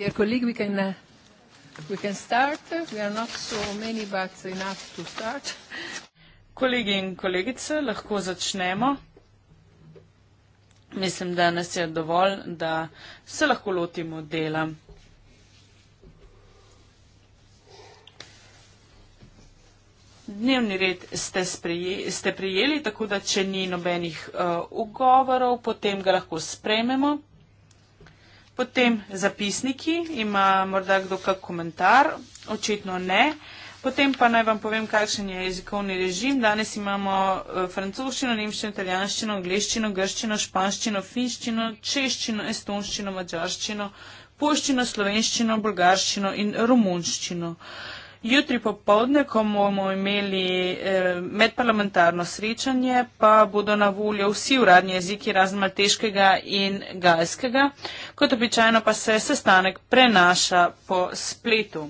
Dear colleague, we can, uh, we can start. We are not so many, but enough to start. Kolegi in kolegice, lahko začnemo. Mislim, da nas je dovolj, da se lahko lotimo dela. Dnevni red ste, sprije, ste prijeli, tako da če ni nobenih uh, ugovorov, potem ga lahko sprejmemo. Potem zapisniki, ima morda kdo kak komentar? Očitno ne. Potem pa naj vam povem, kakšen je jezikovni režim. Danes imamo eh, francoščino, nemščino, italijanščino, angliščino, grščino, španščino, finščino, češčino, estonščino, mačarščino, poščino, slovenščino, bolgarščino in romunščino. Uh, Jutri popovdne, ko bomo imeli eh, medparlamentarno srečanje, pa bodo na voljo vsi uradni jeziki razen malteškega in galskega, kot običajno pa se sestanek prenaša po spletu.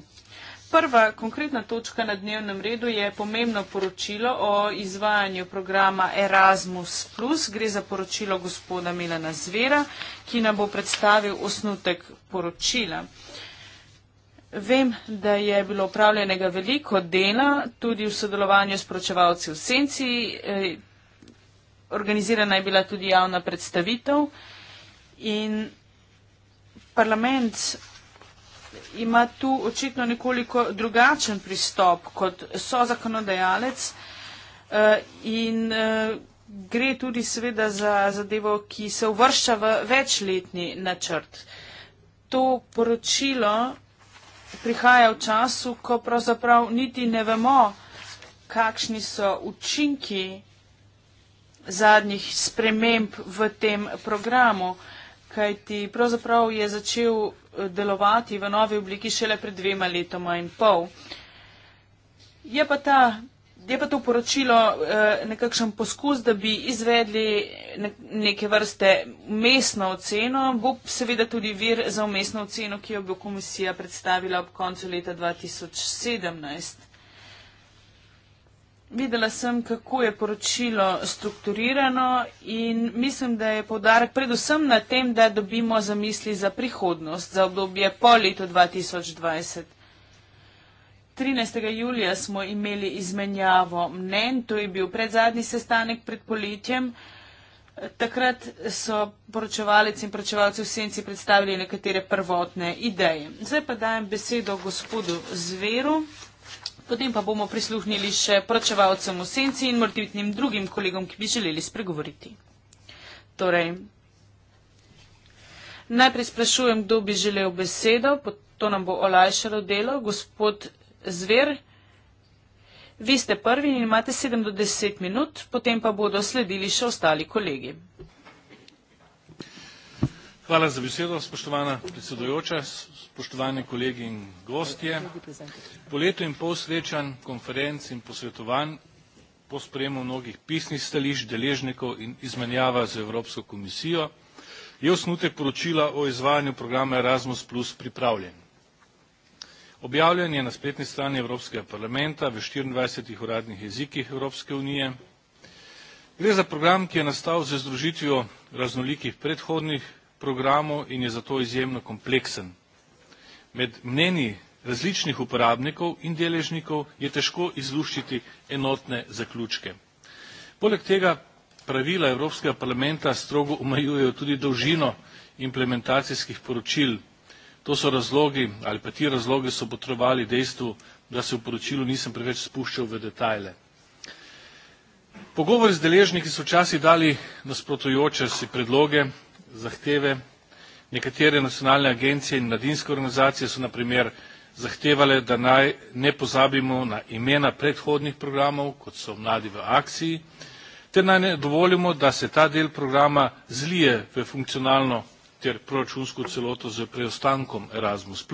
Prva konkretna točka na dnevnem redu je pomembno poročilo o izvajanju programa Erasmus. Gre za poročilo gospoda Milena Zvera, ki nam bo predstavil osnutek poročila. Vem, da je bilo upravljenega veliko dela, tudi v sodelovanju s pročevalci v Senci. Eh, organizirana je bila tudi javna predstavitev in parlament ima tu očitno nekoliko drugačen pristop kot so zakonodajalec eh, in eh, gre tudi seveda za zadevo, ki se uvršča v večletni načrt. To poročilo prihaja v času, ko pravzaprav niti ne vemo, kakšni so učinki zadnjih sprememb v tem programu, kajti pravzaprav je začel eh, delovati v novi obliki šele pred dvema letoma in pol. Je pa ta je pa to poročilo eh, nekakšen poskus, da bi izvedli neke vrste mestno oceno, bo seveda tudi vir za mestno oceno, ki jo bo komisija predstavila ob koncu leta 2017. Videla sem, kako je poročilo strukturirano in mislim, da je podarek predvsem na tem, da dobimo zamisli za prihodnost, za obdobje po letu 2020. 13. julija smo imeli izmenjavo mnen, to je bil predzadnji sestanek pred poletjem. Takrat so poročevalec in poročevalci v senci predstavili nekatere prvotne ideje. Zdaj pa dajem besedo gospodu Zveru, potem pa bomo prisluhnili še poročevalcem v senci in morditnim drugim kolegom, ki bi želeli spregovoriti. Torej, najprej sprašujem, kdo bi želel besedo, to nam bo olajšalo delo. Gospod zver. Vi ste prvi in imate 7 do 10 minut, potem pa bodo sledili še ostali kolegi. Hvala za besedo, spoštovana predsedujoča, spoštovani kolegi in gostje. Po letu in pol srečanj, konferenc in posvetovanj, po sprejemu mnogih pisnih stališč, deležnikov in izmenjava z Evropsko komisijo, je osnutek poročila o izvajanju programa Erasmus Plus pripravljen. Objavljen je na spletni strani Evropskega parlamenta v 24 uradnih jezikih Evropske unije. Gre za program, ki je nastal z združitvijo raznolikih predhodnih programov in je zato izjemno kompleksen. Med mnenji različnih uporabnikov in deležnikov je težko izluščiti enotne zaključke. Poleg tega pravila Evropskega parlamenta strogo omejujejo tudi dolžino implementacijskih poročil. To so razlogi ali pa ti razlogi so potrebovali dejstvu, da se v poročilu nisem preveč spuščal v detajle. Pogovori z deležniki so včasih dali nasprotujoče si predloge, zahteve. Nekatere nacionalne agencije in mladinske organizacije so naprimer zahtevale, da naj ne pozabimo na imena predhodnih programov, kot so mladi v akciji, te naj ne dovolimo, da se ta del programa zlije v funkcionalno ter proračunsko celoto z preostankom Erasmus.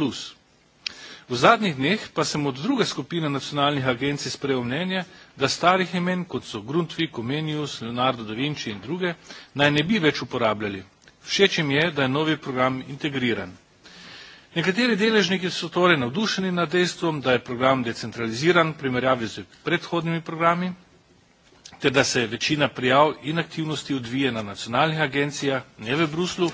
V zadnjih dneh pa sem od druge skupine nacionalnih agencij sprejel mnenje, da starih imen, kot so Grundtvig, Comenius, Leonardo da Vinci in druge, naj ne bi več uporabljali. Všeč jim je, da je novi program integriran. Nekateri deležniki so torej navdušeni nad dejstvom, da je program decentraliziran v primerjavi z predhodnimi programi, ter da se večina prijav in aktivnosti odvije na nacionalnih agencijah, ne v Bruslu,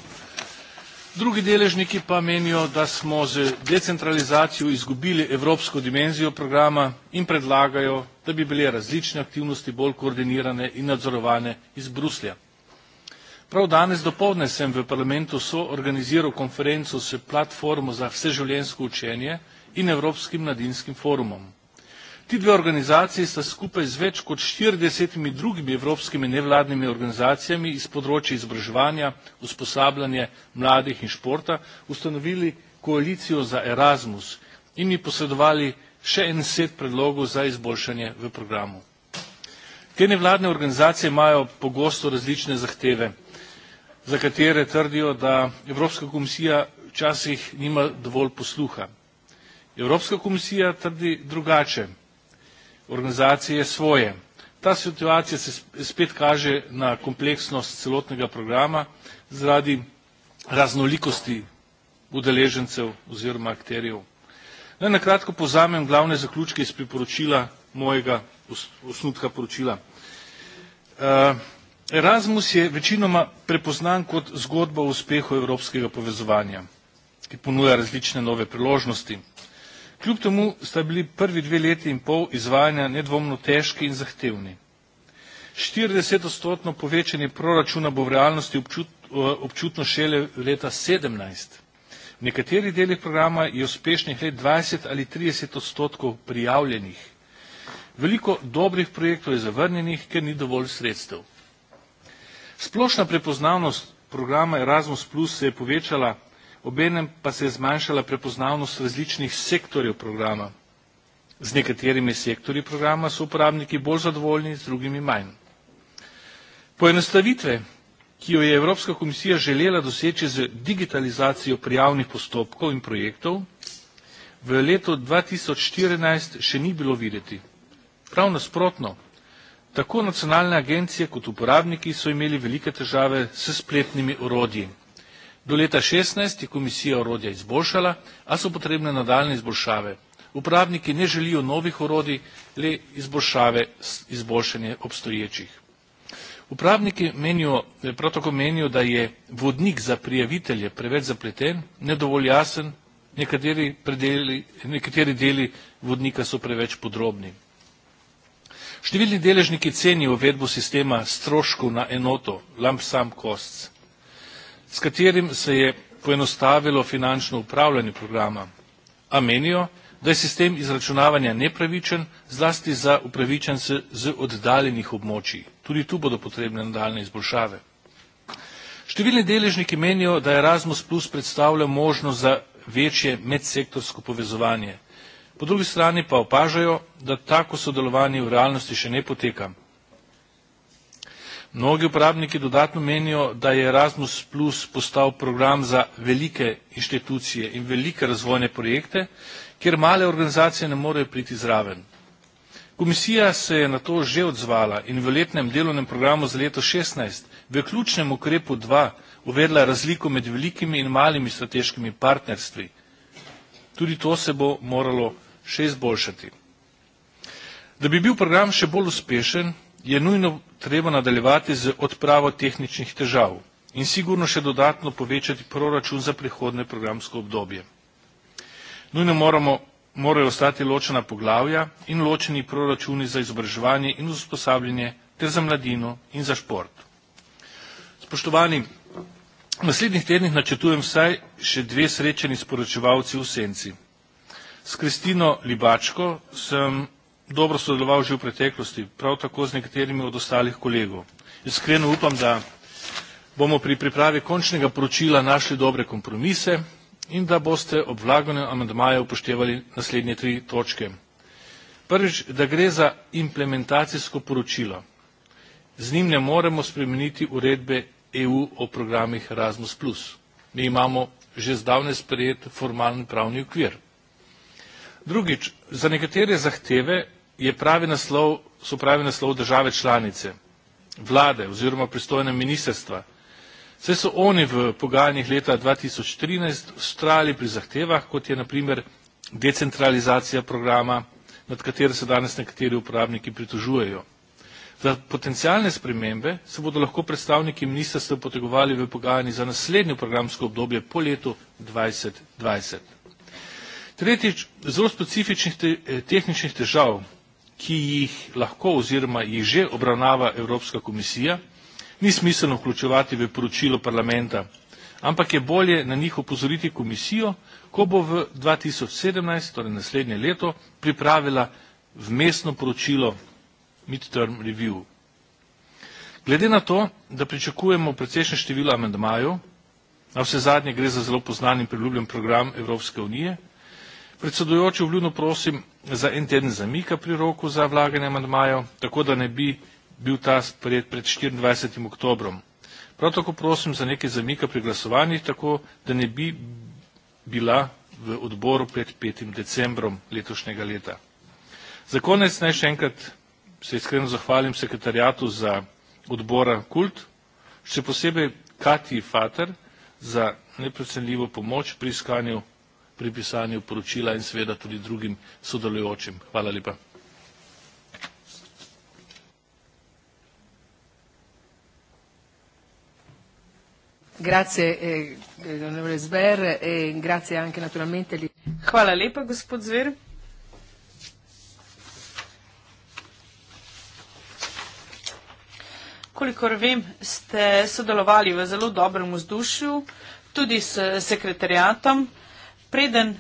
Drugi deležniki pa menijo, da smo z decentralizacijo izgubili evropsko dimenzijo programa in predlagajo, da bi bile različne aktivnosti bolj koordinirane in nadzorovane iz Bruslja. Prav danes dopovdne sem v parlamentu soorganiziral konferenco s platformo za vseživljenjsko učenje in Evropskim mladinskim forumom. Ti dve organizaciji sta skupaj z več kot 40 drugimi evropskimi nevladnimi organizacijami iz področja izobraževanja, usposabljanja mladih in športa ustanovili koalicijo za Erasmus in mi posredovali še en set predlogov za izboljšanje v programu. Te nevladne organizacije imajo pogosto različne zahteve, za katere trdijo, da Evropska komisija včasih nima dovolj posluha. Evropska komisija trdi drugače organizacije svoje. Ta situacija se spet kaže na kompleksnost celotnega programa zaradi raznolikosti udeležencev oziroma akterjev. Naj na kratko povzamem glavne zaključke iz priporočila mojega osnutka poročila. Eh, Erasmus je večinoma prepoznan kot zgodba o uspehu evropskega povezovanja, ki ponuja različne nove priložnosti. Kljub temu sta bili prvi dve leti in pol izvajanja nedvomno težki in zahtevni. 40-odstotno povečanje proračuna bo v realnosti eh, občutno šele leta 2017. V nekaterih delih programa je uspešnih let 20 ali 30 odstotkov prijavljenih. Veliko dobrih projektov je zavrnjenih, ker ni dovolj sredstev. Splošna prepoznavnost programa Erasmus Plus se je povečala obenem pa se je zmanjšala prepoznavnost različnih sektorjev programa. Z nekaterimi sektorji programa so uporabniki bolj zadovoljni, z drugimi manj. Poenostavitve, ki jo je Evropska komisija želela doseči z digitalizacijo prijavnih postopkov in projektov, v letu 2014 še ni bilo videti. Prav nasprotno, tako nacionalne agencije kot uporabniki so imeli velike težave s spletnimi orodji. Do leta 2016 je komisija orodja izboljšala, a so potrebne nadaljne izboljšave. Uporabniki ne želijo novih orodij, le izboljšave, izboljšanje obstoječih. Uporabniki menijo, prav tako menijo, da je vodnik za prijavitelje preveč zapleten, nedovolj jasen, nekateri, predeli, nekateri deli vodnika so preveč podrobni. Številni deležniki cenijo uvedbo sistema stroškov na enoto, lump sum costs s katerim se je poenostavilo finančno upravljanje programa, a menijo, da je sistem izračunavanja nepravičen, zlasti za upravičence z oddaljenih območij. Tudi tu bodo potrebne nadaljne izboljšave. Številni deležniki menijo, da Erasmus Plus predstavlja možnost za večje medsektorsko povezovanje. Po drugi strani pa opažajo, da tako sodelovanje v realnosti še ne poteka. Mnogi uporabniki dodatno menijo, da je Erasmus Plus postal program za velike inštitucije in velike razvojne projekte, kjer male organizacije ne morejo priti zraven. Komisija se je na to že odzvala in v letnem delovnem programu za leto 2016 v ključnem ukrepu 2 uvedla razliko med velikimi in malimi strateškimi partnerstvi. Tudi to se bo moralo še izboljšati. Da bi bil program še bolj uspešen, je nujno treba nadaljevati z odpravo tehničnih težav in sigurno še dodatno povečati proračun za prihodne programsko obdobje. Nujno moramo, morajo ostati ločena poglavja in ločeni proračuni za izobraževanje in usposabljanje ter za mladino in za šport. Spoštovani, v naslednjih tednih načrtujem vsaj še dve srečanji s poročevalci v senci. S Kristino Libačko sem dobro sodeloval že v preteklosti, prav tako z nekaterimi od ostalih kolegov. Iskreno upam, da bomo pri pripravi končnega poročila našli dobre kompromise in da boste ob vlaganju amandmaja upoštevali naslednje tri točke. Prvič, da gre za implementacijsko poročilo. Z njim ne moremo spremeniti uredbe EU o programih Erasmus. Mi imamo že zdavne sprejet formalni pravni okvir. Drugič, za nekatere zahteve je pravi naslov, so pravi naslov države članice, vlade oziroma pristojne ministerstva. Vse so oni v pogajanjih leta 2013 ustrajali pri zahtevah, kot je naprimer decentralizacija programa, nad katero se danes nekateri uporabniki pritožujejo. Za potencijalne spremembe se bodo lahko predstavniki ministrstva potegovali v pogajanjih za naslednje programsko obdobje po letu 2020. Tretjič, zelo specifičnih te, eh, tehničnih težav ki jih lahko oziroma jih že obravnava Evropska komisija, ni smiselno vključevati v poročilo parlamenta, ampak je bolje na njih opozoriti komisijo, ko bo v 2017, torej naslednje leto, pripravila vmesno poročilo midterm review. Glede na to, da pričakujemo precejšnje število amendmajev, na vse zadnje gre za zelo poznan in priljubljen program Evropske unije, Predsedujoči, vljudno prosim za en teden zamika pri roku za vlaganje amandmajev, tako da ne bi bil ta sprejet pred 24. oktobrom. Prav tako prosim za nekaj zamika pri glasovanju, tako da ne bi bila v odboru pred 5. decembrom letošnjega leta. Za konec naj še enkrat se iskreno zahvalim sekretarjatu za odbora Kult, še posebej Kati Fater za neprecenljivo pomoč pri iskanju pri pisanju poročila in seveda tudi drugim sodelujočim. Hvala lepa. Grazie, eh, onorevole Zver, e eh, grazie anche naturalmente. Li... Hvala lepa, gospod Zver. Kolikor vem, ste sodelovali v zelo dobrem vzdušju, tudi s sekretarijatom preden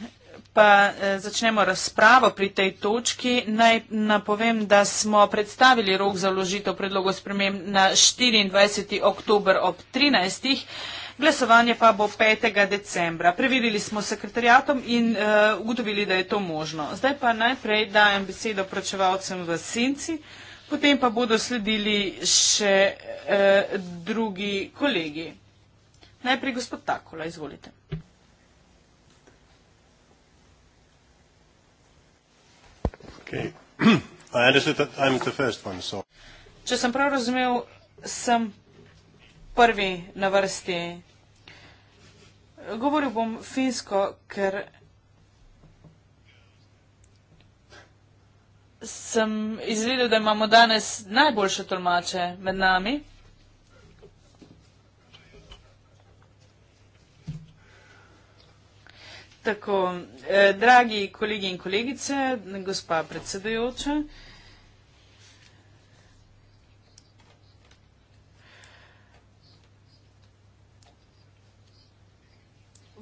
pa eh, začnemo razpravo pri tej točki, naj napovem, da smo predstavili rok za vložitev predlogo sprememb na 24. oktober ob 13. Glasovanje pa bo 5. decembra. Preverili smo s sekretarjatom in uh, ugotovili, da je to možno. Zdaj pa najprej dajem besedo pračevalcem v Sinci, potem pa bodo sledili še uh, drugi kolegi. Najprej gospod Takola, izvolite. Okay. I understood that I'm the first one, so. Če sem prav razumel, sem prvi na vrsti. Govoril bom finsko, ker sem izvedel, da imamo danes najboljše tolmače med nami. Tako, eh, dragi kolegi in kolegice, gospa predsedajoča,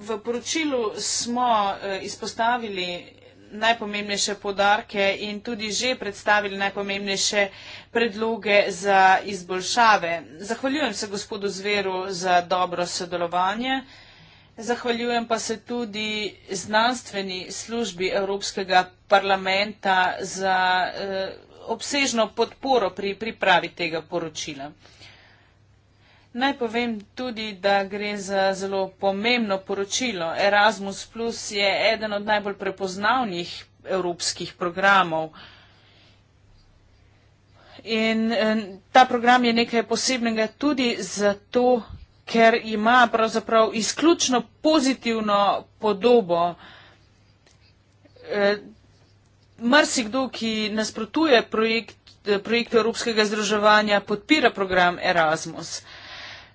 v poročilu smo eh, izpostavili najpomembnejše podarke in tudi že predstavili najpomembnejše predloge za izboljšave. Zahvaljujem se gospodu Zveru za dobro sodelovanje. Eh, Zahvaljujem pa se tudi znanstveni službi Evropskega parlamenta za eh, obsežno podporo pri pripravi tega poročila. Naj povem tudi, da gre za zelo pomembno poročilo. Erasmus Plus je eden od najbolj prepoznavnih evropskih programov. In eh, ta program je nekaj posebnega tudi zato, ker ima pravzaprav izključno pozitivno podobo. Eh, Mrsikdo, ki nasprotuje projekt, eh, projektu Evropskega združevanja, podpira program Erasmus.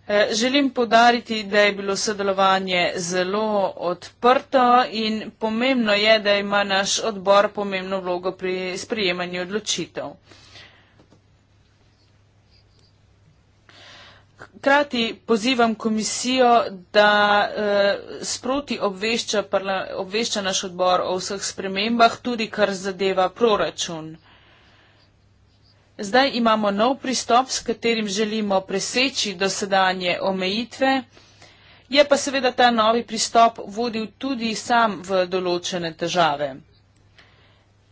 Eh, želim podariti, da je bilo sodelovanje zelo odprto in pomembno je, da ima naš odbor pomembno vlogo pri sprejemanju odločitev. Krati pozivam komisijo, da eh, sproti obvešča, parla, obvešča naš odbor o vseh spremembah, tudi kar zadeva proračun. Zdaj imamo nov pristop, s katerim želimo preseči dosedanje omejitve. Je pa seveda ta novi pristop vodil tudi sam v določene težave.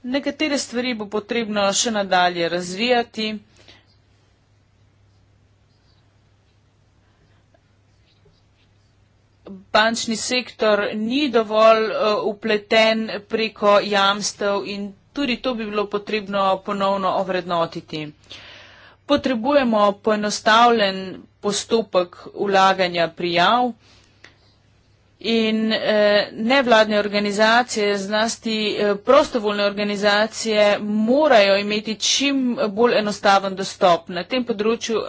Nekatere stvari bo potrebno še nadalje razvijati. bančni sektor ni dovolj eh, upleten preko jamstev in tudi to bi bilo potrebno ponovno ovrednotiti. Potrebujemo poenostavljen postopek ulaganja prijav in eh, nevladne organizacije, znasti eh, prostovoljne organizacije, morajo imeti čim bolj enostaven dostop. Na tem področju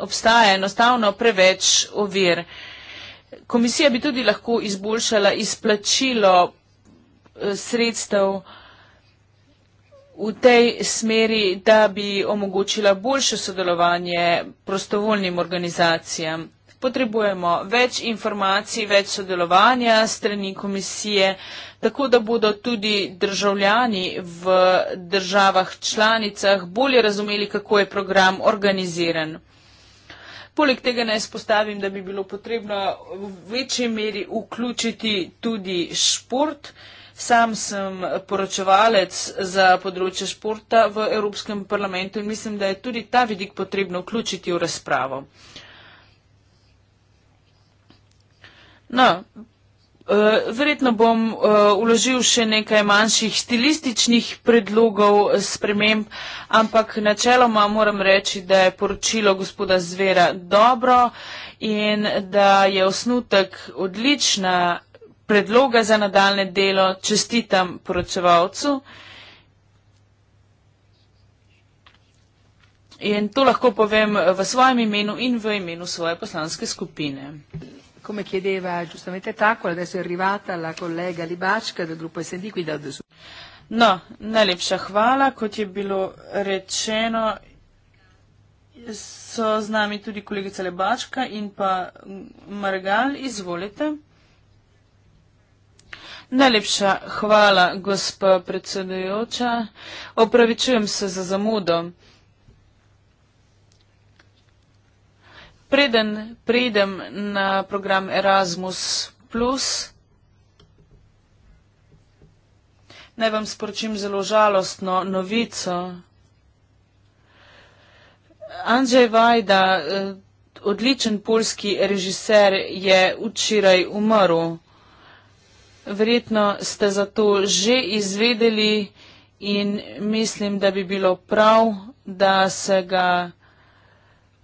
obstaja enostavno preveč ovir. Komisija bi tudi lahko izboljšala izplačilo eh, sredstev v tej smeri, da bi omogočila boljše sodelovanje prostovoljnim organizacijam. Potrebujemo več informacij, več sodelovanja strani komisije, tako da bodo tudi državljani v državah članicah bolje razumeli, kako je program organiziran. Poleg tega naj spostavim, da bi bilo potrebno v večji meri vključiti tudi šport. Sam sem poročevalec za področje športa v Evropskem parlamentu in mislim, da je tudi ta vidik potrebno vključiti v razpravo. No, Eh, verjetno bom eh, uložil še nekaj manjših stilističnih predlogov eh, sprememb, ampak načeloma moram reči, da je poročilo gospoda Zvera dobro in da je osnutek odlična predloga za nadaljne delo. Čestitam poročevalcu. In to lahko povem v svojem imenu in v imenu svoje poslanske skupine come chiedeva giustamente Tacola, adesso è arrivata la collega Libacca del gruppo SD qui da Dessù. No, najlepša hvala, kot je bilo rečeno, so z nami tudi kolegica Lebačka in pa Margal, izvolite. Najlepša hvala, gospa predsedujoča. Opravičujem se za zamudo. Preden pridem na program Erasmus, naj vam sporočim zelo žalostno novico. Andrzej Vajda, eh, odličen polski režiser, je včeraj umrl. Verjetno ste za to že izvedeli in mislim, da bi bilo prav, da se ga.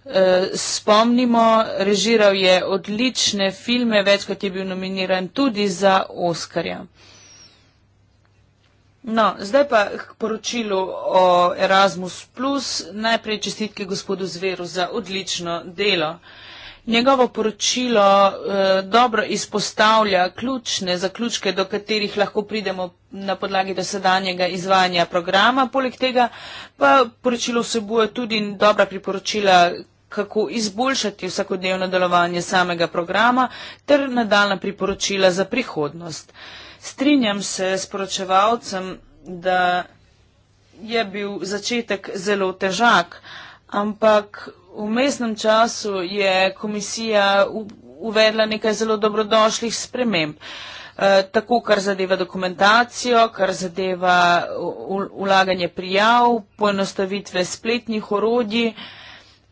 Eh, spomnimo, režiral je odlične filme, več kot je bil nominiran tudi za Oskarja. No, zdaj pa k poročilu o Erasmus Plus. Najprej čestitke gospodu Zveru za odlično delo. Njegovo poročilo eh, dobro izpostavlja ključne zaključke, do katerih lahko pridemo na podlagi dosedanjega izvajanja programa. Poleg tega pa poročilo vsebuje tudi dobra priporočila, kako izboljšati vsakodnevno delovanje samega programa ter nadaljna priporočila za prihodnost. Strinjam se s poročevalcem, da je bil začetek zelo težak, ampak v mestnem času je komisija uvedla nekaj zelo dobrodošlih sprememb. E, tako, kar zadeva dokumentacijo, kar zadeva ulaganje prijav, poenostavitve spletnih orodij.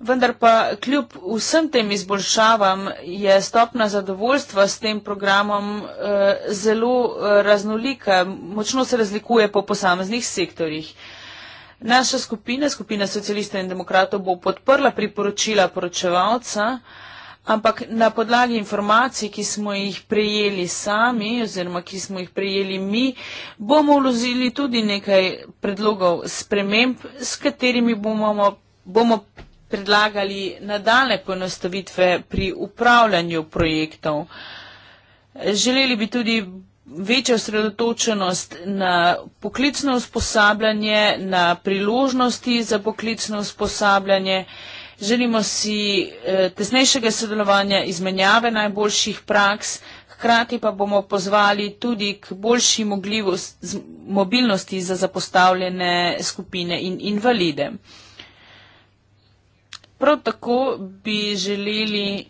Vendar pa kljub vsem tem izboljšavam je stopna zadovoljstva s tem programom eh, zelo eh, raznolika, močno se razlikuje po posameznih sektorjih. Naša skupina, skupina socialistov in demokratov, bo podprla priporočila poročevalca, ampak na podlagi informacij, ki smo jih prejeli sami oziroma ki smo jih prejeli mi, bomo vložili tudi nekaj predlogov sprememb, s katerimi bomo, bomo predlagali nadaljne ponostavitve pri upravljanju projektov. Želeli bi tudi večjo sredotočenost na poklicno usposabljanje, na priložnosti za poklicno usposabljanje. Želimo si eh, tesnejšega sodelovanja, izmenjave najboljših praks, hkrati pa bomo pozvali tudi k boljši mobilnosti za zapostavljene skupine in invalide. Prav tako bi želeli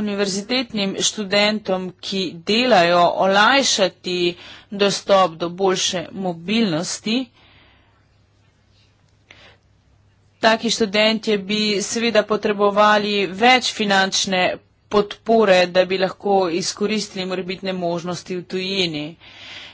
univerzitetnim študentom, ki delajo, olajšati dostop do boljše mobilnosti. Taki študentje bi seveda potrebovali več finančne podpore, da bi lahko izkoristili morbitne možnosti v tujini.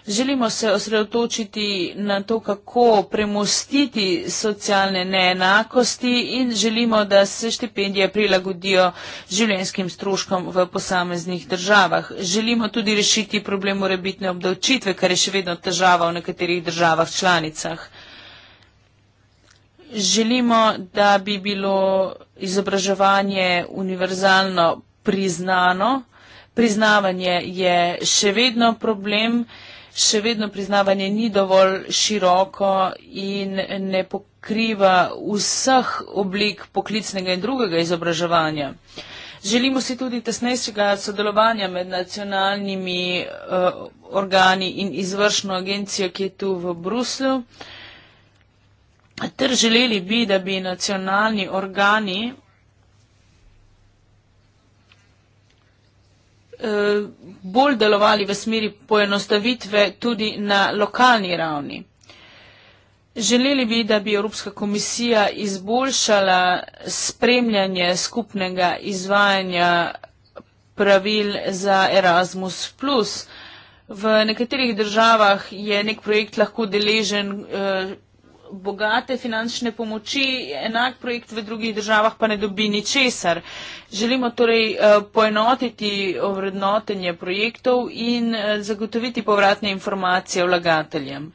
Želimo se osredotočiti na to, kako premostiti socialne neenakosti in želimo, da se štipendije prilagodijo življenjskim stroškom v posameznih državah. Želimo tudi rešiti problem urebitne obdavčitve, kar je še vedno težava v nekaterih državah članicah. Želimo, da bi bilo izobraževanje univerzalno priznano. Priznavanje je še vedno problem še vedno priznavanje ni dovolj široko in ne pokriva vseh oblik poklicnega in drugega izobraževanja. Želimo si tudi tesnejšega sodelovanja med nacionalnimi uh, organi in izvršno agencijo, ki je tu v Bruslu. Ter želeli bi, da bi nacionalni organi Eh, bolj delovali v smeri poenostavitve tudi na lokalni ravni. Želeli bi, da bi Evropska komisija izboljšala spremljanje skupnega izvajanja pravil za Erasmus. V nekaterih državah je nek projekt lahko deležen eh, bogate finančne pomoči, enak projekt v drugih državah pa ne dobi ničesar. Želimo torej eh, poenotiti ovrednotenje projektov in eh, zagotoviti povratne informacije vlagateljem.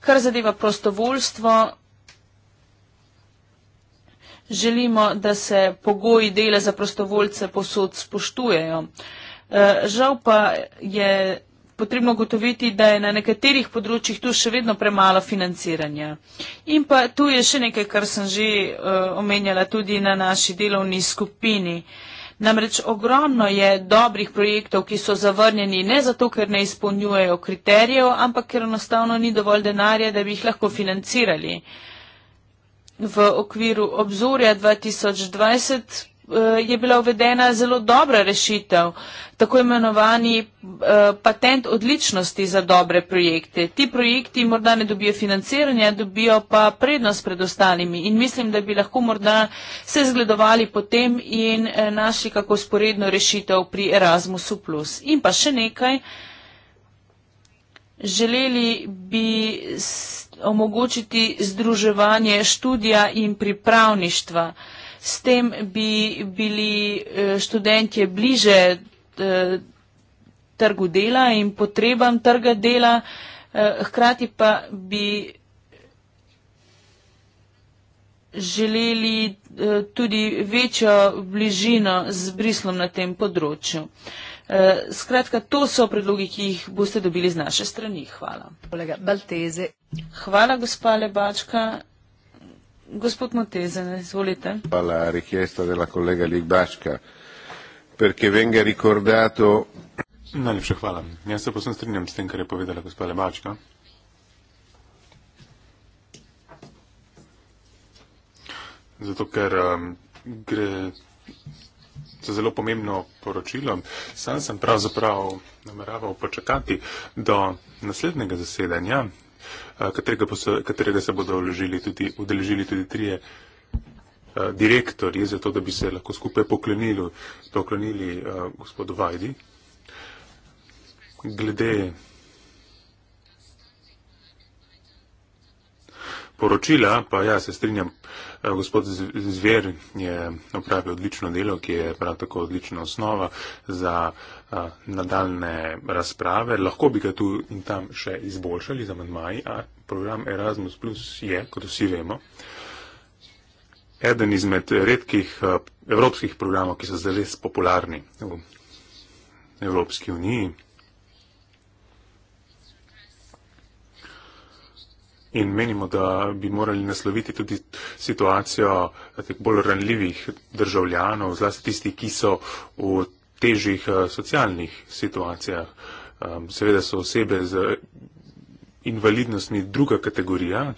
Kar zadeva prostovoljstvo, želimo, da se pogoji dela za prostovoljce posod spoštujejo. Eh, žal pa je potrebno gotoviti, da je na nekaterih področjih tu še vedno premalo financiranja. In pa tu je še nekaj, kar sem že uh, omenjala tudi na naši delovni skupini. Namreč ogromno je dobrih projektov, ki so zavrnjeni ne zato, ker ne izpolnjujejo kriterijev, ampak ker enostavno ni dovolj denarja, da bi jih lahko financirali. V okviru obzorja 2020 Eh, je bila uvedena zelo dobra rešitev, tako imenovani eh, patent odličnosti za dobre projekte. Ti projekti morda ne dobijo financiranja, dobijo pa prednost pred ostalimi in mislim, da bi lahko morda se zgledovali potem in eh, našli kako sporedno rešitev pri Erasmusu. In pa še nekaj, želeli bi omogočiti združevanje študija in pripravništva. S tem bi bili eh, študentje bliže eh, trgu dela in potrebam trga dela, eh, hkrati pa bi želeli tudi večjo bližino z brislom na tem področju. Skratka, to so predlogi, ki jih boste dobili z naše strani. Hvala. Hvala, gospa Lebačka. Gospod Motezen, izvolite. Hvala rekiesta della kolega Ligbaška, perché venga ricordato. Najlepša hvala. Jaz se posem strinjam s tem, kar je povedala gospod Lebačka. Zato, ker um, gre za zelo pomembno poročilo. Sam sem pravzaprav nameraval počakati do naslednjega zasedanja Eh, katerega, so, katerega se bodo tudi, udeležili tudi trije eh, direktorji, zato da bi se lahko skupaj poklenili, poklenili eh, gospodu Vajdi. Glede poročila, pa ja, se strinjam, gospod Zver je opravil odlično delo, ki je prav tako odlična osnova za nadaljne razprave. Lahko bi ga tu in tam še izboljšali z amandmaji, a program Erasmus Plus je, kot vsi vemo, eden izmed redkih evropskih programov, ki so zelo popularni v Evropski uniji. In menimo, da bi morali nasloviti tudi situacijo bolj ranljivih državljanov, zlasti tisti, ki so v težjih eh, socialnih situacijah. Seveda so osebe z invalidnostmi druga kategorija.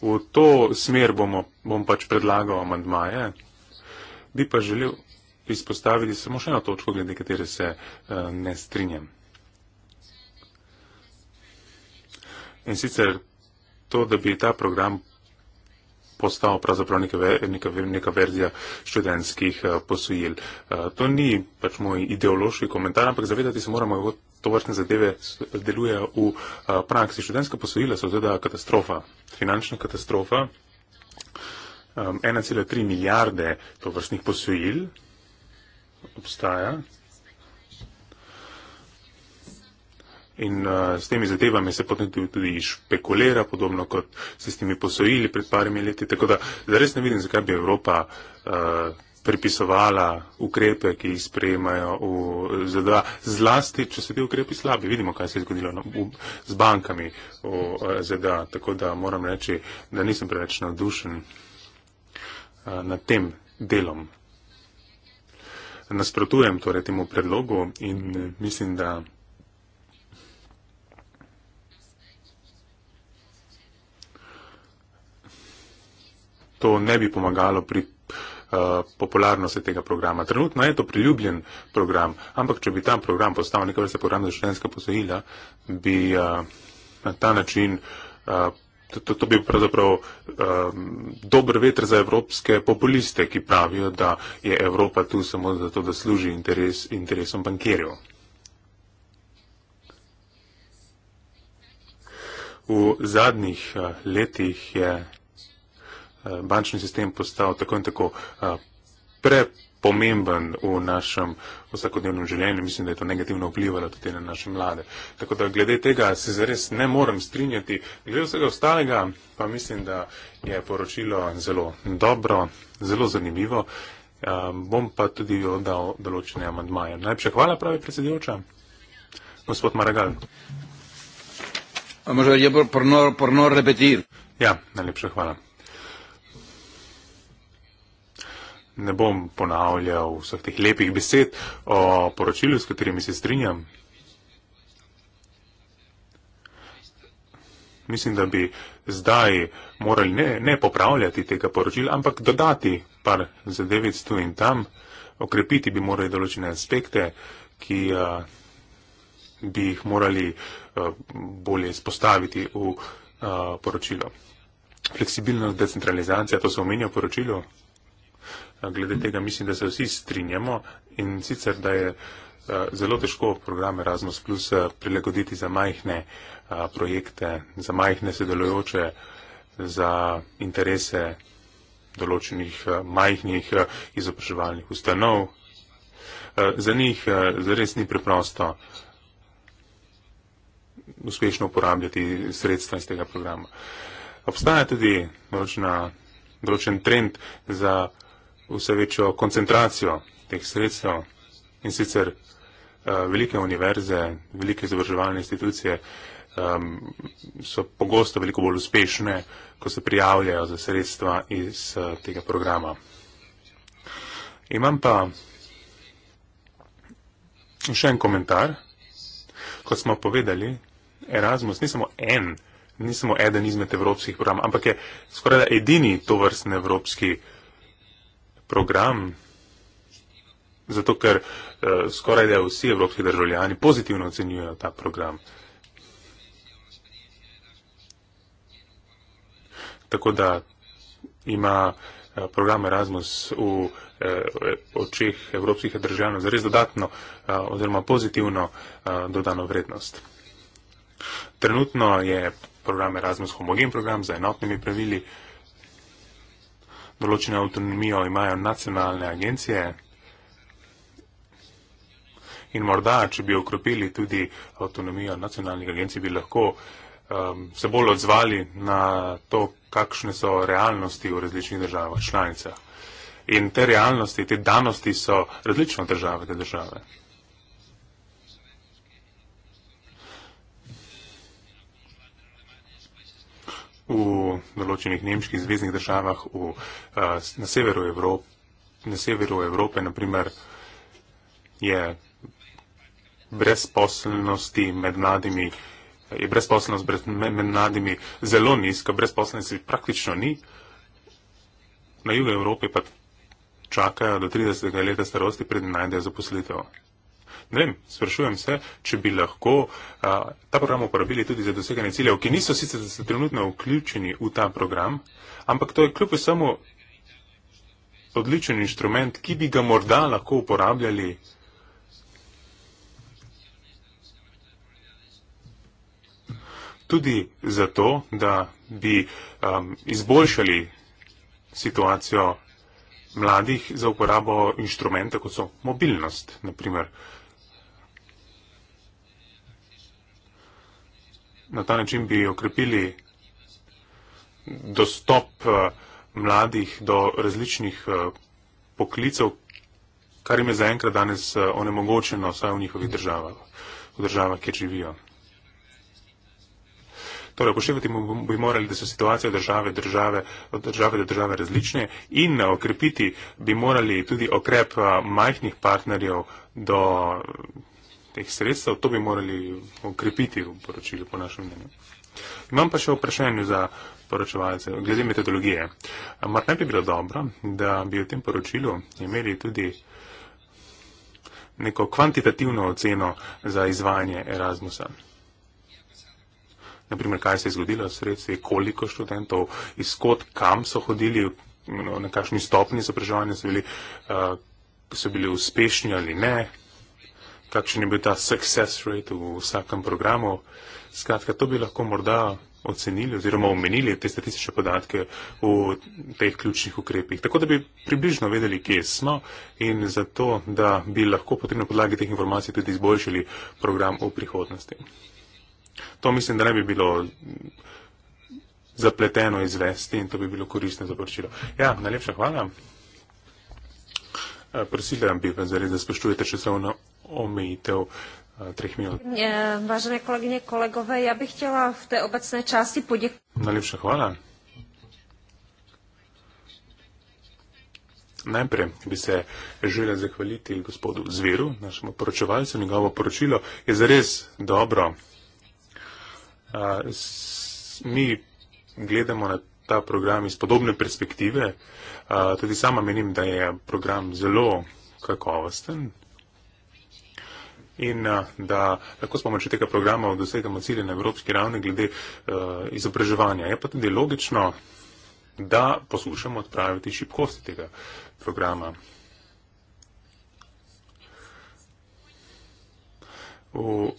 V to smer bomo, bom pač predlagal amandmaje. Bi pa želel izpostaviti samo še eno točko, glede katere se eh, ne strinjam. In sicer to, da bi ta program postal pravzaprav neka, neka, neka verzija študentskih eh, posojil. Eh, to ni pač moj ideološki komentar, ampak zavedati se moramo, kako to vrstne zadeve delujejo v eh, praksi. Študentska posojila so zveda katastrofa, finančna katastrofa. 1,3 milijarde to vrstnih posojil obstaja. In uh, s temi zadevami se potem tudi špekulira, podobno kot se s temi posojili pred parimi leti. Tako da res ne vidim, zakaj bi Evropa uh, pripisovala ukrepe, ki jih sprejemajo v ZDA. Zlasti, če so ti ukrepi slabi, vidimo, kaj se je zgodilo na, v, z bankami v uh, ZDA. Tako da moram reči, da nisem preveč navdušen uh, nad tem delom. Nasprotujem torej temu predlogu in uh, mislim, da. to ne bi pomagalo pri eh, popularnosti tega programa. Trenutno je to priljubljen program, ampak če bi ta program postal nekaj vrste program za študentska posojila, bi eh, na ta način, eh, to, to, to bi pravzaprav dober veter za evropske populiste, ki pravijo, da je Evropa tu samo zato, da služi interes, interesom bankirjev. V zadnjih letih je Eh, bančni sistem postal tako in tako eh, prepomemben v našem vsakodnevnem življenju. Mislim, da je to negativno vplivalo tudi na naše mlade. Tako da glede tega se zares ne morem strinjati. Glede vsega ostalega pa mislim, da je poročilo zelo dobro, zelo zanimivo. Eh, bom pa tudi oddal določene amandmaje. Najprej hvala, pravi predsedujoča. Gospod Maragal. Ja, najlepša hvala. ne bom ponavljal vseh teh lepih besed o poročilu, s katerimi se strinjam. Mislim, da bi zdaj morali ne, ne popravljati tega poročila, ampak dodati par zadevic tu in tam, okrepiti bi morali določene aspekte, ki uh, bi jih morali uh, bolje spostaviti v uh, poročilo. Fleksibilnost, decentralizacija, to se omenja v poročilu glede tega mislim, da se vsi strinjamo in sicer, da je eh, zelo težko program Erasmus Plus eh, prilagoditi za majhne eh, projekte, za majhne sodelujoče, za interese določenih majhnih izobraževalnih ustanov. Za njih zares ni preprosto uspešno uporabljati sredstva iz tega programa. Obstaja tudi določen trend za vse večjo koncentracijo teh sredstev in sicer uh, velike univerze, velike izobraževalne institucije um, so pogosto veliko bolj uspešne, ko se prijavljajo za sredstva iz uh, tega programa. Imam pa še en komentar. Kot smo povedali, Erasmus ni samo en, ni samo eden izmed evropskih programov, ampak je skoraj edini to vrstni evropski program program, zato ker uh, skoraj da vsi evropski državljani pozitivno ocenjujejo ta program. Tako da ima eh, program Erasmus v eh, očeh evropskih državljanov zares dodatno eh, oziroma pozitivno eh, dodano vrednost. Trenutno je program Erasmus homogen program za enotnimi pravili. Eh, določeno avtonomijo imajo nacionalne agencije. In morda, če bi okropili tudi avtonomijo nacionalnih agencij, bi lahko um, se bolj odzvali na to, kakšne so realnosti v različnih državah članicah. In te realnosti, te danosti so različne države te države. v določenih nemških zvezdnih državah, v, eh, na, severu Evrope, na severu Evrope, naprimer, je brezposelnosti med mladimi, je brezposelnost brez, med mladimi zelo nizka, brezposelnosti praktično ni. Na jugu Evrope pa čakajo do 30. leta starosti, preden najdejo zaposlitev. Ne vem, sprašujem se, če bi lahko a, ta program uporabili tudi za doseganje ciljev, ki niso sicer trenutno vključeni v ta program, ampak to je kljub vsemu odličen inštrument, ki bi ga morda lahko uporabljali. Tudi zato, da bi um, izboljšali situacijo mladih za uporabo inštrumenta, kot so mobilnost, naprimer. na ta način bi okrepili dostop eh, mladih do različnih eh, poklicov, kar jim je zaenkrat danes eh, onemogočeno, saj v njihovih državah, v državah, kjer živijo. Torej, upoštevati bi morali, da so situacije države, države, od države do države različne in okrepiti bi morali tudi okrep majhnih partnerjev do teh sredstev. To bi morali okrepiti v poročilu, po našem mnenju. Imam pa še vprašanje za poročevalce glede metodologije. Mar ne bi bilo dobro, da bi v tem poročilu imeli tudi neko kvantitativno oceno za izvajanje Erasmusa? Naprimer, kaj se je zgodilo s sredstvi, koliko študentov, izkot, kam so hodili, no, na kakšni stopni izobraževanja so bili, eh, so bili uspešni ali ne, kakšen je bil ta success rate v vsakem programu. Skratka, to bi lahko morda ocenili oziroma omenili te statistične podatke v teh ključnih ukrepih. Tako da bi približno vedeli, kje smo in zato, da bi lahko potem na podlagi teh informacij tudi izboljšali program v prihodnosti. To mislim, da ne bi bilo zapleteno izvesti in to bi bilo koristno za poročilo. Ja, najlepša hvala. Eh, prosila bi vas zares, da spoštujete časovno omejitev eh, treh minut. Eh, Vážene kolegine, kolegove, ja bih htjela v te obecne časti podjekati. Najlepša hvala. Najprej bi se želel zahvaliti gospodu Zveru, našemu poročevalcu. Njegovo poročilo je zares dobro. Eh, mi gledamo na ta program iz podobne perspektive. Tudi sama menim, da je program zelo kakovosten, in eh, da lahko s pomočjo tega programa dosegamo cilje na evropski ravni glede eh, izobraževanja. Je pa tudi logično, da poskušamo odpraviti šibkosti tega programa. V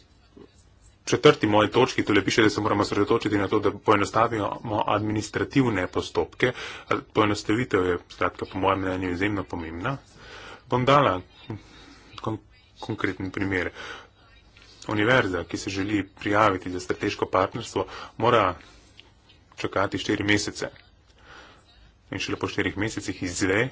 četrti moji točki tole piše, da se moramo sredotočiti na to, da poenostavimo administrativne postopke. Poenostavitev je, skratka, po mojem mnenju izjemno pomembna. Bom dala konkreten primer. Univerza, ki se želi prijaviti za strateško partnerstvo, mora čakati štiri mesece. In šele po štirih mesecih izve,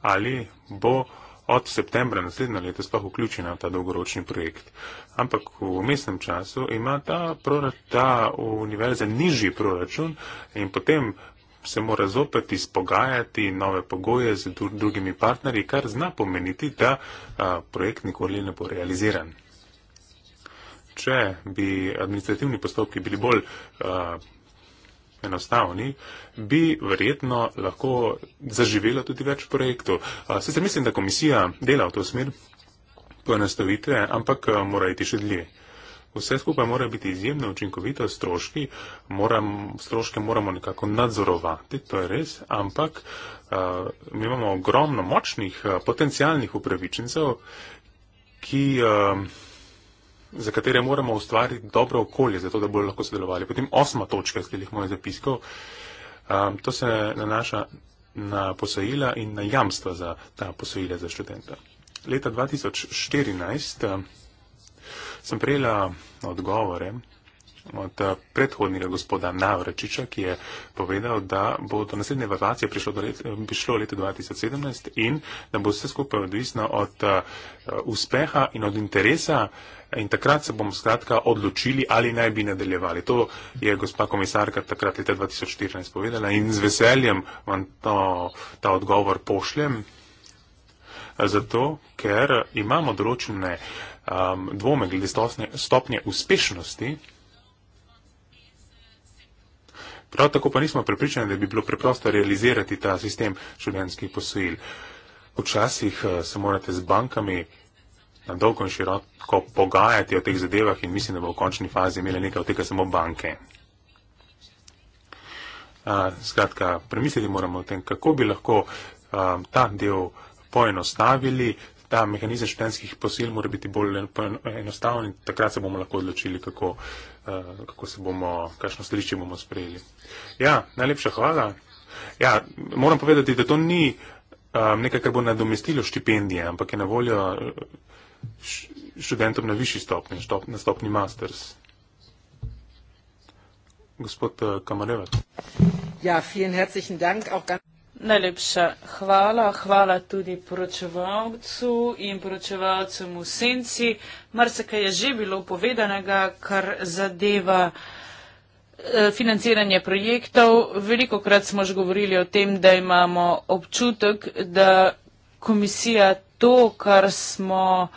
ali bo od septembra naslednje leto sploh vključena v ta dolgoročni projekt. Ampak v mestnem času ima ta, prora, ta univerza nižji proračun in potem se mora zopet izpogajati nove pogoje z drugimi partnerji, kar zna pomeniti, da projekt nikoli ne bo realiziran. Če bi administrativni postopki bili bolj uh, enostavni, bi verjetno lahko zaživelo tudi več projektov. Uh, Sicer mislim, da komisija dela v to smer poenostavitve, ampak uh, mora iti še dlje. Uh, Vse skupaj mora biti izjemno učinkovito, stroški, moram, stroške moramo nekako nadzorovati, to je res, ampak uh, mi imamo ogromno močnih uh, eh, potencijalnih upravičencev, ki, uh, za katere moramo ustvariti dobro okolje, zato da bodo lahko sodelovali. Potem osma točka, ki jih moj zapiskal, um, to se nanaša na posojila in na jamstva za ta posojila za študenta. Leta 2014 sem prejela odgovore od eh, predhodnega gospoda Navračiča, ki je povedal, da bo do naslednje evaluacije prišlo, do let, prišlo leto 2017 in da bo vse skupaj odvisno od eh, uspeha in od interesa in takrat se bomo skratka odločili, ali naj bi nadaljevali. To je gospa komisarka takrat leta 2014 povedala in z veseljem vam to, ta odgovor pošljem, eh, zato ker imamo določene um, dvome glede stosne, stopnje uspešnosti. Prav tako pa nismo prepričani, da bi bilo preprosto realizirati ta sistem življenskih posojil. Včasih uh, se morate z bankami na dolgo in široko pogajati o teh zadevah in mislim, da bo v končni fazi imele nekaj od tega samo banke. A, skratka, premisliti moramo o tem, kako bi lahko a, ta del poenostavili, ta mehanizem študentskih posil mora biti bolj enostaven in takrat se bomo lahko odločili, kako, eh, kako se bomo, kakšno stališče bomo sprejeli. Ja, najlepša hvala. Ja, moram povedati, da to ni um, nekaj, kar bo nadomestilo štipendije, ampak je na voljo eh, študentom na višji stopni, štop, na stopni masters. Gospod uh, Kamarevat. Ja, vielen herzlichen Dank. Auch ganz... Najlepša hvala. Hvala tudi poročevalcu in poročevalcem v senci. Marsikaj je že bilo povedanega, kar zadeva eh, financiranje projektov. Veliko krat smo že govorili o tem, da imamo občutek, da komisija to, kar smo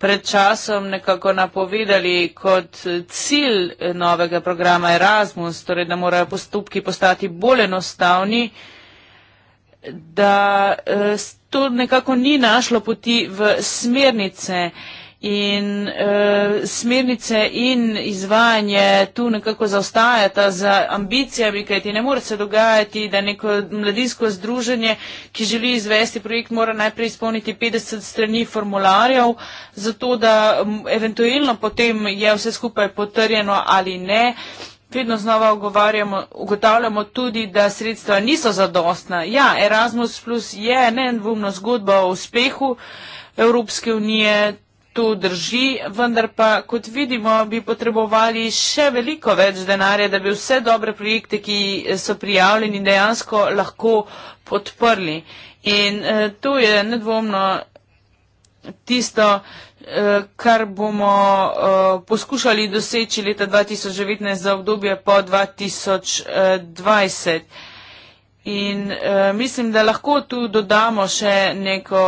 pred časom nekako napovedali kot cilj novega programa Erasmus, torej da morajo postopki postati bolj enostavni, da uh, to nekako ni našlo poti v smernice in uh, smernice in izvajanje tu nekako zaostajata za ambicijami, kajti ne more se dogajati, da neko mladinsko združenje, ki želi izvesti projekt, mora najprej izpolniti 50 strani formularjev, zato da um, eventualno potem je vse skupaj potrjeno ali ne. Uh, vedno znova ugotavljamo tudi, da sredstva niso zadostna. Ja, Erasmus Plus je neenvumna zgodba o uspehu Evropske unije, to drži, vendar pa, kot vidimo, bi potrebovali še veliko več denarja, da bi vse dobre projekte, ki so prijavljeni, dejansko lahko podprli. In eh, to je nedvomno tisto, Eh, kar bomo eh, poskušali doseči leta 2019 za obdobje po 2020. In eh, mislim, da lahko tu dodamo še neko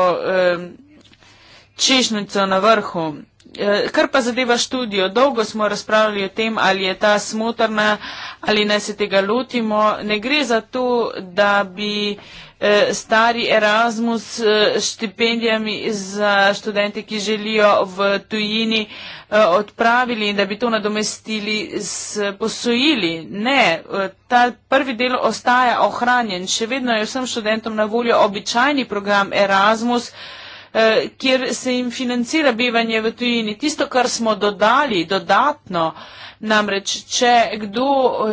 češnico na vrhu. Eh, kar pa zadeva študijo, dolgo smo razpravljali o tem, ali je ta smotrna, ali naj se tega lotimo. Ne gre za to, da bi eh, stari Erasmus eh, štipendijami za študente, ki želijo v tujini odpravili in da bi to nadomestili s posojili. Ne, ta prvi del ostaja ohranjen. Še vedno je vsem študentom na voljo običajni program Erasmus Eh, kjer se jim financira bivanje v tujini. Tisto, kar smo dodali dodatno, namreč, če kdo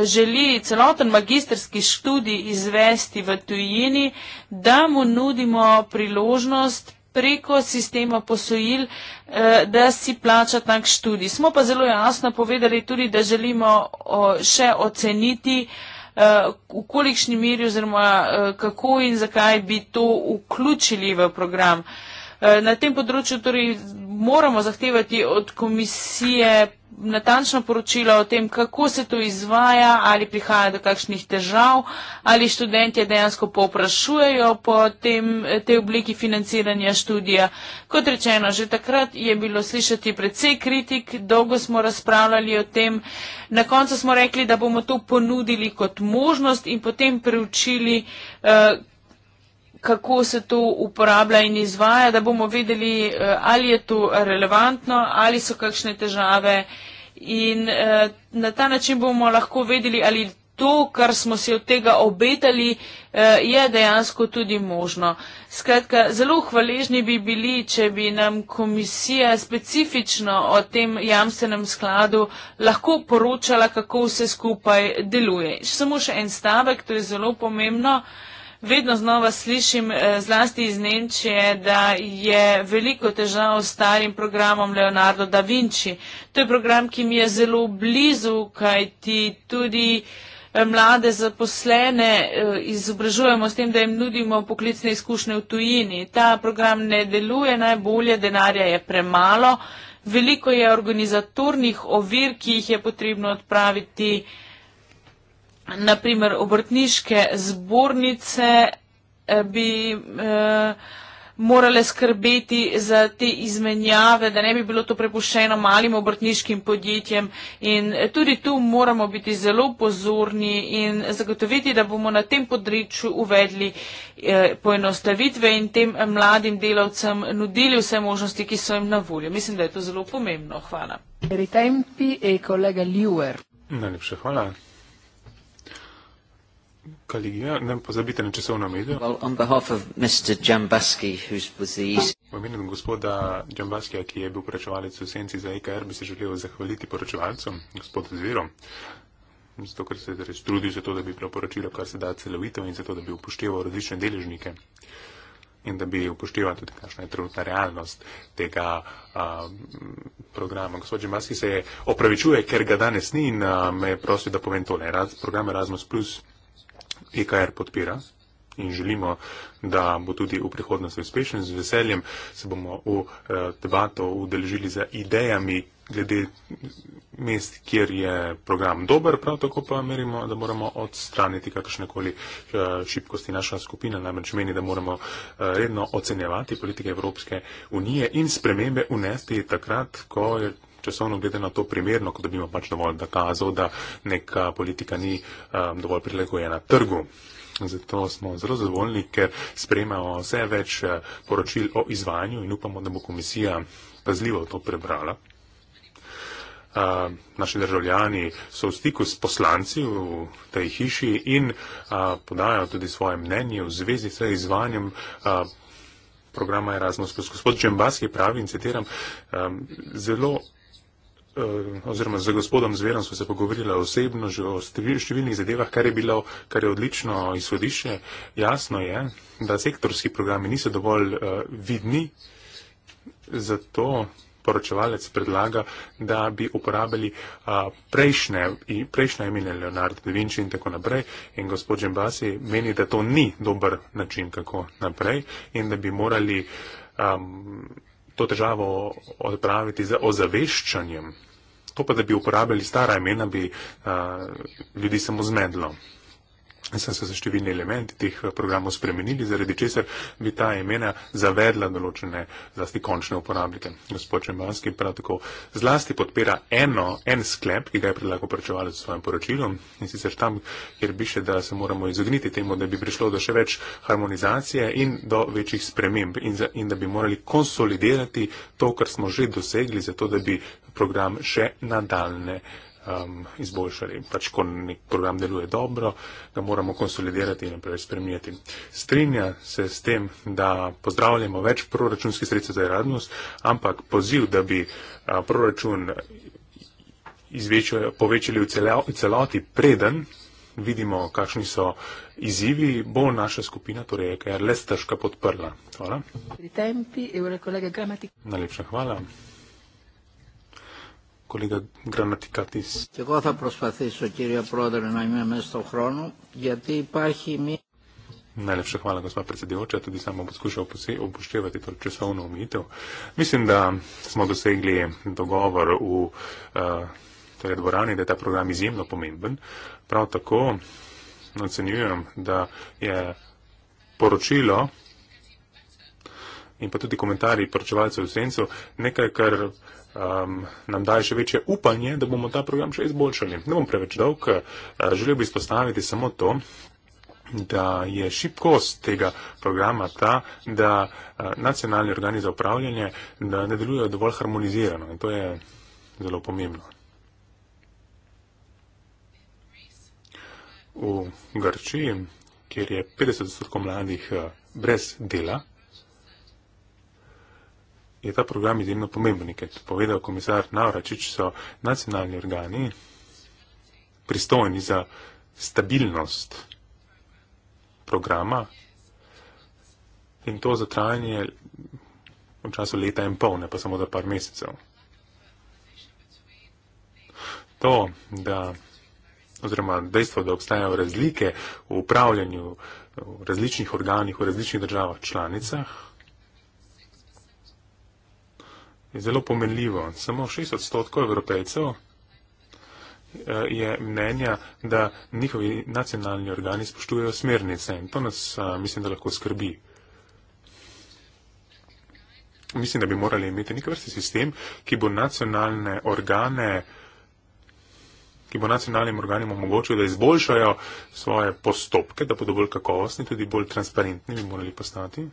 želi celoten magisterski študij izvesti v tujini, da mu nudimo priložnost preko sistema posojil, eh, da si plača tak študij. Smo pa zelo jasno povedali tudi, da želimo še oceniti, eh, v kolikšni miri oziroma kako in zakaj bi to vključili v program. Eh, na tem področju torej moramo zahtevati od komisije natančno poročilo o tem, kako se to izvaja, ali prihaja do kakšnih težav, ali študentje dejansko povprašujejo po tem, te obliki financiranja študija. Kot rečeno, že takrat je bilo slišati predvsej kritik, dolgo smo razpravljali o tem, na koncu smo rekli, da bomo to ponudili kot možnost in potem preučili, eh, kako se to uporablja in izvaja, da bomo vedeli, eh, ali je to relevantno, ali so kakšne težave. In eh, na ta način bomo lahko vedeli, ali to, kar smo si od tega obetali, eh, je dejansko tudi možno. Skratka, zelo hvaležni bi bili, če bi nam komisija specifično o tem jamstvenem skladu lahko poročala, kako vse skupaj deluje. Samo še en stavek, to je zelo pomembno. Vedno znova slišim eh, zlasti iz Nemčije, da je veliko težav s starim programom Leonardo da Vinci. To je program, ki mi je zelo blizu, kaj ti tudi eh, mlade zaposlene eh, izobražujemo s tem, da jim nudimo poklicne izkušnje v tujini. Ta program ne deluje najbolje, denarja je premalo, veliko je organizatornih ovir, ki jih je potrebno odpraviti naprimer obrtniške zbornice eh, bi eh, morale skrbeti za te izmenjave, da ne bi bilo to prepuščeno malim obrtniškim podjetjem in eh, tudi tu moramo biti zelo pozorni in zagotoviti, da bomo na tem področju uvedli poenostavitve in tem mladim delavcem nudili vse možnosti, ki so jim na voljo. Mislim, da je to zelo pomembno. Hvala. E Najlepša hvala. Kalija, ne pozabite na časovno medijo. Well, on behalf of Mr. Jambaski, who was the East... V imenu gospoda Jambaskija, ki je bil poročevalec v senci za IKR, e bi se želel zahvaliti poročevalcom, gospodu Zvero, zato ker se je res trudil za to, da bi preporočilo kar se da celovito in zato, da bi upošteval različne deležnike in da bi upošteval tudi, kakšna je trenutna realnost tega a, programa. Gospod Jambaski se opravičuje, ker ga danes ni in a, me je prosil, da povem tole. Raz, program Erasmus Plus EKR podpira in želimo, da bo tudi v prihodnosti uspešen. Z veseljem se bomo v eh, debato udeležili za idejami glede mest, kjer je program dober, prav tako pa merimo, da moramo odstraniti kakršnekoli eh, šibkosti. Naša skupina namreč meni, da moramo eh, redno ocenjevati politike Evropske unije in spremembe unesti takrat, ko je časovno gledano to primerno, kot da bi imel pač dovolj dokazov, da neka politika ni um, dovolj prilagojena trgu. Zato smo zelo zadovoljni, ker spremamo vse več eh, poročil o izvajanju in upamo, da bo komisija pazljivo to prebrala. Uh, naši državljani so v stiku s poslanci v tej hiši in uh, eh, podajo tudi svoje mnenje v zvezi s izvanjem uh, programa Erasmus. Gospod Džembaski pravi in citiram, um, zelo Eh, oziroma z gospodom Zverom smo se pogovorili osebno že o številnih zadevah, kar je bilo, kar je odlično izhodišče. Jasno je, da sektorski programi niso dovolj uh, vidni, zato poročevalec predlaga, da bi uporabili uh, prejšnje, prejšnje imene Leonardo da Vinci in tako naprej. In gospod Džembasi meni, da to ni dober način, kako naprej in da bi morali. Um, to državo odpraviti z ozaveščanjem to pa, da bi uporabljali stara imena, bi uh, ljudi samo zmedlo so se številni elementi teh eh, programov spremenili, zaradi česar bi ta imena zavedla določene zlasti končne uporabnike. Gospod Čembanski prav tako zlasti podpira eno, en sklep, ki ga je predlagal poročevalec v svojem poročilu in sicer tam, kjer piše, da se moramo izogniti temu, da bi prišlo do še več harmonizacije in do večjih sprememb in, za, in da bi morali konsolidirati to, kar smo že dosegli, zato da bi program še nadaljne um, izboljšali. Pač, ko nek program deluje dobro, ga moramo konsolidirati in naprej spremljati. Strinja se s tem, da pozdravljamo več proračunskih sredstev za Erasmus, ampak poziv, da bi a, proračun izvečo, povečali v, celo, v celoti preden, vidimo, kakšni so izzivi, bo naša skupina, torej EKR, le stržka podprla. Hvala. Najlepša hvala kolega Γραμματικάτης. Και εγώ θα προσπαθήσω κύριε Πρόεδρε να είμαι μέσα στον χρόνο γιατί υπάρχει μία... Najlepša hvala, gospod predsedujoča, tudi sam bom poskušal upoštevati to časovno omejitev. Mislim, da smo dosegli dogovor v uh, torej dvorani, da je ta program izjemno pomemben. Prav tako ocenjujem, da je poročilo in pa tudi komentarji poročevalcev v sencu nekaj, kar um, nam daje še večje upanje, da bomo ta program še izboljšali. Ne bom preveč dolg, uh, želel bi izpostaviti samo to, da je šipkost tega programa ta, da uh, nacionalni organi za upravljanje ne delujejo dovolj harmonizirano. In to je zelo pomembno. V Grčiji, kjer je 50 odstotkov mladih uh, brez dela, je ta program izjemno pomemben, kaj je povedal komisar Navračič, so nacionalni organi pristojni za stabilnost programa in to za trajanje v času leta in pol, ne pa samo za par mesecev. To, da, oziroma dejstvo, da obstajajo razlike v upravljanju v različnih organih v različnih državah članicah, je zelo pomenljivo. Samo 6 odstotkov evropejcev eh, je mnenja, da njihovi nacionalni organi spoštujejo smernice in to nas, eh, mislim, da lahko skrbi. Mislim, da bi morali imeti nek vrsti sistem, ki bo nacionalne organe, ki bo nacionalnim organom omogočil, da izboljšajo svoje postopke, da bodo bolj kakovostni, tudi bolj transparentni bi morali postati.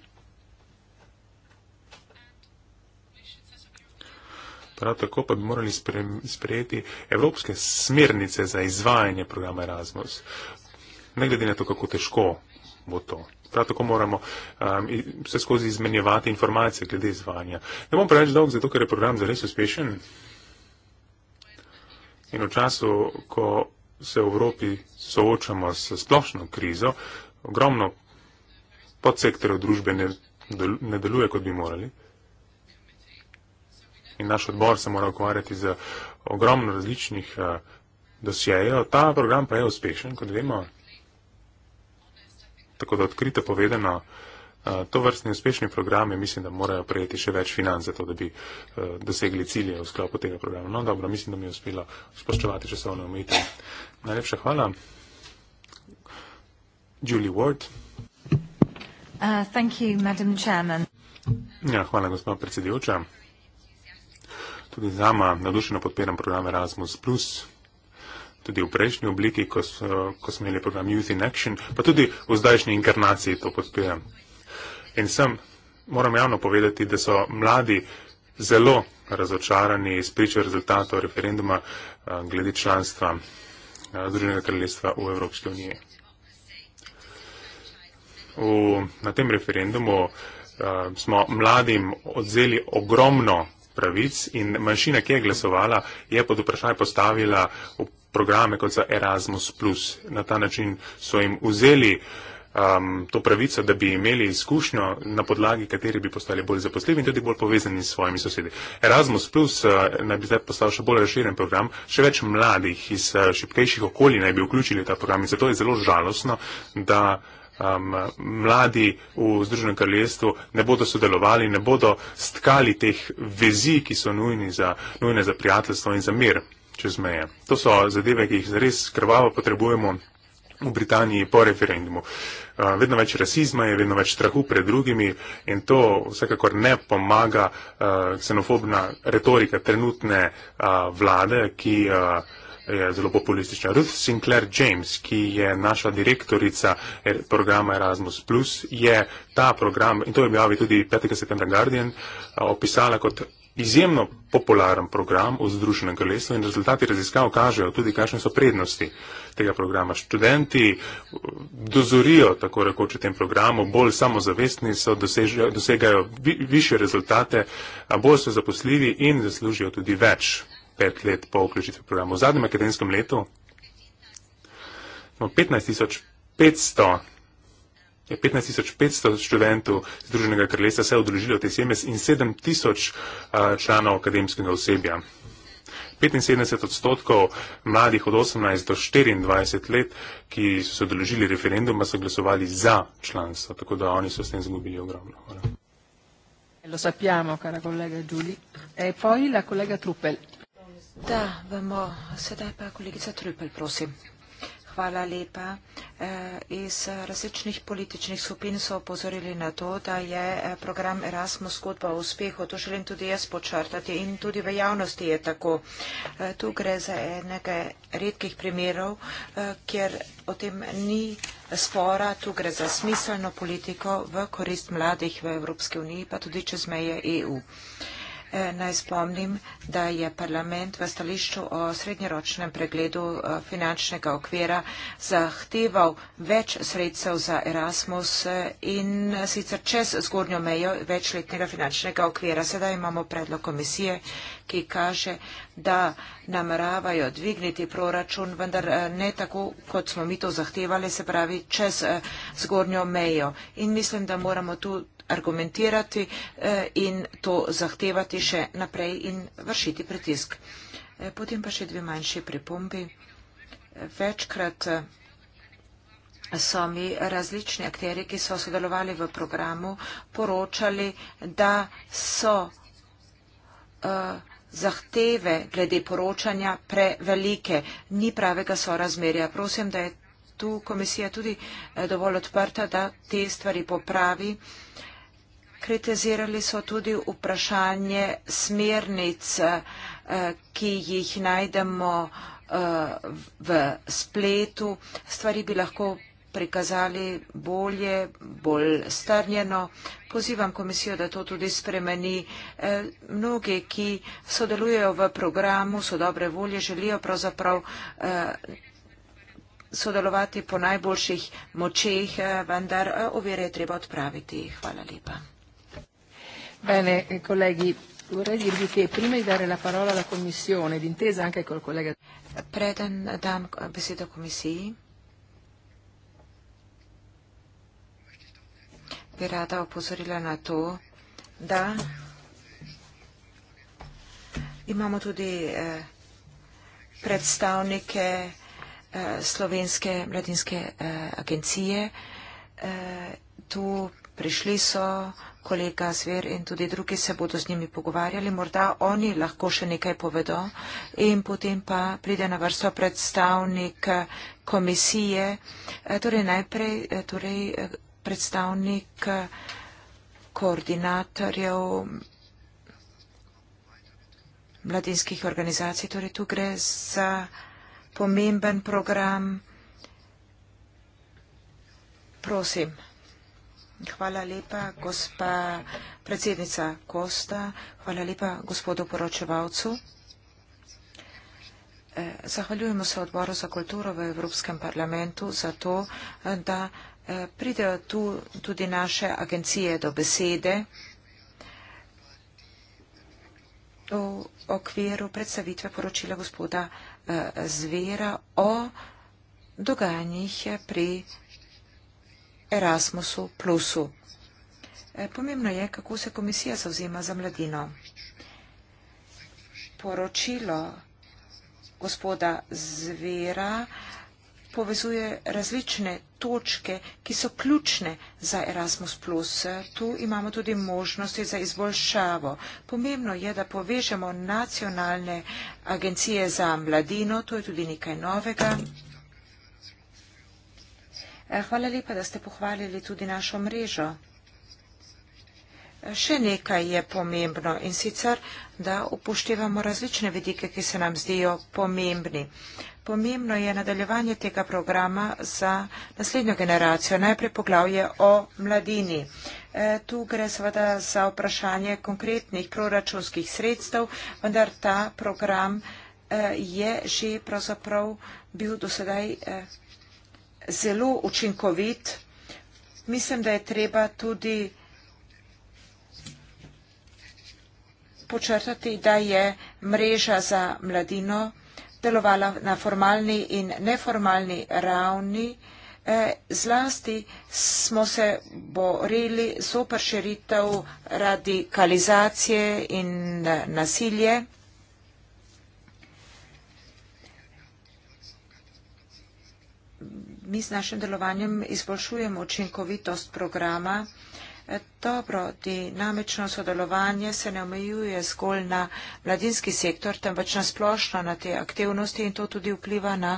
Prav tako pa bi morali sprejeti evropske smernice za izvajanje programa Erasmus. Ne glede na to, kako težko bo to. Prav tako moramo um, se skozi izmenjevati informacije glede izvajanja. Ne bom preveč dolg, zato ker je program zares uspešen. In v času, ko se v Evropi soočamo s splošno krizo, ogromno podsektorov družbe ne, ne deluje, kot bi morali in naš odbor se mora ukvarjati z ogromno različnih eh, dosjejev. Ta program pa je uspešen, kot vemo. Tako da odkrito povedano, eh, to vrstni uspešni programe mislim, da morajo prejeti še več financ za to, da bi eh, dosegli cilje v sklopu tega programa. No dobro, mislim, da mi je uspelo spoščevati časovno omejitev. Najlepša hvala. Julie Ward. Uh, thank you, Madam Chairman. Ja, hvala, gospod predsedujoča. Tudi zama nadušeno podpiram program Erasmus, tudi v prejšnji obliki, ko, ko smo imeli program Youth in Action, pa tudi v zdajšnji inkarnaciji to podpiram. In sem, moram javno povedati, da so mladi zelo razočarani iz pričo rezultatov referenduma eh, glede članstva eh, Združenega kraljestva v Evropski uniji. V, na tem referendumu uh, smo mladim odzeli ogromno pravic in manjšina, ki je glasovala, je pod vprašaj postavila programe kot so Erasmus. Na ta način so jim vzeli um, to pravico, da bi imeli izkušnjo, na podlagi kateri bi postali bolj zaposljivi in tudi bolj povezani s svojimi sosedi. Erasmus uh, naj bi zdaj postal še bolj razširjen program, še več mladih iz uh, šipkejših okolij naj bi vključili v ta program in zato je zelo žalostno, da um, mladi v Združenem kraljestvu ne bodo sodelovali, ne bodo stkali teh vezi, ki so za, nujne za prijateljstvo in za mir čez meje. To so zadeve, ki jih res krvavo potrebujemo v Britaniji po referendumu. Uh, vedno več rasizma je, vedno več strahu pred drugimi in to vsekakor ne pomaga uh, ksenofobna retorika trenutne uh, vlade, ki. Uh, zelo populistična. Ruth Sinclair James, ki je naša direktorica eh, programa Erasmus, je ta program, in to je objavil tudi 5. septembra Guardian, eh, opisala kot izjemno popularen program v Združenem kraljestvu in rezultati raziskav kažejo tudi, kakšne so prednosti tega programa. Študenti eh, dozorijo, tako rekoč, v tem programu, bolj samozavestni so, dosegajo vi, više rezultate, bolj so zaposljivi in zaslužijo tudi več pet let po vključitvi programa. V zadnjem akademskem letu imamo 15.500 je 15.500 študentov Združenega kraljestva se odložilo te SMS in 7.000 članov akademskega osebja. 75 odstotkov mladih od 18 do 24 let, ki so se odložili referenduma, so glasovali za članstvo, tako da oni so s tem zgubili ogromno. Hvala. Lo sappiamo, cara collega Giuli. E poi la collega Truppel. Da, vemo. Sedaj pa kolegica Trupel, prosim. Hvala lepa. E, iz različnih političnih skupin so opozorili na to, da je e, program Erasmus skupaj v uspehu. To želim tudi jaz počrtati in tudi v javnosti je tako. E, tu gre za enega redkih primerov, kjer o tem ni spora. Tu gre za smiselno politiko v korist mladih v Evropski uniji, pa tudi čez meje EU. Eh, naj spomnim, da je parlament v stališču o srednjeročnem pregledu eh, finančnega okvira zahteval več sredstev za Erasmus eh, in sicer čez zgornjo mejo večletnega finančnega okvira. Sedaj imamo predlog komisije, ki kaže, da nameravajo dvigniti proračun, vendar ne tako, kot smo mi to zahtevali, se pravi čez zgornjo mejo. In mislim, da moramo tu argumentirati eh, in to zahtevati še naprej in vršiti pritisk. Eh, potem pa še dve manjši pripombi. Eh, večkrat so mi različni akteri, ki so sodelovali v programu, poročali, da so zahteve glede poročanja prevelike, ni pravega sorazmerja. Prosim, da je tu komisija tudi dovolj odprta, da te stvari popravi kritizirali so tudi vprašanje smernic, eh, ki jih najdemo eh, v spletu. Stvari bi lahko prikazali bolje, bolj strnjeno. Pozivam komisijo, da to tudi spremeni. Eh, mnogi, ki sodelujejo v programu, so dobre volje, želijo pravzaprav sodelovati po najboljših močeh, vendar ovire je treba odpraviti. Hvala lepa. Bene, colleghi, vorrei dirvi che prima di dare la parola alla Commissione, d'intesa anche col collega... Preden dam besedo komisiji, bi rada opozorila na to, da imamo tudi eh, predstavnike eh, Slovenske mladinske eh, agencije. Tu prišli so kolega Zver in tudi drugi se bodo z njimi pogovarjali, morda oni lahko še nekaj povedo in potem pa pride na vrsto predstavnik eh, komisije, eh, torej najprej eh, torej predstavnik koordinatorjev mladinskih organizacij, torej tu gre za pomemben program. Prosim. Hvala lepa, gospa predsednica Kosta. Hvala lepa, gospodu poročevalcu. Eh, zahvaljujemo se odboru za kulturo v Evropskem parlamentu za to, da eh, pridejo tu tudi naše agencije do besede v okviru predstavitve poročila gospoda eh, Zvera o dogajanjih pri Erasmusu Plusu. E, pomembno je, kako se komisija zauzema za mladino. Poročilo gospoda Zvera povezuje različne točke, ki so ključne za Erasmus+. Plus. Tu imamo tudi možnosti za izboljšavo. Pomembno je, da povežemo nacionalne agencije za mladino, to je tudi nekaj novega. Eh, hvala lepa, da ste pohvalili tudi našo mrežo. Eh, še nekaj je pomembno in sicer, da upoštevamo različne vidike, ki se nam zdijo pomembni. Pomembno je nadaljevanje tega programa za naslednjo generacijo. Najprej poglavje o mladini. Eh, tu gre seveda za vprašanje konkretnih proračunskih sredstev, vendar ta program je že pravzaprav bil do sedaj zelo učinkovit. Mislim, da je treba tudi počrtati, da je mreža za mladino delovala na formalni in neformalni ravni. Eh, zlasti smo se borili z oprširitev radikalizacije in eh, nasilje. mi s našim delovanjem izboljšujemo učinkovitost programa. E, dobro dinamično sodelovanje se ne omejuje zgolj na mladinski sektor, temveč na splošno na te aktivnosti in to tudi vpliva na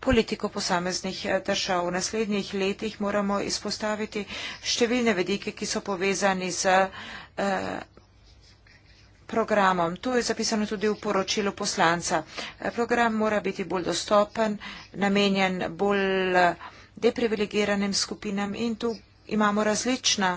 politiko posameznih e, držav. V naslednjih letih moramo izpostaviti številne vedike, ki so povezani z e, programom. To je zapisano tudi v poročilu poslanca. Eh, program mora biti bolj dostopen, namenjen bolj eh, deprivilegiranim skupinam in tu imamo različna,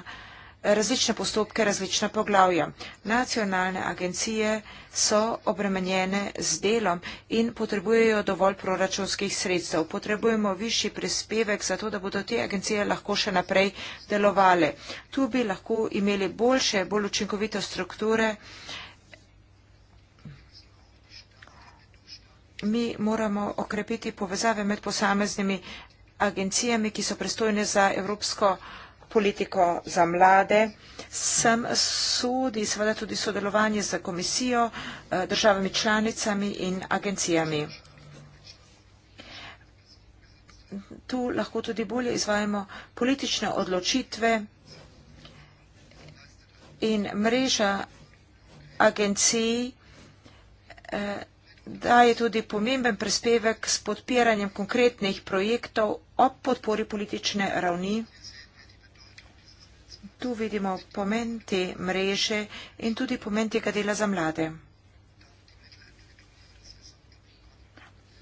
različne postopke, različna poglavja. Nacionalne agencije so obremenjene z delom in potrebujejo dovolj proračunskih sredstev. Potrebujemo višji prispevek za to, da bodo te agencije lahko še naprej delovale. Tu bi lahko imeli boljše, bolj učinkovite strukture, mi moramo okrepiti povezave med posameznimi agencijami, ki so prestojne za evropsko politiko za mlade. Sem sodi seveda tudi sodelovanje z komisijo, eh, državami članicami in agencijami. Tu lahko tudi bolje izvajamo politične odločitve in mreža agencij eh, daje tudi pomemben prispevek s podpiranjem konkretnih projektov ob podpori politične ravni. Tu vidimo pomen te mreže in tudi pomen tega dela za mlade.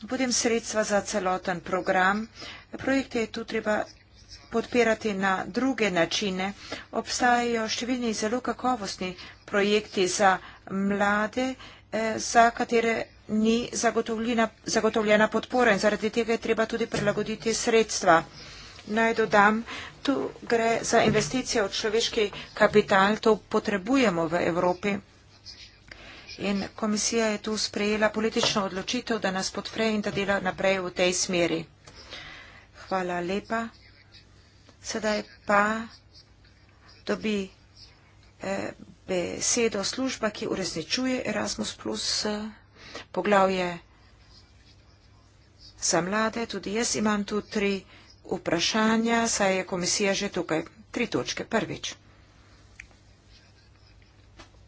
Budem sredstva za celoten program. Projekte je tu treba podpirati na druge načine. Obstajajo številni zelo kakovostni projekti za mlade, eh, za katere ni zagotovljena, zagotovljena podpora in zaradi tega je treba tudi prilagoditi sredstva. Naj dodam, tu gre za investicije v človeški kapital, to potrebujemo v Evropi. In komisija je tu sprejela politično odločitev, da nas podpre in da dela naprej v tej smeri. Hvala lepa. Sedaj pa dobi eh, besedo služba, ki uresničuje Erasmus. Eh, poglavje za mlade, tudi jaz imam tu tri vprašanja, saj je komisija že tukaj. Tri točke. Prvič.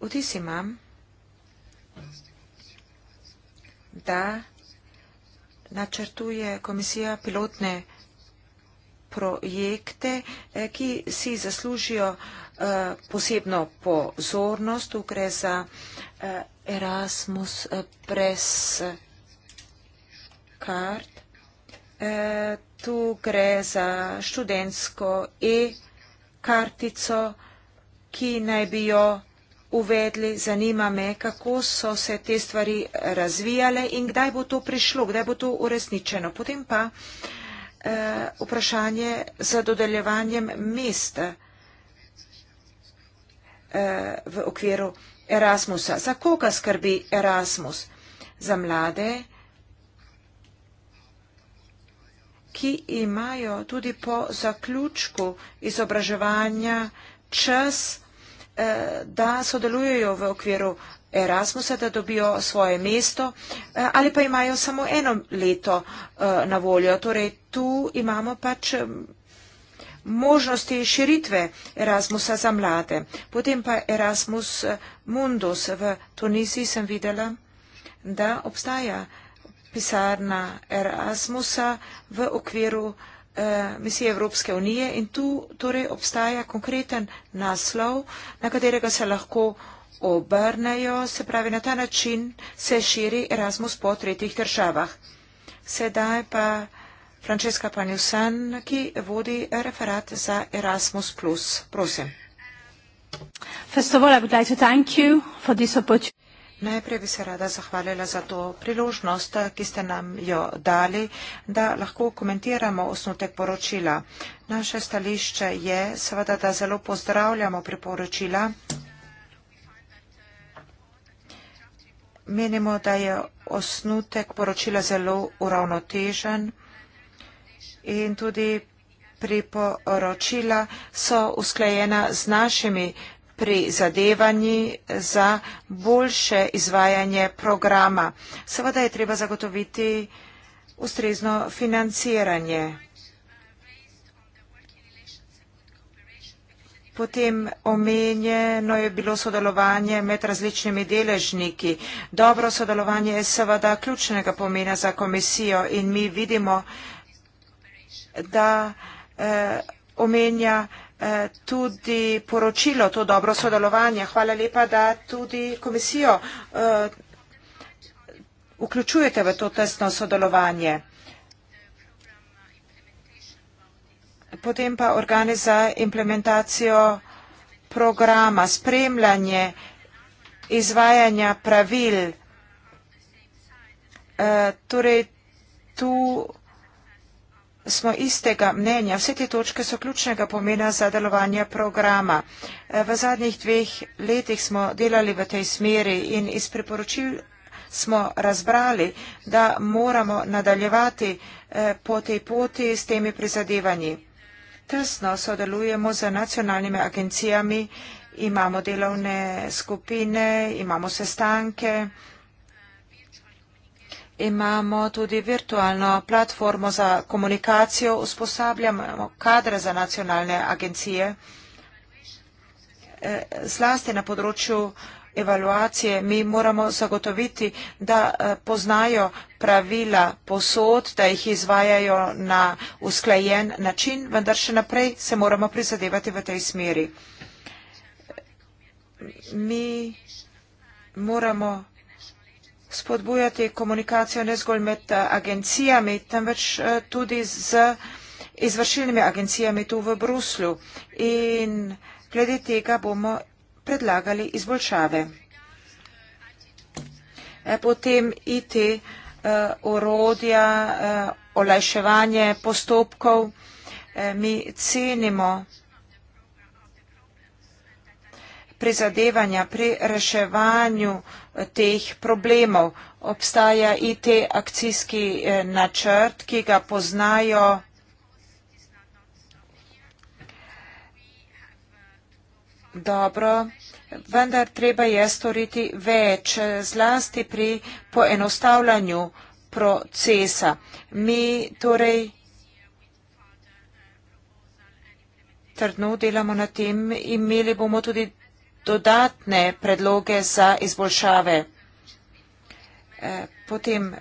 Vtis imam, da načrtuje komisija pilotne projekte, eh, ki si zaslužijo eh, posebno pozornost, tu gre za eh, Erasmus eh, Press eh, Card. Eh, tu gre za študentsko e-kartico, ki naj bi jo uvedli. Zanima me, kako so se te stvari razvijale in kdaj bo to prišlo, kdaj bo to uresničeno. Potem pa vprašanje za dodeljevanjem mesta v okviru Erasmusa. Za koga skrbi Erasmus? Za mlade, ki imajo tudi po zaključku izobraževanja čas, eh, da sodelujejo v okviru Erasmusa, da dobijo svoje mesto eh, ali pa imajo samo eno leto eh, na voljo. Torej, tu imamo pač možnosti širitve Erasmusa za mlade. Potem pa Erasmus eh, Mundus v Tunisiji sem videla, da obstaja pisarna Erasmusa v okviru eh, misije Evropske unije in tu torej obstaja konkreten naslov, na katerega se lahko obrnejo, se pravi na ta način se širi Erasmus po tretjih državah. Sedaj pa Francesca Panjusan, ki vodi referat za Erasmus. Prosim. Najprej bi se rada zahvalila za to priložnost, ki ste nam jo dali, da lahko komentiramo osnutek poročila. Naše stališče je seveda, da zelo pozdravljamo priporočila. Menimo, da je osnutek poročila zelo uravnotežen in tudi priporočila so usklajena z našimi prizadevanji za boljše izvajanje programa. Seveda je treba zagotoviti ustrezno financiranje. Potem omenjeno je bilo sodelovanje med različnimi deležniki. Dobro sodelovanje je seveda ključnega pomena za komisijo in mi vidimo, da da eh, omenja eh, tudi poročilo, to dobro sodelovanje. Hvala lepa, da tudi komisijo uh, vključujete v to tesno sodelovanje. Potem pa organi za implementacijo programa, spremljanje izvajanja pravil. Uh, torej tu smo istega mnenja. Vse te točke so ključnega pomena za delovanje programa. Eh, v zadnjih dveh letih smo delali v tej smeri in iz priporočil smo razbrali, da moramo nadaljevati eh, po tej poti s temi prizadevanji. Tesno sodelujemo z nacionalnimi agencijami, imamo delovne skupine, imamo sestanke, imamo tudi virtualno platformo za komunikacijo, usposabljamo kadre za nacionalne agencije, eh, zlasti na področju evaluacije mi moramo zagotoviti, da eh, poznajo pravila posod, da jih izvajajo na usklajen način, vendar še naprej se moramo prizadevati v tej smeri. Mi moramo spodbujati komunikacijo ne zgolj med eh, agencijami, temveč eh, tudi z izvršilnimi agencijami tu v Bruslju. In glede tega bomo predlagali izboljšave. Eh, potem IT orodja, olajševanje postopkov. Mi cenimo prizadevanja pri reševanju eh, teh problemov. Obstaja IT akcijski eh, načrt, ki ga poznajo dobro, vendar treba je storiti več zlasti pri poenostavljanju procesa. Mi torej trdno delamo na tem, imeli bomo tudi dodatne predloge za izboljšave. Eh, potem eh,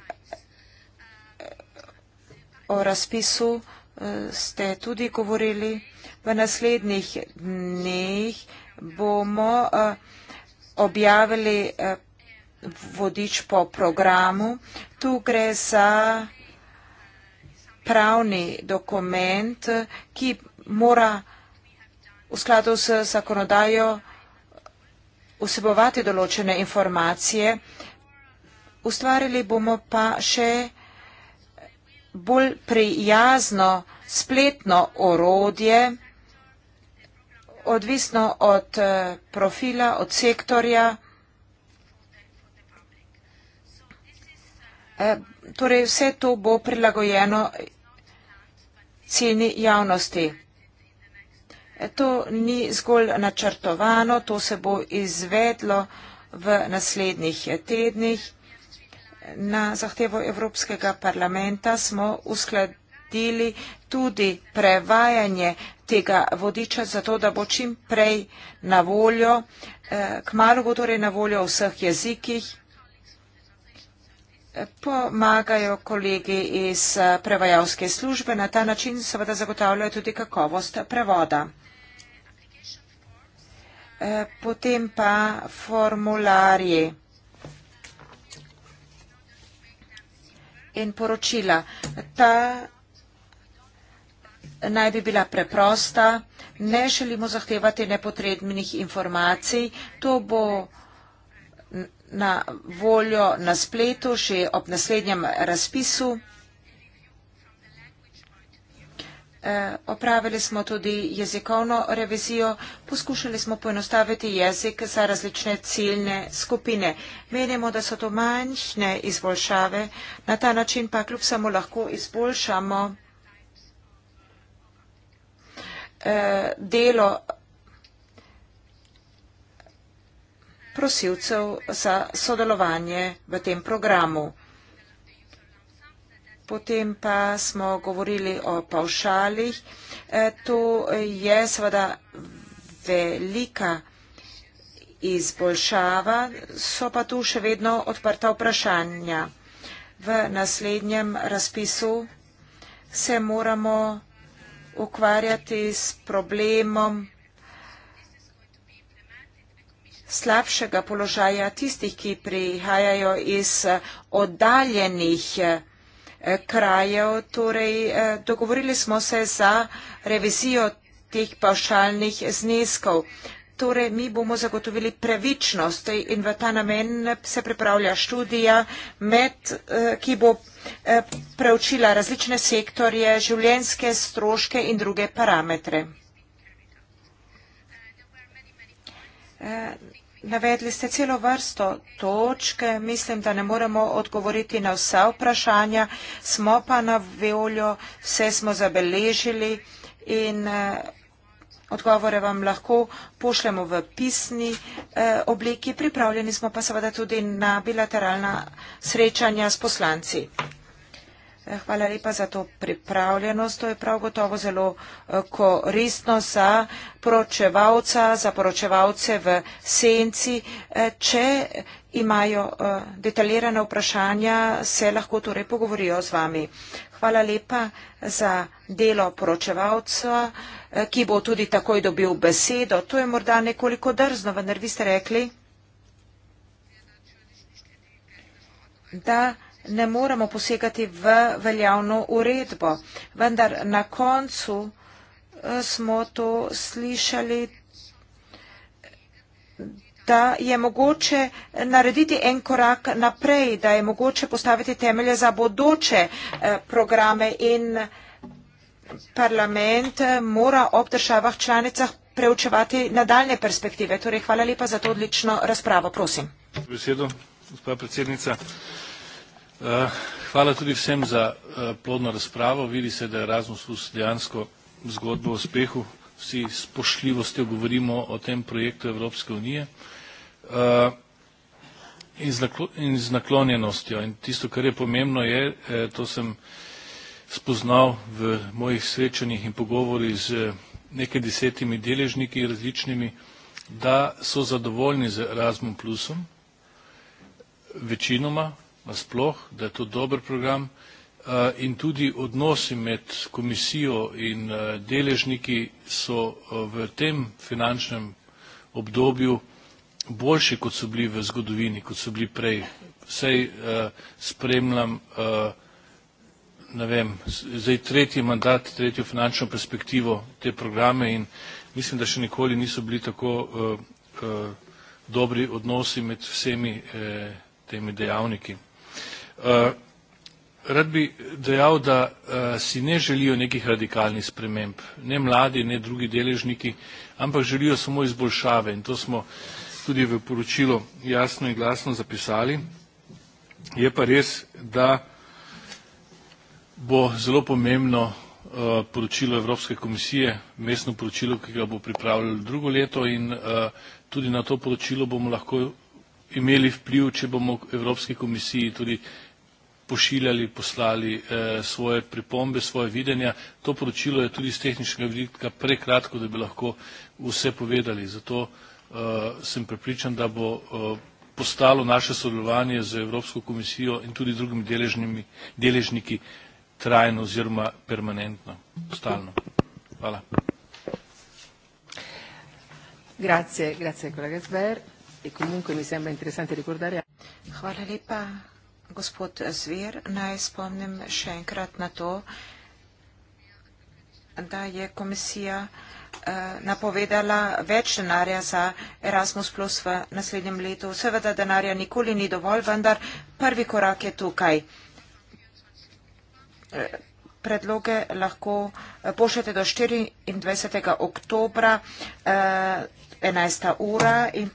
o razpisu eh, ste tudi govorili. V naslednjih dneh bomo objavili vodič po programu. Tu gre za pravni dokument, ki mora v skladu s zakonodajo vsega vsebovati določene informacije, ustvarili bomo pa še bolj prijazno spletno orodje, odvisno od eh, profila, od sektorja. Eh, torej, vse to bo prilagojeno ceni javnosti. To ni zgolj načrtovano, to se bo izvedlo v naslednjih tednih. Na zahtevo Evropskega parlamenta smo uskladili tudi prevajanje tega vodiča, zato da bo čim prej na voljo, eh, k malo bo torej na voljo v vseh jezikih. Eh, pomagajo kolegi iz eh, prevajalske službe, na ta način seveda zagotavljajo tudi kakovost prevoda. Eh, potem pa formularje in poročila. Ta naj bi bila preprosta, ne želimo zahtevati nepotrebnih informacij, to bo na voljo na spletu, še ob naslednjem razpisu. Eh, opravili smo tudi jezikovno revizijo, poskušali smo poenostaviti jezik za različne ciljne skupine. Menimo, da so to manjšne izboljšave, na ta način pa kljub samo lahko izboljšamo eh, delo prosilcev za sodelovanje v tem programu. Potem pa smo govorili o pavšalih. E, to je seveda velika izboljšava, so pa tu še vedno odprta vprašanja. V naslednjem razpisu se moramo ukvarjati s problemom slabšega položaja tistih, ki prihajajo iz oddaljenih področja Eh, krajev. Torej, eh, dogovorili smo se za revizijo teh pašalnih zneskov. Torej, mi bomo zagotovili pravičnost in v ta namen se pripravlja študija, med, eh, ki bo preučila različne sektorje, življenjske stroške in druge parametre. Navedli ste celo vrsto točke, mislim, da ne moremo odgovoriti na vsa vprašanja, smo pa na voljo, vse smo zabeležili in eh, odgovore vam lahko pošljemo v pisni eh, obliki, pripravljeni smo pa seveda tudi na bilateralna srečanja s poslanci. Hvala lepa za to pripravljenost. To je prav gotovo zelo eh, koristno za poročevalca, za poročevalce v senci. Eh, če imajo eh, detaljirane vprašanja, se lahko torej pogovorijo z vami. Hvala lepa za delo poročevalca, ki bo tudi takoj dobil besedo. To je morda nekoliko drzno, vendar vi ste rekli, da ne moremo posegati v veljavno uredbo. Vendar na koncu eh, smo to slišali, da je mogoče narediti en korak naprej, da je mogoče postaviti temelje za bodoče eh, programe in parlament eh, mora ob državah članicah preučevati nadaljne perspektive. Torej, hvala lepa za to odlično razpravo. Prosim. Besedo, gospod predsednica. Eh, hvala tudi vsem za eh, plodno razpravo. Vidi se, da je Erasmus dejansko zgodbo o uspehu. Vsi s pošljivostjo govorimo o tem projektu Evropske unije eh, in z naklonjenostjo. In tisto, kar je pomembno, je, to sem spoznal v mojih srečanjih in pogovori z nekaj desetimi deležniki različnimi, da so zadovoljni z Erasmus plusom, večinoma, nasploh, da je to dober program eh, in tudi odnosi med komisijo in eh, deležniki so eh, v tem finančnem obdobju boljši, kot so bili v zgodovini, kot so bili prej. Vsej spremljam, ne vem, zdaj tretji mandat, tretjo finančno perspektivo te programe in mislim, da še nikoli niso bili tako dobri odnosi med vsemi temi dejavniki. Eh, rad bi dejal, da eh, si ne želijo nekih radikalnih sprememb, ne mladi, ne drugi deležniki, ampak želijo samo izboljšave in to smo tudi v poročilu jasno in glasno zapisali. Je pa res, da bo zelo pomembno eh, poročilo Evropske komisije, mestno poročilo, ki ga bo pripravljalo drugo leto in tudi na to poročilo bomo lahko imeli vpliv, če bomo Evropski komisiji tudi pošiljali, poslali eh, svoje pripombe, svoje videnja. To poročilo je tudi iz tehničnega vidika prekratko, da bi lahko vse povedali. Zato eh, sem pripričan, da bo eh, postalo naše sodelovanje z Evropsko komisijo in tudi drugimi deležniki trajno oziroma permanentno, stalno. Hvala. Grazie, grazie collega Sver. E comunque mi sembra interessante ricordare. Hvala lepa, gospod Zver, naj spomnim še enkrat na to, da je komisija eh, napovedala več denarja za Erasmus Plus v naslednjem letu. Seveda denarja nikoli ni dovolj, vendar prvi korak je tukaj. Eh, predloge lahko eh, pošljete do 24. oktobra. 11. ura in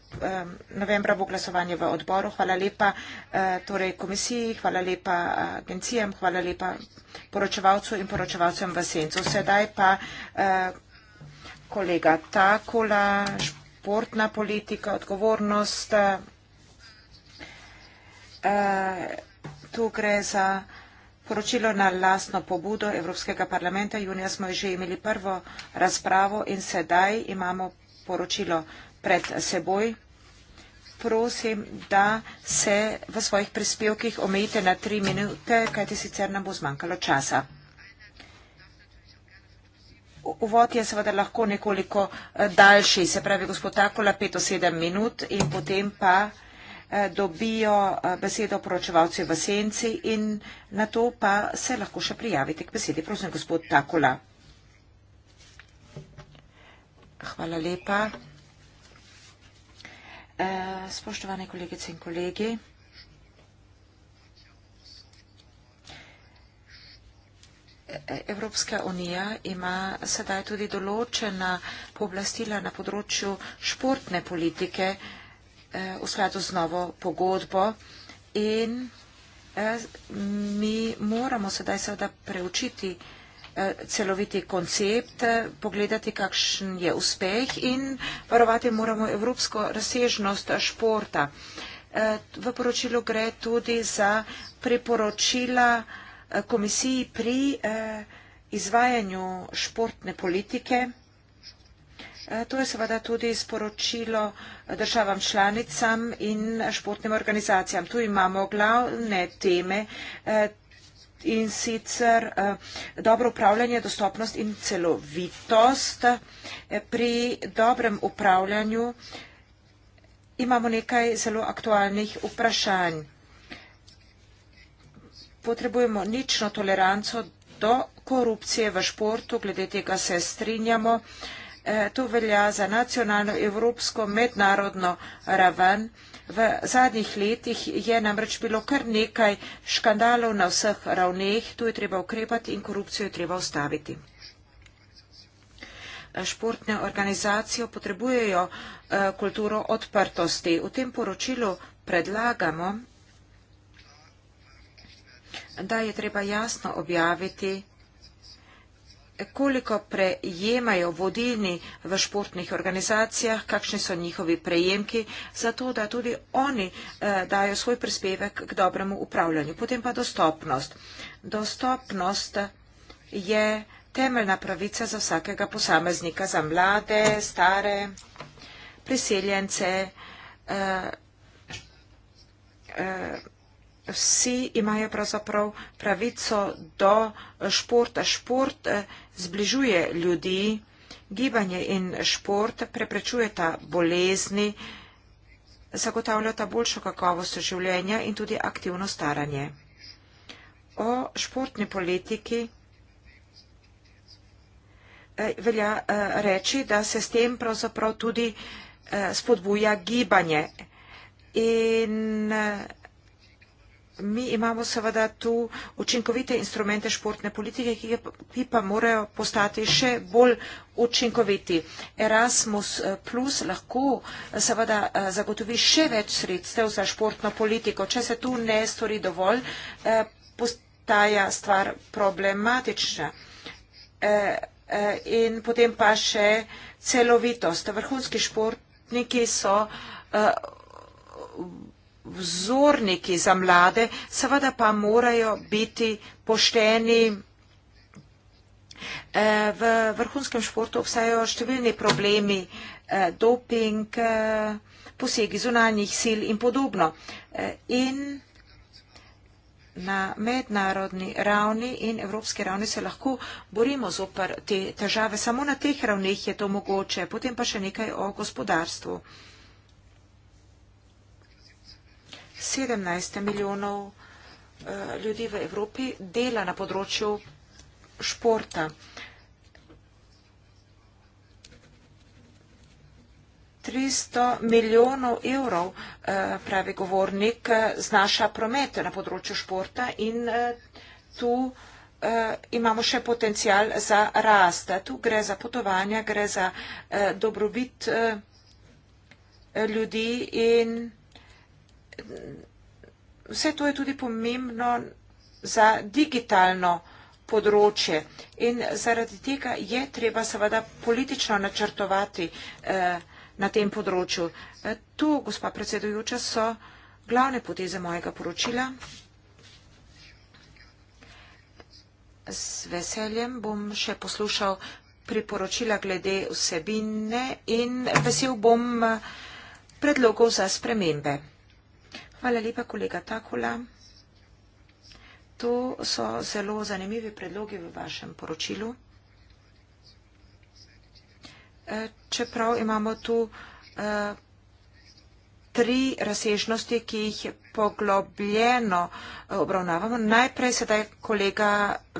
novembra bo glasovanje v odboru. Hvala lepa eh, torej komisiji, hvala lepa eh, agencijam, hvala lepa poročevalcu in poročevalcem v Sencu. Sedaj pa eh, kolega Takula, športna politika, odgovornost. Tu gre za poročilo na lastno pobudo Evropskega parlamenta. Junija smo že imeli prvo razpravo in sedaj imamo poročilo pred seboj. Prosim, da se v svojih prispevkih omejite na tri minute, kajte sicer nam bo zmanjkalo časa. Uvod je seveda lahko nekoliko eh, daljši, se pravi gospod Takola, pet do sedem minut in potem pa eh, dobijo eh, besedo poročevalci v senci in na to pa se lahko še prijavite k besedi. Prosim, gospod Takola. Hvala lepa. Eh, spoštovane kolegice in kolegi. Evropska unija ima sedaj tudi določena pooblastila na področju športne politike eh, v skladu z novo pogodbo in eh, mi moramo sedaj seveda preučiti Eh, celoviti koncept, eh, pogledati, kakšen je uspeh in varovati moramo evropsko razsežnost športa. Eh, v poročilu gre tudi za priporočila komisiji pri izvajanju športne politike. To je seveda tudi sporočilo državam članicam in športnim organizacijam. Tu imamo glavne teme, in sicer eh, dobro upravljanje, dostopnost in celovitost. Eh, pri dobrem upravljanju imamo nekaj zelo aktualnih vprašanj. Potrebujemo nično toleranco do korupcije v športu, glede tega se strinjamo. Eh, to velja za nacionalno, evropsko, mednarodno raven. V zadnjih letih je namreč bilo kar nekaj škandalov na vseh ravneh, tu je treba ukrepati in korupcijo je treba ustaviti. Športne organizacije potrebujejo eh, kulturo odprtosti. V tem poročilu predlagamo, da je treba jasno objaviti koliko prejemajo vodilni v športnih organizacijah, kakšni so njihovi prejemki, zato da tudi oni eh, dajo svoj prispevek k dobremu upravljanju. Potem pa dostopnost. Dostopnost je temeljna pravica za vsakega posameznika, za mlade, stare, priseljence. Eh, eh, vsi imajo pravzaprav pravico do športa. Šport eh, zbližuje ljudi, gibanje in šport preprečujeta bolezni, zagotavljata boljšo kakovost življenja in tudi aktivno staranje. O športni politiki eh, velja eh, reči, da se s tem pravzaprav tudi spodbuja gibanje in Mi imamo seveda tu učinkovite instrumente športne politike, ki pa morajo postati še bolj učinkoviti. Erasmus eh, Plus lahko eh, seveda eh, zagotovi še več sredstev za športno politiko. Če se tu ne stori dovolj, postaja stvar problematična. In potem pa še celovitost. Vrhunski športniki so vzorniki za mlade, seveda pa morajo biti pošteni. Eh, v vrhunskem športu obstajajo številni problemi, eh, doping, eh, posegi zunanjih sil in podobno. In na mednarodni ravni in evropski ravni se lahko borimo zoper te težave. Samo na teh ravneh je to mogoče. Potem pa še nekaj o gospodarstvu. 17 milijonov eh, ljudi v Evropi dela na področju športa. Tristo milijonov evrov, eh, pravi govornik, eh, znaša promet na področju športa in tu imamo še potencial za rast. Tu gre za potovanja, gre za dobrobit ljudi in vse to je tudi pomembno za digitalno področje in zaradi tega je treba seveda politično načrtovati eh, na tem področju. Eh, tu, gospa predsedujoča, so glavne poteze mojega poročila. Z veseljem bom še poslušal priporočila glede vsebine in vesel bom eh, predlogov za spremembe. Hvala lepa, kolega Takola. To so zelo zanimivi predlogi v vašem poročilu. E, čeprav imamo tu e, tri razsežnosti, ki jih poglobljeno e, obravnavamo. Najprej sedaj kolega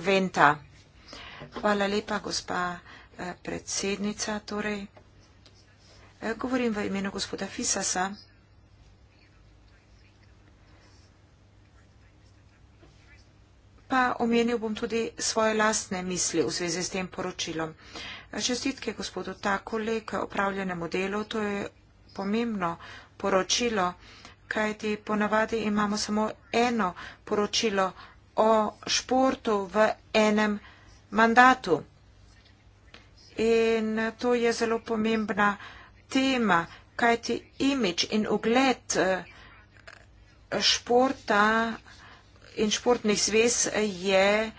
Venta. Hvala lepa, gospa predsednica. Torej, govorim v imenu gospoda Fisasa. pa omenil bom tudi svoje lastne misli v zvezi s tem poročilom. Čestitke gospodu Takole k opravljenemu delu, to je pomembno poročilo, kajti ponavadi imamo samo eno poročilo o športu v enem mandatu. In to je zelo pomembna tema, kajti imič in ugled eh, športa in športni zvez je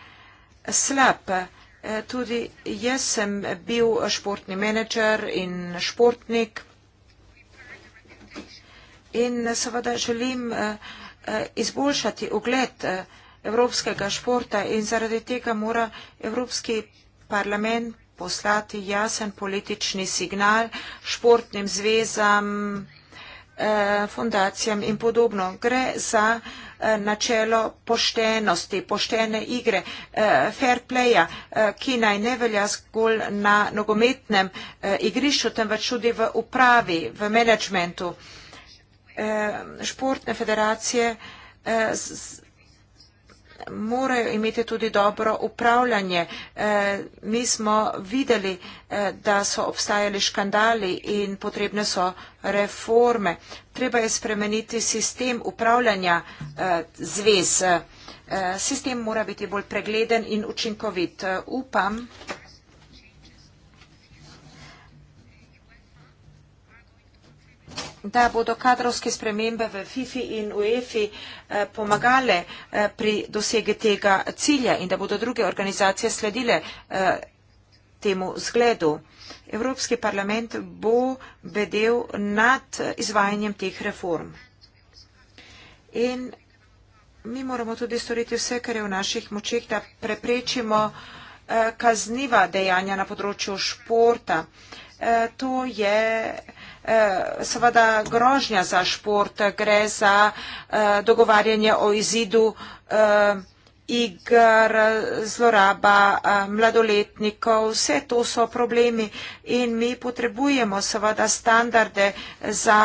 slab. E, tudi jaz sem bil športni menedžer in športnik in seveda želim e, e, izboljšati ogled evropskega športa in zaradi tega mora Evropski parlament poslati jasen politični signal športnim zvezam. Eh, fundacijam in podobno. Gre za eh, načelo poštenosti, poštene igre, eh, fair playa, ki naj ne velja zgolj na nogometnem igrišču, temveč tudi v upravi, v menedžmentu. Športne federacije morajo imeti tudi dobro upravljanje. Eh, mi smo videli, eh, da so obstajali škandali in potrebne so reforme. Treba je spremeniti sistem upravljanja eh, zvez. Sistem mora biti bolj pregleden in učinkovit. Upam, da bodo kadrovske spremembe v FIFI in UEFI eh, pomagale eh, pri dosegi tega cilja in da bodo druge organizacije sledile eh, temu zgledu. Evropski parlament bo bedel nad izvajanjem teh reform. In mi moramo tudi storiti vse, kar je v naših močih, da preprečimo kazniva dejanja na področju športa. To je Eh, seveda grožnja za šport, gre za eh, dogovarjanje o izidu eh, igr, zloraba mladoletnikov, vse to so problemi in mi potrebujemo seveda standarde za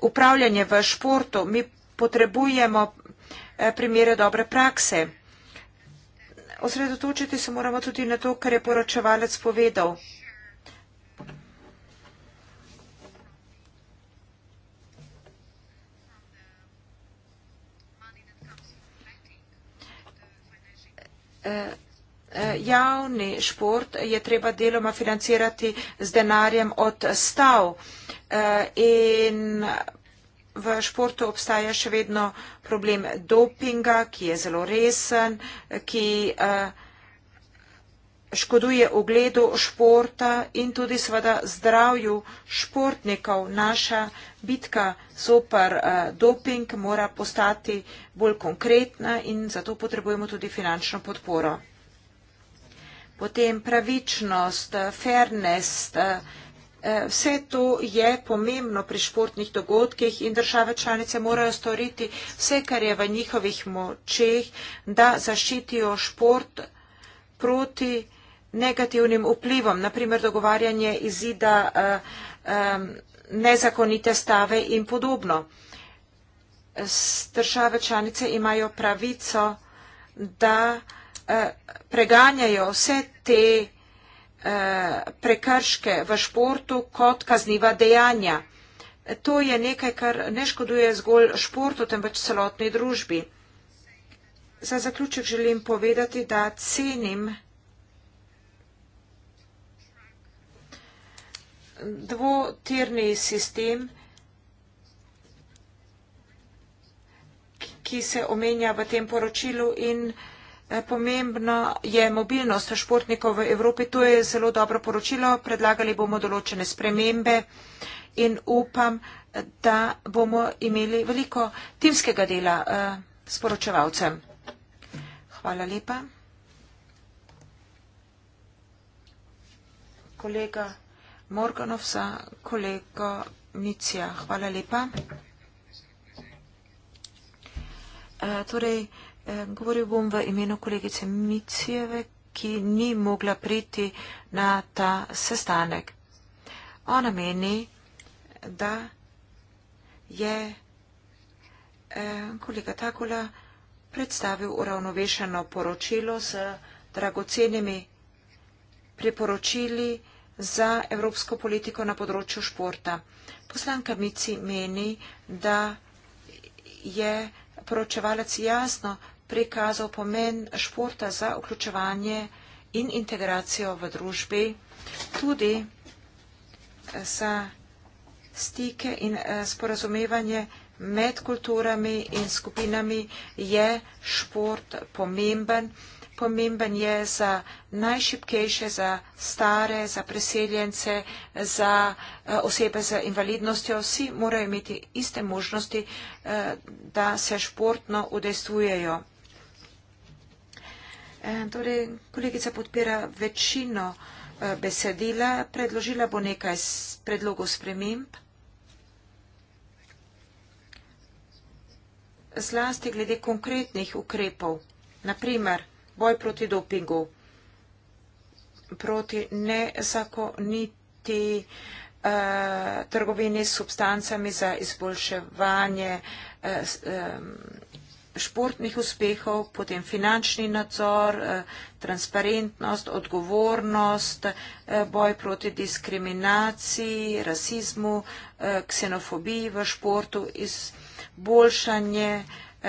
upravljanje v športu, mi potrebujemo primere dobre prakse. Osredotočiti se moramo tudi na to, kar je poročevalec povedal. javni šport je treba deloma financirati z denarjem od stav. Eh, in v športu obstaja še vedno problem dopinga, ki je zelo resen, ki eh, škoduje ogledu športa in tudi seveda zdravju športnikov. Naša bitka zopar uh, eh, doping mora postati bolj konkretna in zato potrebujemo tudi finančno podporo. Potem pravičnost, eh, fairness, eh, vse to je pomembno pri športnih dogodkih in države članice morajo storiti vse, kar je v njihovih močeh, da zaščitijo šport proti negativnim vplivom, naprimer dogovarjanje izida eh, eh, nezakonite stave in podobno. Države članice imajo pravico, da eh, preganjajo vse te prekrške v športu kot kazniva dejanja. To je nekaj, kar ne škoduje zgolj športu, temveč celotni družbi. Za zaključek želim povedati, da cenim dvotirni sistem, ki se omenja v tem poročilu in eh, pomembna je mobilnost športnikov v Evropi. To je zelo dobro poročilo. Predlagali bomo določene spremembe in upam, da bomo imeli veliko timskega dela eh, s poročevalcem. Hvala lepa. Kolega. Morganov za kolego Micija. Hvala lepa. E, torej, e, govoril bom v imenu kolegice Micijeve, ki ni mogla priti na ta sestanek. Ona meni, da je e, kolega Takula predstavil uravnovešeno poročilo z dragocenimi priporočili, za evropsko politiko na področju športa. Poslanka Mici meni, da je poročevalec jasno prikazal pomen športa za vključevanje in integracijo v družbi, tudi eh, za stike in eh, sporazumevanje med kulturami in skupinami je šport pomemben pomemben je za najšipkejše, za stare, za preseljence, za eh, osebe z invalidnostjo. Vsi morajo imeti iste možnosti, eh, da se športno udejstvujejo. Eh, torej, kolegica podpira večino besedila, predložila bo nekaj predlogov sprememb. Zlasti glede konkretnih ukrepov, naprimer, boj proti dopingu, proti nezakoniti uh, trgovini s substancami za izboljševanje uh, športnih uspehov, potem finančni nadzor, uh, transparentnost, odgovornost, uh, boj proti diskriminaciji, rasizmu, uh, ksenofobiji v športu, izboljšanje. Uh,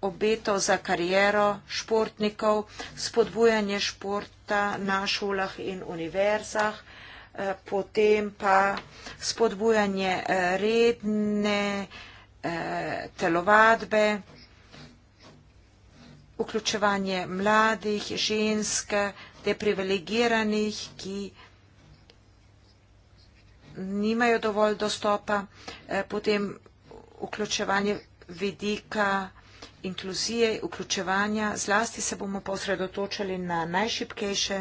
obeto za kariero športnikov, spodbujanje športa na šolah in univerzah, eh, potem pa spodbujanje eh, redne eh, telovadbe, vključevanje mladih, žensk, deprivilegiranih, ki nimajo dovolj dostopa, potem vključevanje vidika inkluzije, vključevanja, zlasti se bomo posredotočali na najšipkejše.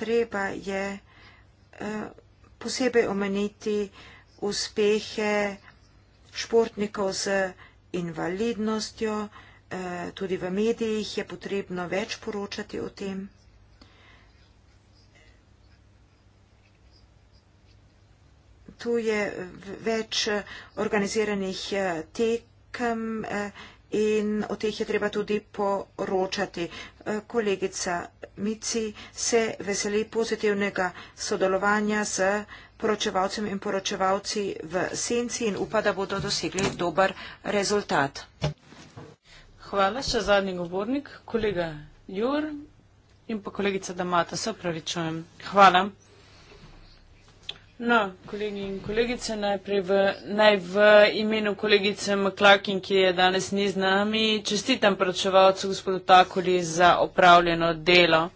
Treba je eh, posebej omeniti uspehe športnikov z invalidnostjo, eh, tudi v medijih je potrebno več poročati o tem. tu je več organiziranih eh, tekem eh, in o teh je treba tudi poročati. Eh, kolegica Mici se veseli pozitivnega sodelovanja z poročevalcem in poročevalci v senci in upa, da bodo dosegli dober rezultat. Hvala, še zadnji govornik, kolega Jur in pa kolegica Damata, se opravičujem. Hvala. No, kolegi in kolegice, najprej v, naj v imenu kolegice Maklakin, ki je danes ni z nami, čestitam pračevalcu gospodu Takoli za opravljeno delo.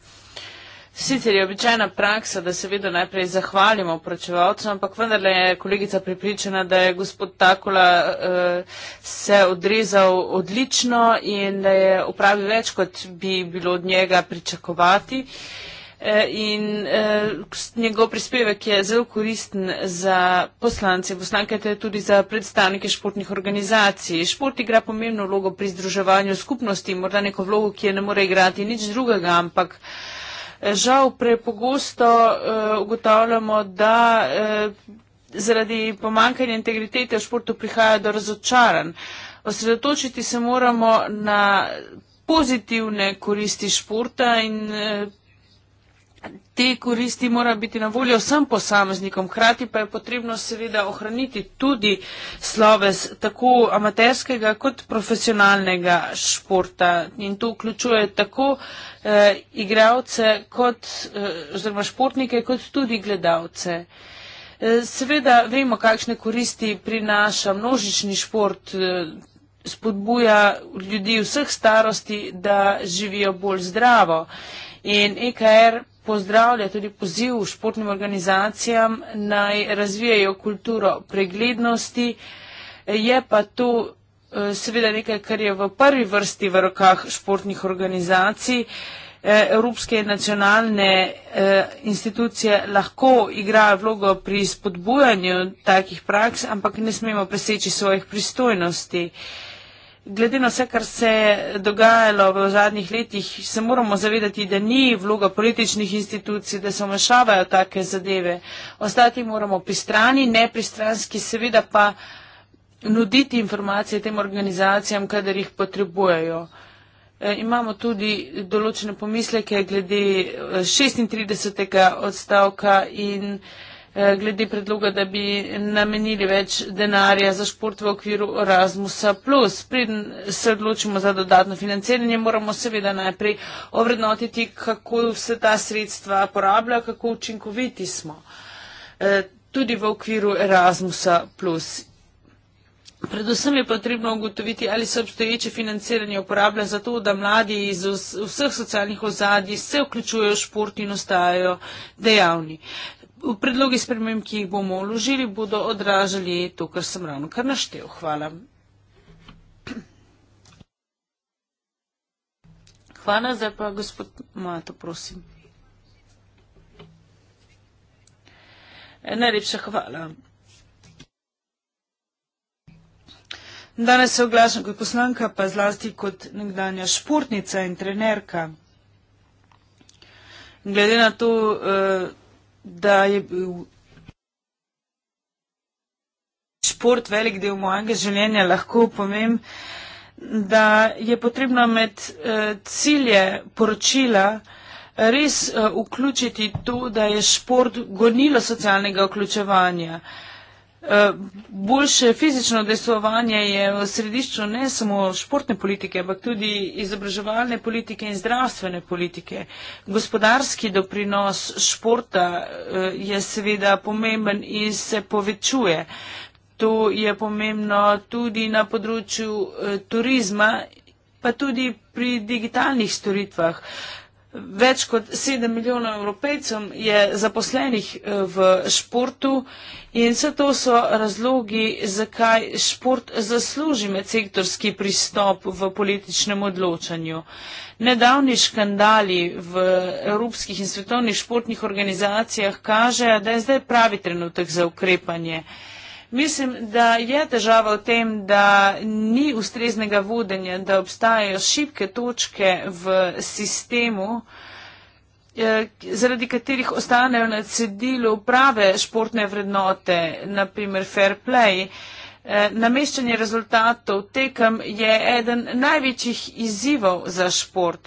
Sicer je običajna praksa, da seveda najprej zahvalimo pračevalcu, ampak vendarle je kolegica pripričana, da je gospod Takola eh, se odrezal odlično in da je upravil več, kot bi bilo od njega pričakovati. Eh, Eh, in eh, njegov prispevek je zelo koristen za poslance, poslanke te tudi za predstavnike športnih organizacij. Šport igra pomembno vlogo pri združevanju skupnosti, morda neko vlogo, ki je ne more igrati nič drugega, ampak eh, žal prepogosto ugotavljamo, da zaradi pomankanja integritete v športu prihaja do razočaranj. Osredotočiti se moramo na pozitivne koristi športa in te koristi mora biti na voljo vsem posameznikom, hkrati pa je potrebno seveda ohraniti tudi sloves tako amaterskega kot profesionalnega športa. In to vključuje tako eh, igralce kot, eh, oziroma športnike, kot tudi gledalce. Eh, seveda vemo, kakšne koristi prinaša množični šport, eh, spodbuja ljudi vseh starosti, da živijo bolj zdravo. In EKR pozdravlja tudi poziv športnim organizacijam naj razvijajo kulturo preglednosti. Je pa to eh, seveda nekaj, kar je v prvi vrsti v rokah športnih organizacij. Eh, evropske nacionalne eh, institucije lahko igrajo vlogo pri spodbujanju takih praks, ampak ne smemo preseči svojih pristojnosti glede na vse, kar se je dogajalo v zadnjih letih, se moramo zavedati, da ni vloga političnih institucij, da se omešavajo take zadeve. Ostati moramo pri strani, ne pri stranski, seveda pa nuditi informacije tem organizacijam, kadar jih potrebujejo. E, imamo tudi določene pomisleke glede 36. E, odstavka in Eh, glede predloga, da bi namenili več denarja za šport v okviru Erasmusa. Preden se odločimo za dodatno financiranje, moramo seveda najprej ovrednotiti, kako vse ta sredstva porablja, kako učinkoviti smo eh, tudi v okviru Erasmusa. Predvsem je potrebno ugotoviti, ali se obstoječe financiranje uporablja za to, da mladi iz vseh socialnih ozadij se vključujejo v šport in ostajajo dejavni predlogi sprememb, ki jih bomo uložili, bodo odražali to, kar sem ravno kar naštel. Hvala. Hvala, zdaj pa gospod Mato, prosim. Najlepša hvala. Danes se oglašam kot poslanka, pa zlasti kot nekdanja športnica in trenerka. Glede na to, uh, da je bil šport velik del mojega življenja, lahko povem, da je potrebno med eh, cilje poročila eh, res eh, vključiti to, da je šport gonilo socialnega vključevanja. Eh, boljše fizično delovanje je v središču ne samo športne politike, ampak tudi izobraževalne politike in zdravstvene politike. Gospodarski doprinos športa eh, je seveda pomemben in se povečuje. To je pomembno tudi na področju eh, turizma, pa tudi pri digitalnih storitvah. Več kot sedem milijonov evropejcev je zaposlenih eh, v športu in vse to so razlogi, zakaj šport zasluži medsektorski pristop v političnem odločanju. Nedavni škandali v evropskih in svetovnih športnih organizacijah kažejo, da je zdaj pravi trenutek za ukrepanje. Mislim, da je težava v tem, da ni ustreznega vodenja, da obstajajo šibke točke v sistemu, eh, zaradi katerih ostanejo na cedilu prave športne vrednote, naprimer fair play. Eh, nameščanje rezultatov tekem je eden največjih izzivov za šport.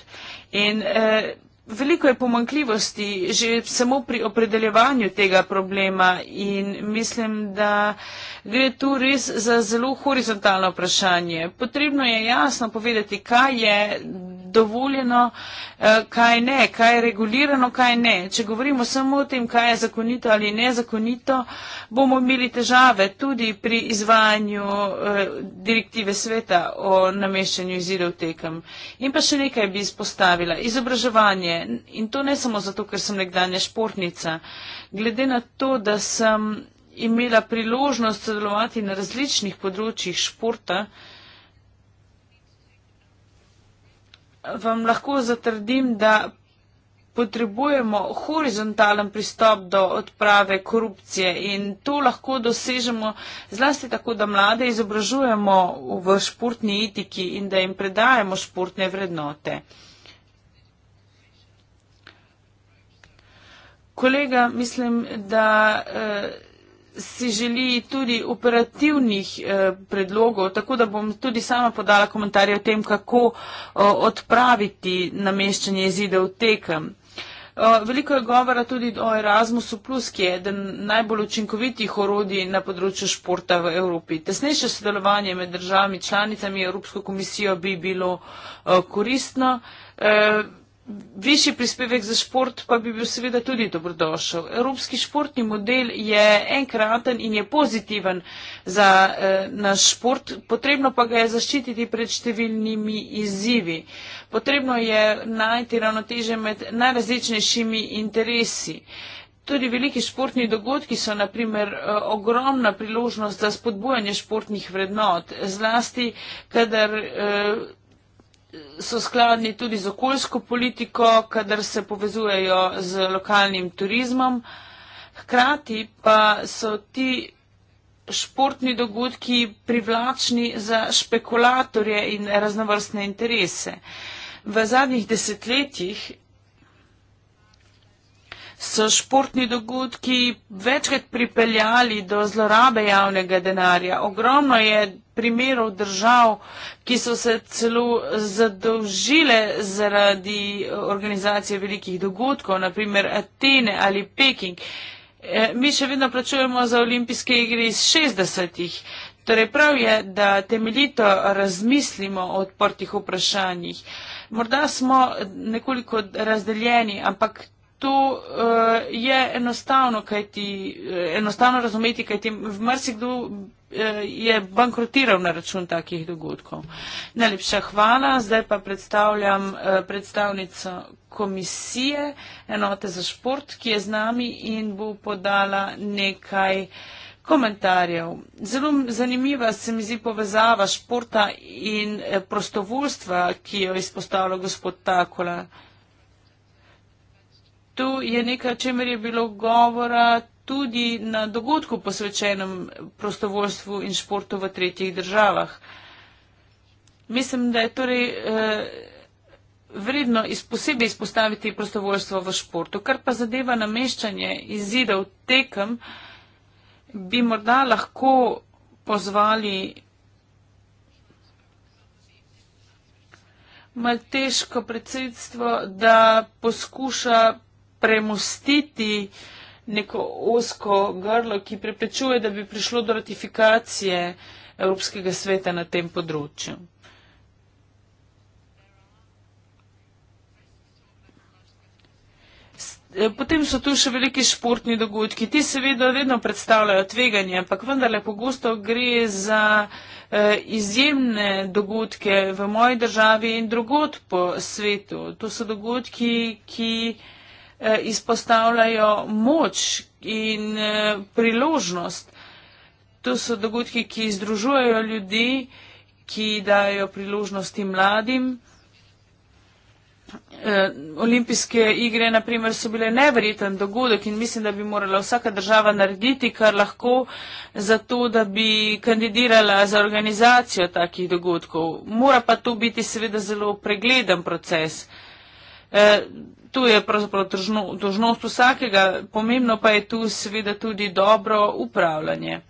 In, eh, Veliko je pomankljivosti že samo pri opredeljevanju tega problema in mislim, da gre tu res za zelo horizontalno vprašanje. Potrebno je jasno povedati, kaj je dovoljeno, eh, kaj ne, kaj je regulirano, kaj ne. Če govorimo samo o tem, kaj je zakonito ali nezakonito, bomo imeli težave tudi pri izvajanju eh, direktive sveta o nameščanju izidov tekem. In pa še nekaj bi izpostavila. Izobraževanje življenje in to ne samo zato, ker sem nekdanja športnica. Glede na to, da sem imela priložnost sodelovati na različnih področjih športa, vam lahko zatrdim, da potrebujemo horizontalen pristop do odprave korupcije in to lahko dosežemo zlasti tako, da mlade izobražujemo v športni etiki in da jim predajemo športne vrednote. Kolega, mislim, da eh, si želi tudi operativnih eh, predlogov, tako da bom tudi sama podala komentarje o tem, kako eh, odpraviti nameščanje zidov tekem. Eh, veliko je govora tudi o Erasmusu, plus, ki je eden najbolj učinkovitih orodij na področju športa v Evropi. Tesnejše sodelovanje med državami članicami Evropsko komisijo bi bilo eh, koristno. Eh, Višji prispevek za šport pa bi bil seveda tudi dobrodošel. Evropski športni model je enkraten in je pozitiven za eh, naš šport, potrebno pa ga je zaščititi pred številnimi izzivi. Potrebno je najti ravnoteže med najrazličnejšimi interesi. Tudi veliki športni dogodki so naprimer eh, ogromna priložnost za spodbujanje športnih vrednot, zlasti kadar. Eh, so skladni tudi z okoljsko politiko, kadar se povezujejo z lokalnim turizmom. Hkrati pa so ti športni dogodki privlačni za špekulatorje in raznovrstne interese. V zadnjih desetletjih so športni dogodki večkrat pripeljali do zlorabe javnega denarja. Ogromno je primerov držav, ki so se celo zadolžile zaradi organizacije velikih dogodkov, naprimer Atene ali Peking. E, mi še vedno plačujemo za olimpijske igre iz 60-ih. Torej prav je, da temeljito razmislimo o odprtih vprašanjih. Morda smo nekoliko razdeljeni, ampak to uh, je enostavno, kaj ti uh, eh, enostavno razumeti, kaj ti v marsikdo eh, je bankrotiral na račun takih dogodkov. Najlepša hvala. Zdaj pa predstavljam predstavnico komisije enote za šport, ki je z nami in bo podala nekaj komentarjev. Zelo zanimiva se mi zdi povezava športa in prostovoljstva, ki jo izpostavlja gospod Takola. Uh, To je nekaj, čemer je bilo govora tudi na dogodku posvečenem prostovoljstvu in športu v tretjih državah. Mislim, da je torej eh, vredno iz, posebej izpostaviti prostovoljstvo v športu. Kar pa zadeva nameščanje izidov tekem, bi morda lahko pozvali malteško predsedstvo, da poskuša premustiti neko osko grlo, ki preprečuje, da bi prišlo do ratifikacije Evropskega sveta na tem področju. Eh, potem so tu še veliki športni dogodki. Ti seveda vedno predstavljajo tveganje, ampak vendarle pogosto gre za eh, izjemne dogodke v moji državi in drugod po svetu. To so dogodki, ki. Eh, izpostavljajo moč in eh, priložnost. To so dogodki, ki združujejo ljudi, ki dajo priložnosti mladim. Eh, olimpijske igre naprimer so bile neverjeten dogodek in mislim, da bi morala vsaka država narediti, kar lahko, za to, da bi kandidirala za organizacijo takih dogodkov. Mora pa to biti seveda zelo pregleden proces tu je pravzaprav dožnost vsakega, pomembno pa je tu seveda tudi dobro upravljanje.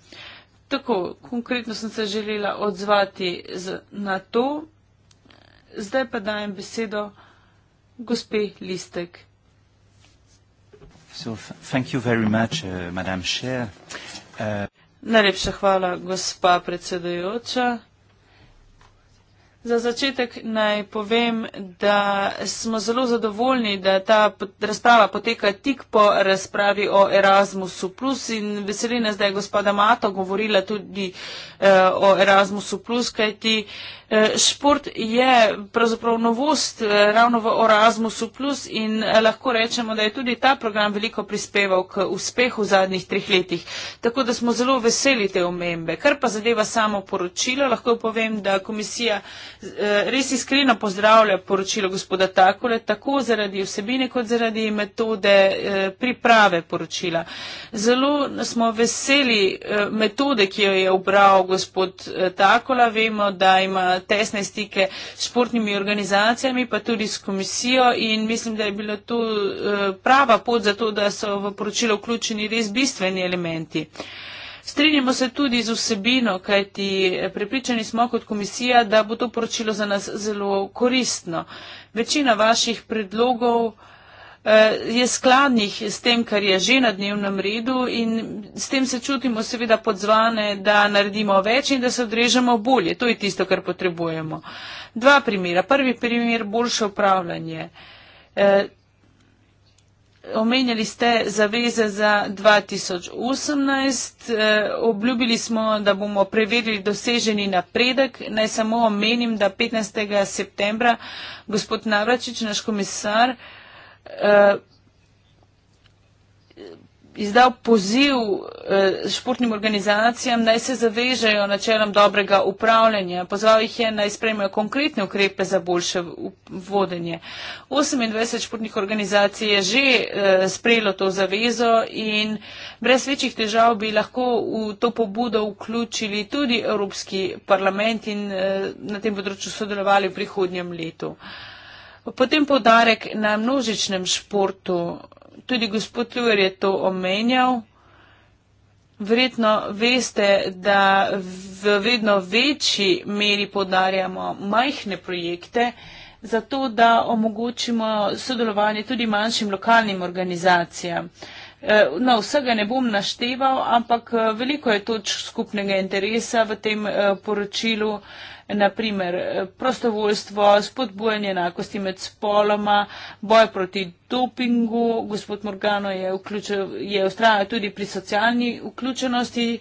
Tako, konkretno sem se želela odzvati z, na to. Zdaj pa dajem besedo gospe Listek. So, much, uh, uh... Najlepša hvala, gospa predsedujoča. Za začetek naj povem, da smo zelo zadovoljni, da ta razprava poteka tik po razpravi o Erasmusu Plus in veseli nas, da je gospoda Mato govorila tudi eh, o Erasmusu Plus, kajti eh, Eh, šport je pravzaprav novost eh, ravno v Orasmusu Plus in eh, lahko rečemo, da je tudi ta program veliko prispeval k uspehu v zadnjih treh letih. Tako da smo zelo veseli te omembe. Kar pa zadeva samo poročilo, lahko povem, da komisija res iskreno pozdravlja poročilo gospoda Takole, tako zaradi vsebine kot zaradi metode priprave poročila. Zelo smo veseli metode, ki jo je obral gospod Takola. Vemo, tesne stike s športnimi organizacijami, pa tudi s komisijo in mislim, da je bila to eh, prava pot za to, da so v poročilo vključeni res bistveni elementi. Strinjamo se tudi z vsebino, kajti eh, prepričani smo kot komisija, da bo to poročilo za nas zelo koristno. Večina vaših predlogov. Eh, je skladnih s tem, kar je že na dnevnem redu in s tem se čutimo seveda podzvane, da naredimo več in da se odrežemo bolje. To je tisto, kar potrebujemo. Dva primera. Prvi primer boljše upravljanje. Eh, omenjali ste zaveze za 2018, e, eh, obljubili smo, da bomo preverili doseženi napredek. Naj samo omenim, da 15. septembra gospod Navračič, naš komisar, e, Eh, izdal poziv eh, športnim organizacijam, naj se zavežejo načelom dobrega upravljanja. Pozval jih je, naj sprejmejo konkretne ukrepe za boljše vodenje. 28 športnih organizacij je že eh, sprejelo to zavezo in brez večjih težav bi lahko v to pobudo vključili tudi Evropski parlament in na tem področju sodelovali v prihodnjem letu. Uh, Potem povdarek na množičnem športu. Tudi gospod Ljuer je to omenjal. Verjetno veste, da v vedno večji meri podarjamo majhne projekte, zato da omogočimo sodelovanje tudi manjšim lokalnim organizacijam. E, no, vsega ne bom našteval, ampak e, veliko je toč skupnega interesa v tem e, poročilu naprimer eh, prostovoljstvo, spodbujanje enakosti med spoloma, boj proti dopingu. Gospod Morgano je, je ustrajal tudi pri socialni vključenosti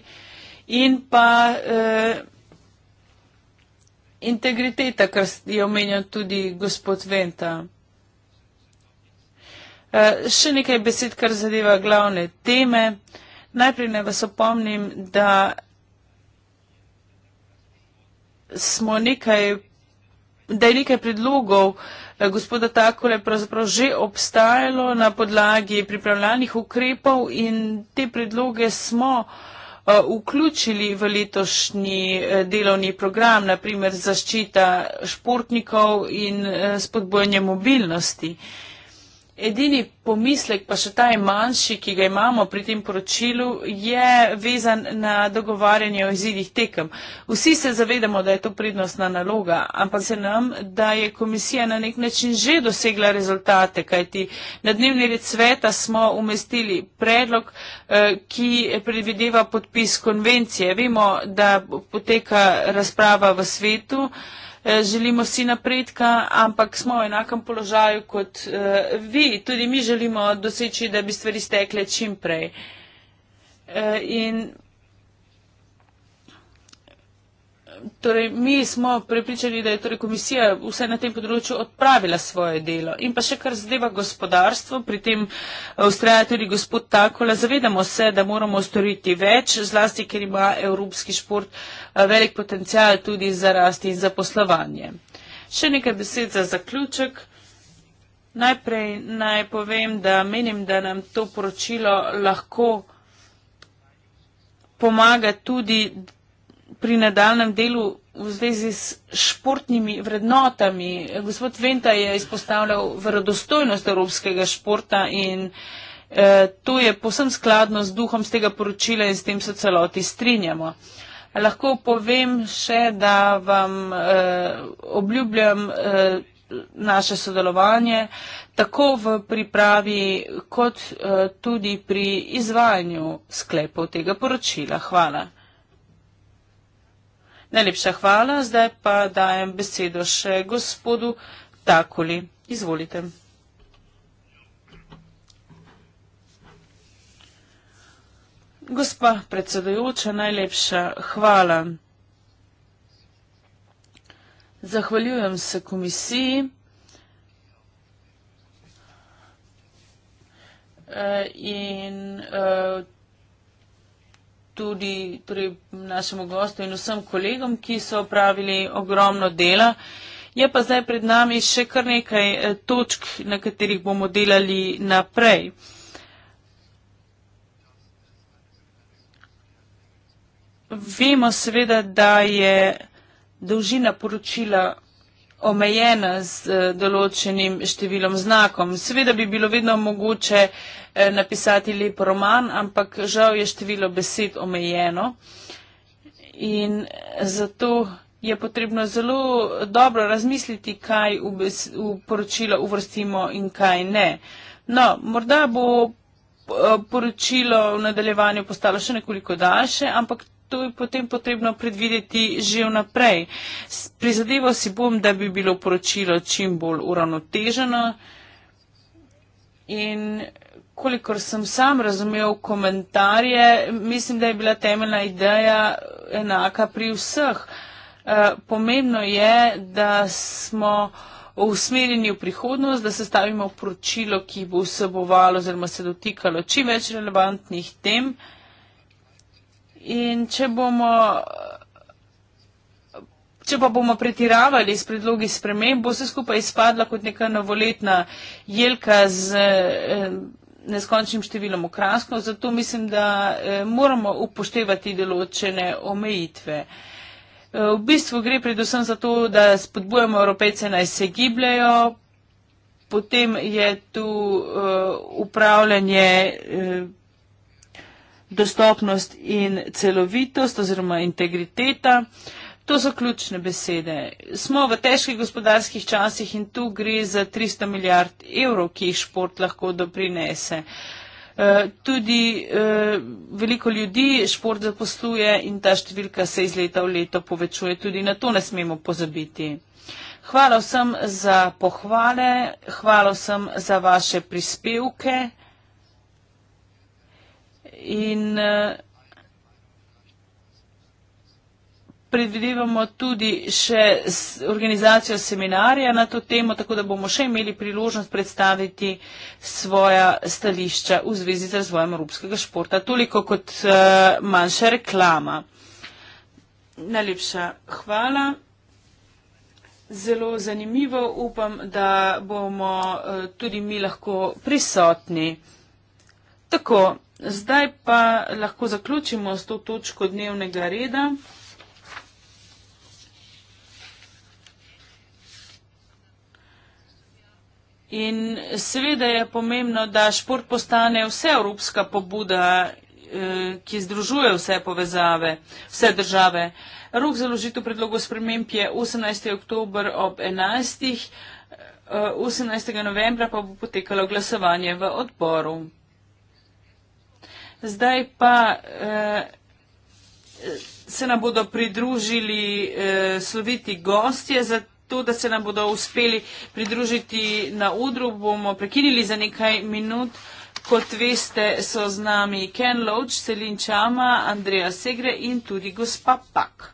in pa eh, integriteta, kar je omenjal tudi gospod Venta. Eh, še nekaj besed, kar zadeva glavne teme. Najprej ne vas opomnim, da smo nekaj, da je nekaj predlogov eh, gospoda Takole pravzaprav že obstajalo na podlagi pripravljanih ukrepov in te predloge smo eh, vključili v letošnji eh, delovni program, naprimer zaščita športnikov in spodbojanje mobilnosti. Edini pomislek, pa še ta je manjši, ki ga imamo pri tem poročilu, je vezan na dogovarjanje o izidih tekem. Vsi se zavedamo, da je to prednostna naloga, ampak se nam, da je komisija na nek način že dosegla rezultate, kajti na dnevni red sveta smo umestili predlog, eh, ki predvideva podpis konvencije. Vemo, da poteka razprava v svetu. Eh, želimo vsi napredka, ampak smo v enakem položaju kot uh, vi. Tudi mi želimo doseči, da bi stvari stekle čim prej. Uh, in torej, mi smo pripričani, da je torej, komisija vse na tem področju odpravila svoje delo. In pa še kar zadeva gospodarstvo, pri tem eh, ustraja tudi gospod Takola, zavedamo se, da moramo storiti več, zlasti ker ima evropski šport eh, velik potencial tudi za rast in za poslovanje. Še nekaj besed za zaključek. Najprej naj povem, da menim, da nam to poročilo lahko pomaga tudi pri nadaljem delu v zvezi s športnimi vrednotami. Gospod Venta je izpostavljal verodostojnost evropskega športa in eh, to je posem skladno z duhom z tega poročila in s tem se celoti strinjamo. Lahko povem še, da vam eh, obljubljam eh, naše sodelovanje tako v pripravi kot eh, tudi pri izvajanju sklepov tega poročila. Hvala. Najlepša hvala, zdaj pa dajem besedo še gospodu Takoli. Izvolite. Gospa predsedajoča, najlepša hvala. Zahvaljujem se komisiji eh, in uh, tudi torej, našemu gostu in vsem kolegom, ki so opravili ogromno dela. Je pa zdaj pred nami še kar nekaj eh, točk, na katerih bomo delali naprej. Vemo seveda, da je dolžina poročila omejena z eh, določenim številom znakom. Seveda bi bilo vedno mogoče eh, napisati lep roman, ampak žal je število besed omejeno in zato je potrebno zelo dobro razmisliti, kaj v, v poročilo uvrstimo in kaj ne. No, morda bo eh, poročilo v nadaljevanju postalo še nekoliko daljše, ampak to je potem potrebno predvideti že vnaprej. Prizadeval si bom, da bi bilo poročilo čim bolj uravnoteženo in kolikor sem sam razumel komentarje, mislim, da je bila temeljna ideja enaka pri vseh. Eh, pomembno je, da smo usmerjeni v prihodnost, da sestavimo poročilo, ki bo vsebovalo oziroma se dotikalo čim več relevantnih tem. In če bomo. Če pa bomo pretiravali s predlogi sprememb, bo vse skupaj izpadla kot neka novoletna jelka z eh, neskončnim številom okraskov, zato mislim, da eh, moramo upoštevati določene omejitve. Eh, v bistvu gre predvsem za to, da spodbujamo evropejce naj se gibljajo, potem je tu upravljanje dostopnost in celovitost oziroma integriteta. To so ključne besede. Smo v težkih gospodarskih časih in tu gre za 300 milijard evrov, ki jih šport lahko doprinese. Eh, tudi eh, veliko ljudi šport zaposluje in ta številka se iz leta v leto povečuje. Tudi na to ne smemo pozabiti. Hvala vsem za pohvale, hvala vsem za vaše prispevke in eh, predvidevamo tudi še organizacijo seminarja na to temo, tako da bomo še imeli priložnost predstaviti svoja stališča v zvezi z razvojem evropskega športa. Toliko kot eh, manjša reklama. Najlepša hvala. Zelo zanimivo. Upam, da bomo eh, tudi mi lahko prisotni. Tako. Zdaj pa lahko zaključimo s to točko dnevnega reda. In seveda je pomembno, da šport postane vseevropska pobuda, eh, ki združuje vse povezave, vse države. Rok za ložitev predlogov sprememb je 18. oktober ob 11. 18. Eh, novembra pa bo potekalo glasovanje v odboru. Zdaj pa eh, se nam bodo pridružili eh, sloviti gostje, zato da se nam bodo uspeli pridružiti na udru, bomo prekinili za nekaj minut. Kot veste, so z nami Ken Loach, Selin Čama, Andreja Segre in tudi gospa Pak.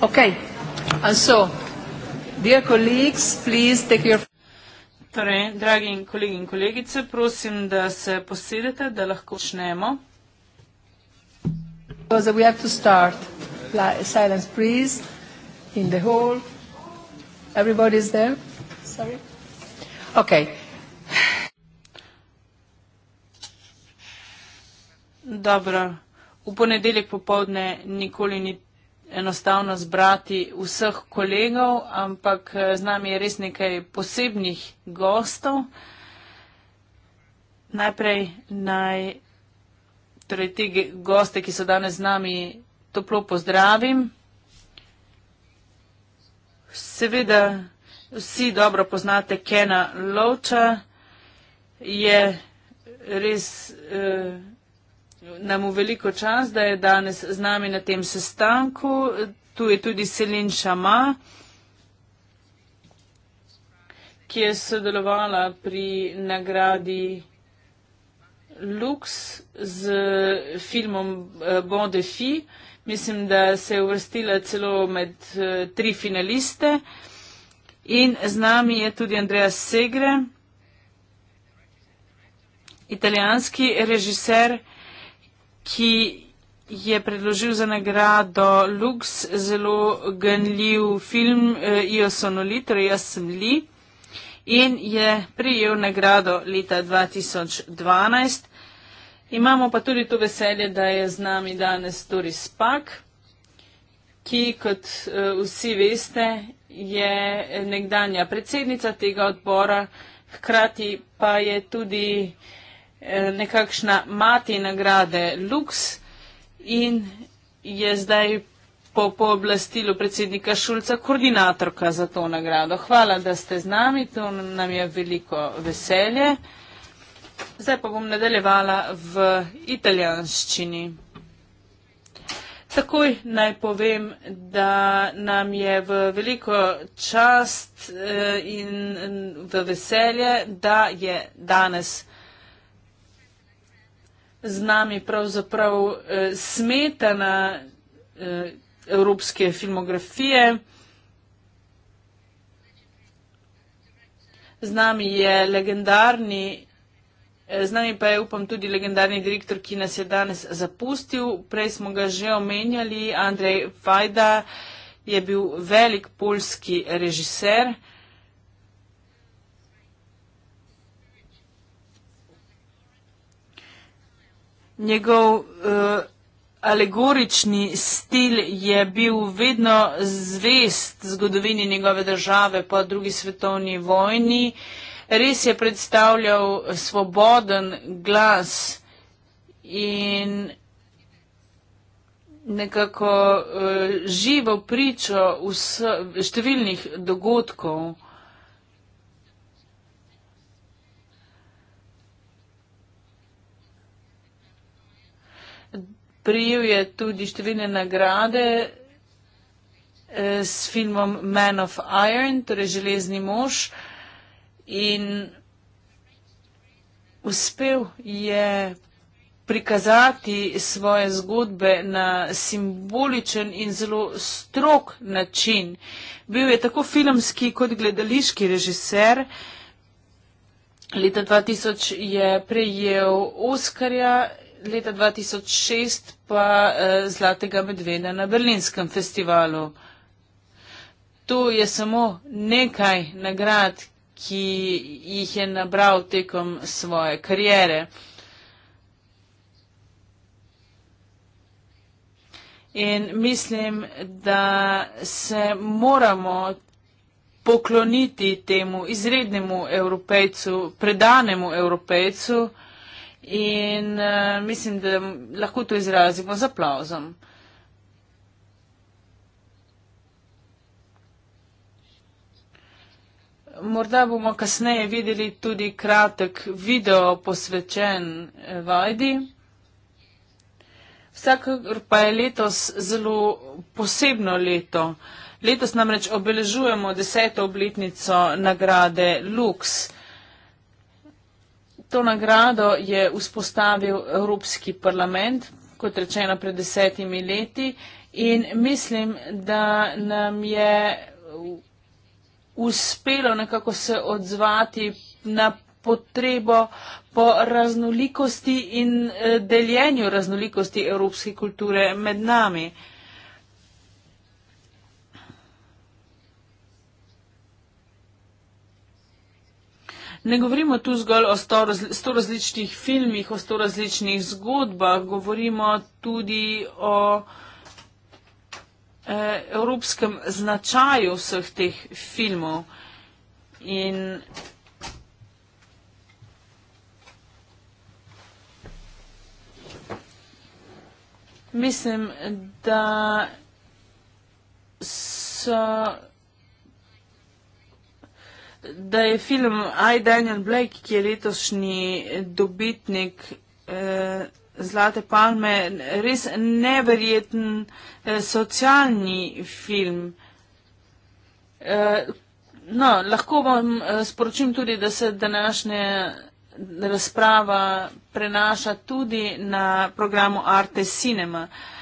Okay. And so, dear colleagues, please take your... Torej, dragi in kolegi in kolegice, prosim, da se posedete, da lahko počnemo. Because we have to start. Silence, please. In the hall. Everybody is there? Sorry. Okay. Dobro. V ponedeljek popovdne nikoli ni enostavno zbrati vseh kolegov, ampak eh, z nami je res nekaj posebnih gostov. Najprej naj torej te goste, ki so danes z nami, toplo pozdravim. Seveda vsi dobro poznate Kena Lovča, je res. Eh, nam v veliko čas, da je danes z nami na tem sestanku. Tu je tudi Selin Šama, ki je sodelovala pri nagradi Lux z filmom eh, Bodefi. Mislim, da se je uvrstila celo med eh, tri finaliste. In z nami je tudi Andreja Segre, italijanski režiser, ki je predložil za nagrado Lux zelo gnljiv film eh, Io sono lì, torej jaz sem lì, in je prijel nagrado leta 2012. Imamo pa tudi to veselje, da je z nami danes Doris Pak, ki, kot eh, vsi veste, je nekdanja predsednica tega odbora, hkrati pa je tudi Eh, nekakšna mati nagrade Lux in je zdaj po pooblastilu predsednika Šulca koordinatorka za to nagrado. Hvala, da ste z nami, to nam je veliko veselje. Zdaj pa bom nadaljevala v italijanščini. Takoj naj povem, da nam je v veliko čast eh, in v veselje, da je danes z nami pravzaprav eh, smetana eh, evropske filmografije. Z nami je legendarni, eh, z nami pa je upam tudi legendarni direktor, ki nas je danes zapustil. Prej smo ga že omenjali, Andrej Fajda je bil velik polski režiser. Eh, njegov uh, alegorični stil je bil vedno zvest zgodovini njegove države po drugi svetovni vojni. Res je predstavljal svoboden glas in nekako uh, živo pričo vse, številnih dogodkov. prijel je tudi številne nagrade eh, s filmom Man of Iron, torej Železni mož in uspel je prikazati svoje zgodbe na simboličen in zelo strok način. Bil je tako filmski kot gledališki režiser. Leta 2000 je prejel Oskarja leta 2006 pa eh, Zlatega medveda na Berlinskem festivalu. To je samo nekaj nagrad, ki jih je nabral tekom svoje karijere. In mislim, da se moramo pokloniti temu izrednemu evropejcu, predanemu evropejcu, In uh, mislim, da lahko to izrazimo z aplauzom. Morda bomo kasneje videli tudi kratek video posvečen eh, Vajdi. Vsakakor pa je letos zelo posebno leto. Letos namreč obeležujemo deseto obletnico nagrade Luks to nagrado je vzpostavil Evropski parlament, kot rečeno pred desetimi leti in mislim, da nam je uspelo nekako se odzvati na potrebo po raznolikosti in eh, deljenju raznolikosti evropske kulture med nami. Ne govorimo tu zgolj o sto, razli, sto različnih filmih, o sto različnih zgodbah, govorimo tudi o e, evropskem značaju vseh teh filmov. In mislim, da so da je film I. Daniel Blake, ki je letošnji dobitnik eh, Zlate palme, res neverjeten eh, socialni film. Eh, no, lahko vam eh, sporočim tudi, da se današnja razprava prenaša tudi na programu Arte Cinema. Eh,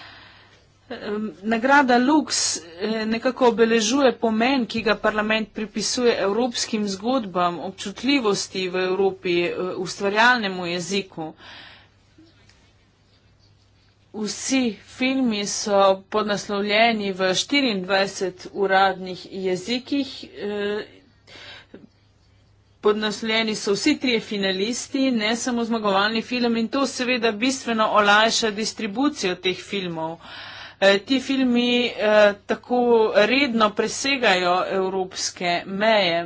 Nagrada Lux eh, nekako obeležuje pomen, ki ga parlament pripisuje evropskim zgodbam, občutljivosti v Evropi, eh, ustvarjalnemu jeziku. Vsi filmi so podnaslovljeni v 24 uradnih jezikih. Eh, Podnosljeni so vsi trije finalisti, ne samo zmagovalni film in to seveda bistveno olajša distribucijo teh filmov. Uh, Eh, ti filmi eh, tako redno presegajo evropske meje.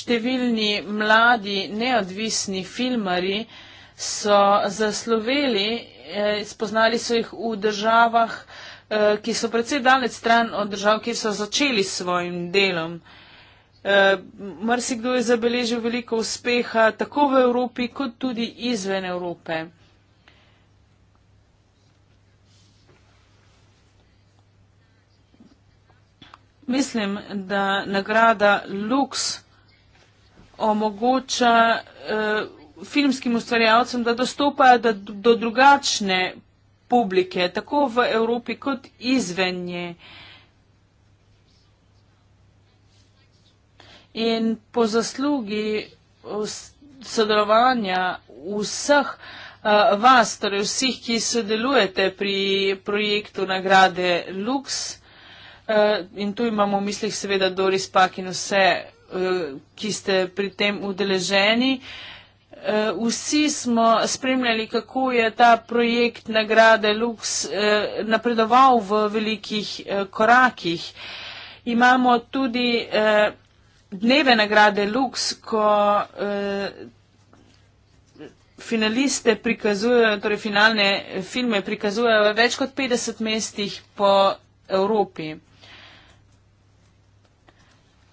Številni mladi neodvisni filmari so zasloveli, eh, spoznali so jih v državah, ki so predvsej daleč stran od držav, kjer so začeli s svojim delom. Mrsikdo je zabeležil veliko uspeha tako v Evropi, kot tudi izven Evrope. Mislim, da nagrada Lux omogoča uh, filmskim ustvarjalcem, da dostopajo do, do drugačne publike, tako v Evropi kot izven nje. In po zaslugi sodelovanja vseh uh, vas, torej vseh, ki sodelujete pri projektu nagrade Lux, uh, Eh, in tu imamo v mislih seveda Doris Pak in vse, eh, ki ste pri tem udeleženi. Eh, vsi smo spremljali, kako je ta projekt nagrade Lux napredoval v velikih korakih. Imamo tudi dneve nagrade Lux, ko finaliste prikazujejo, torej finalne filme prikazujejo v več kot 50 mestih po Evropi.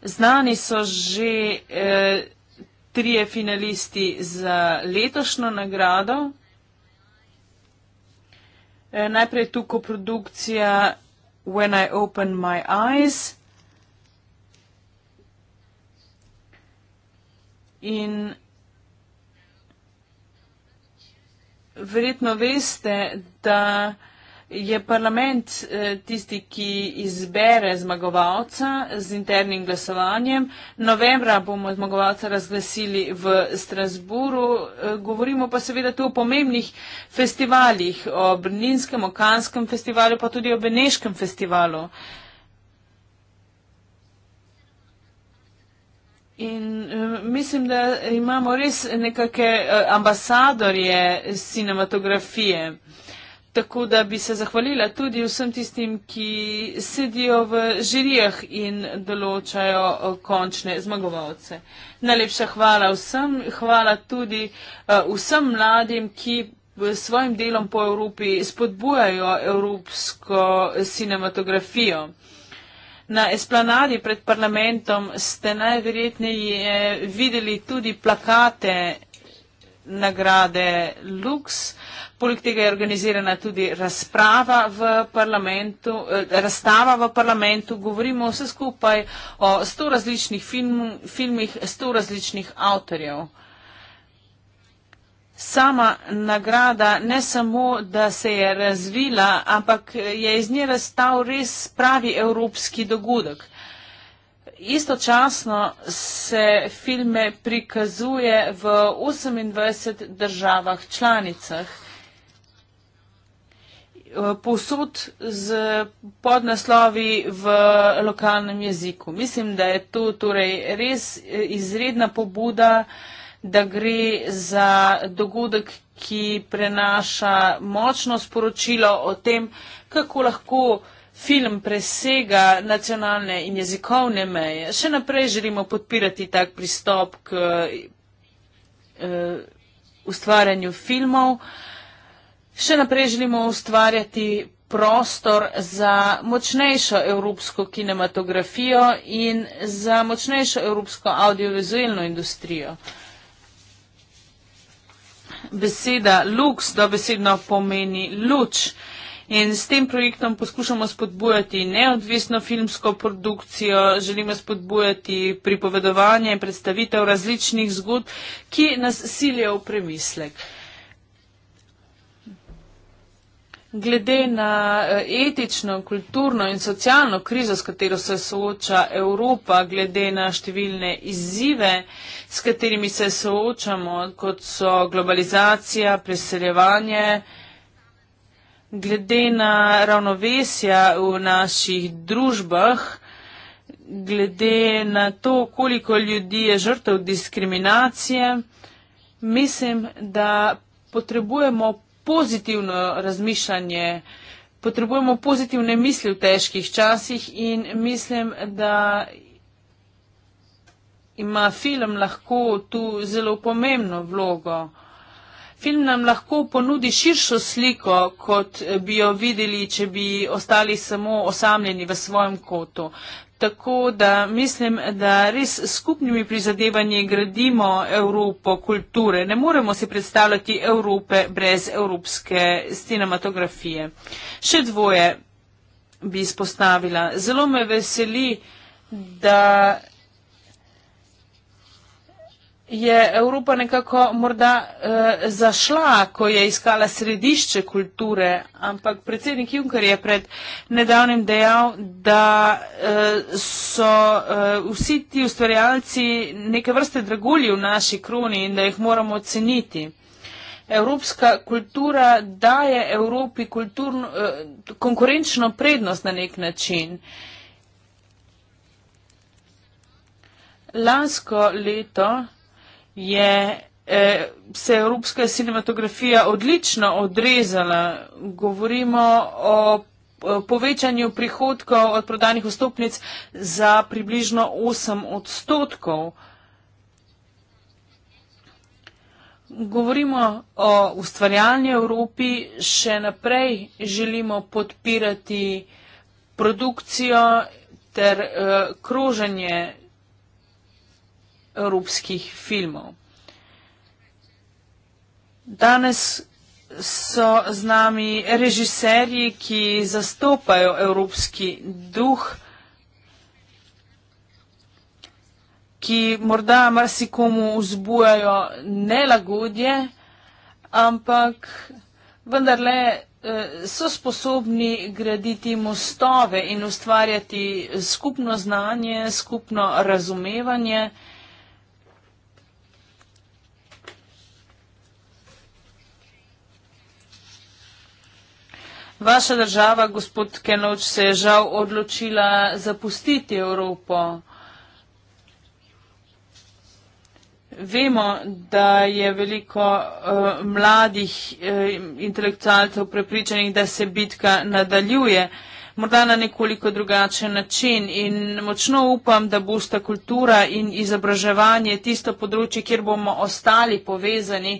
Znani so že eh, trije finalisti za letošnjo nagrado. Eh, najprej je tu koprodukcija When I Open My Eyes. In verjetno veste, da je parlament eh, tisti, ki izbere zmagovalca z internim glasovanjem. Novembra bomo zmagovalca razglasili v Strasburu. Eh, govorimo pa seveda tu o pomembnih festivalih, o Brninskem, o Kanskem festivalu, pa tudi o Beneškem festivalu. In eh, mislim, da imamo res nekake ambasadorje cinematografije. Uh, Tako da bi se zahvalila tudi vsem tistim, ki sedijo v žirijah in določajo eh, končne zmagovalce. Najlepša hvala vsem, hvala tudi eh, vsem mladim, ki svojim delom po Evropi spodbujajo evropsko kinematografijo. Na esplanadi pred parlamentom ste najverjetneje videli tudi plakate nagrade Lux. Poleg tega je organizirana tudi razprava v parlamentu, eh, razstava v parlamentu. Govorimo vse skupaj o sto različnih film, filmih, sto različnih avtorjev. Sama nagrada ne samo, da se je razvila, ampak je iz nje razstal res pravi evropski dogodek istočasno se filme prikazuje v 28 državah članicah. Posud z podnaslovi v lokalnem jeziku. Mislim, da je to torej res eh, izredna pobuda, da gre za dogodek, ki prenaša močno sporočilo o tem, kako lahko film presega nacionalne in jezikovne meje. Še naprej želimo podpirati tak pristop k uh, ustvarjanju filmov. Še naprej želimo ustvarjati prostor za močnejšo evropsko kinematografijo in za močnejšo evropsko audiovizualno industrijo. Beseda luks dobesedno pomeni luč. Uh, In s tem projektom poskušamo spodbujati neodvisno filmsko produkcijo, želimo spodbujati pripovedovanje in predstavitev različnih zgodb, ki nas silijo v premislek. Glede na eh, etično, kulturno in socialno krizo, s katero se sooča Evropa, glede na številne izzive, s katerimi se soočamo, kot so globalizacija, preseljevanje, glede na ravnovesja v naših družbah, glede na to, koliko ljudi je žrtev diskriminacije, mislim, da potrebujemo pozitivno razmišljanje, potrebujemo pozitivne misli v težkih časih in mislim, da ima film lahko tu zelo pomembno vlogo. Film nam lahko ponudi širšo sliko, kot bi jo videli, če bi ostali samo osamljeni v svojem kotu. Tako da mislim, da res skupnimi prizadevanji gradimo Evropo kulture. Ne moremo si predstavljati Evrope brez evropske cinematografije. Še dvoje bi izpostavila. Zelo me veseli, da je Evropa nekako morda eh, zašla, ko je iskala središče kulture, ampak predsednik Juncker je pred nedavnim dejal, da eh, so eh, vsi ti ustvarjalci neke vrste dragulji v naši kroni in da jih moramo ceniti. Evropska kultura daje Evropi kulturno, eh, konkurenčno prednost na nek način. Lansko leto je eh, se evropska cinematografija odlično odrezala. Govorimo o povečanju prihodkov od prodanih vstopnic za približno 8 odstotkov. Govorimo o ustvarjalni Evropi, še naprej želimo podpirati produkcijo ter eh, kroženje evropskih filmov. Danes so z nami režiserji, ki zastopajo evropski duh, ki morda marsikomu vzbujajo nelagodje, ampak vendarle eh, so sposobni graditi mostove in ustvarjati skupno znanje, skupno razumevanje. Vaša država, gospod Kenoč, se je žal odločila zapustiti Evropo. Vemo, da je veliko uh, mladih uh, intelektualcev prepričanih, da se bitka nadaljuje. Uh, morda na nekoliko drugačen način. In močno upam, da bosta kultura in izobraževanje tisto področje, kjer bomo ostali povezani,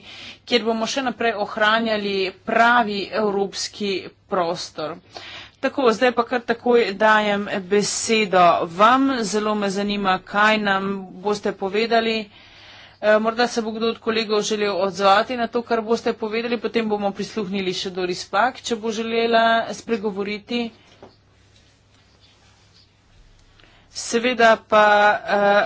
kjer bomo še naprej ohranjali pravi evropski prostor. Tako, zdaj pa kar takoj dajem besedo vam. Zelo me zanima, kaj nam boste povedali. Eh, morda se bo kdo od kolegov želel odzvati na to, kar boste povedali, potem bomo prisluhnili še Doris Pak, če bo želela spregovoriti. Seveda pa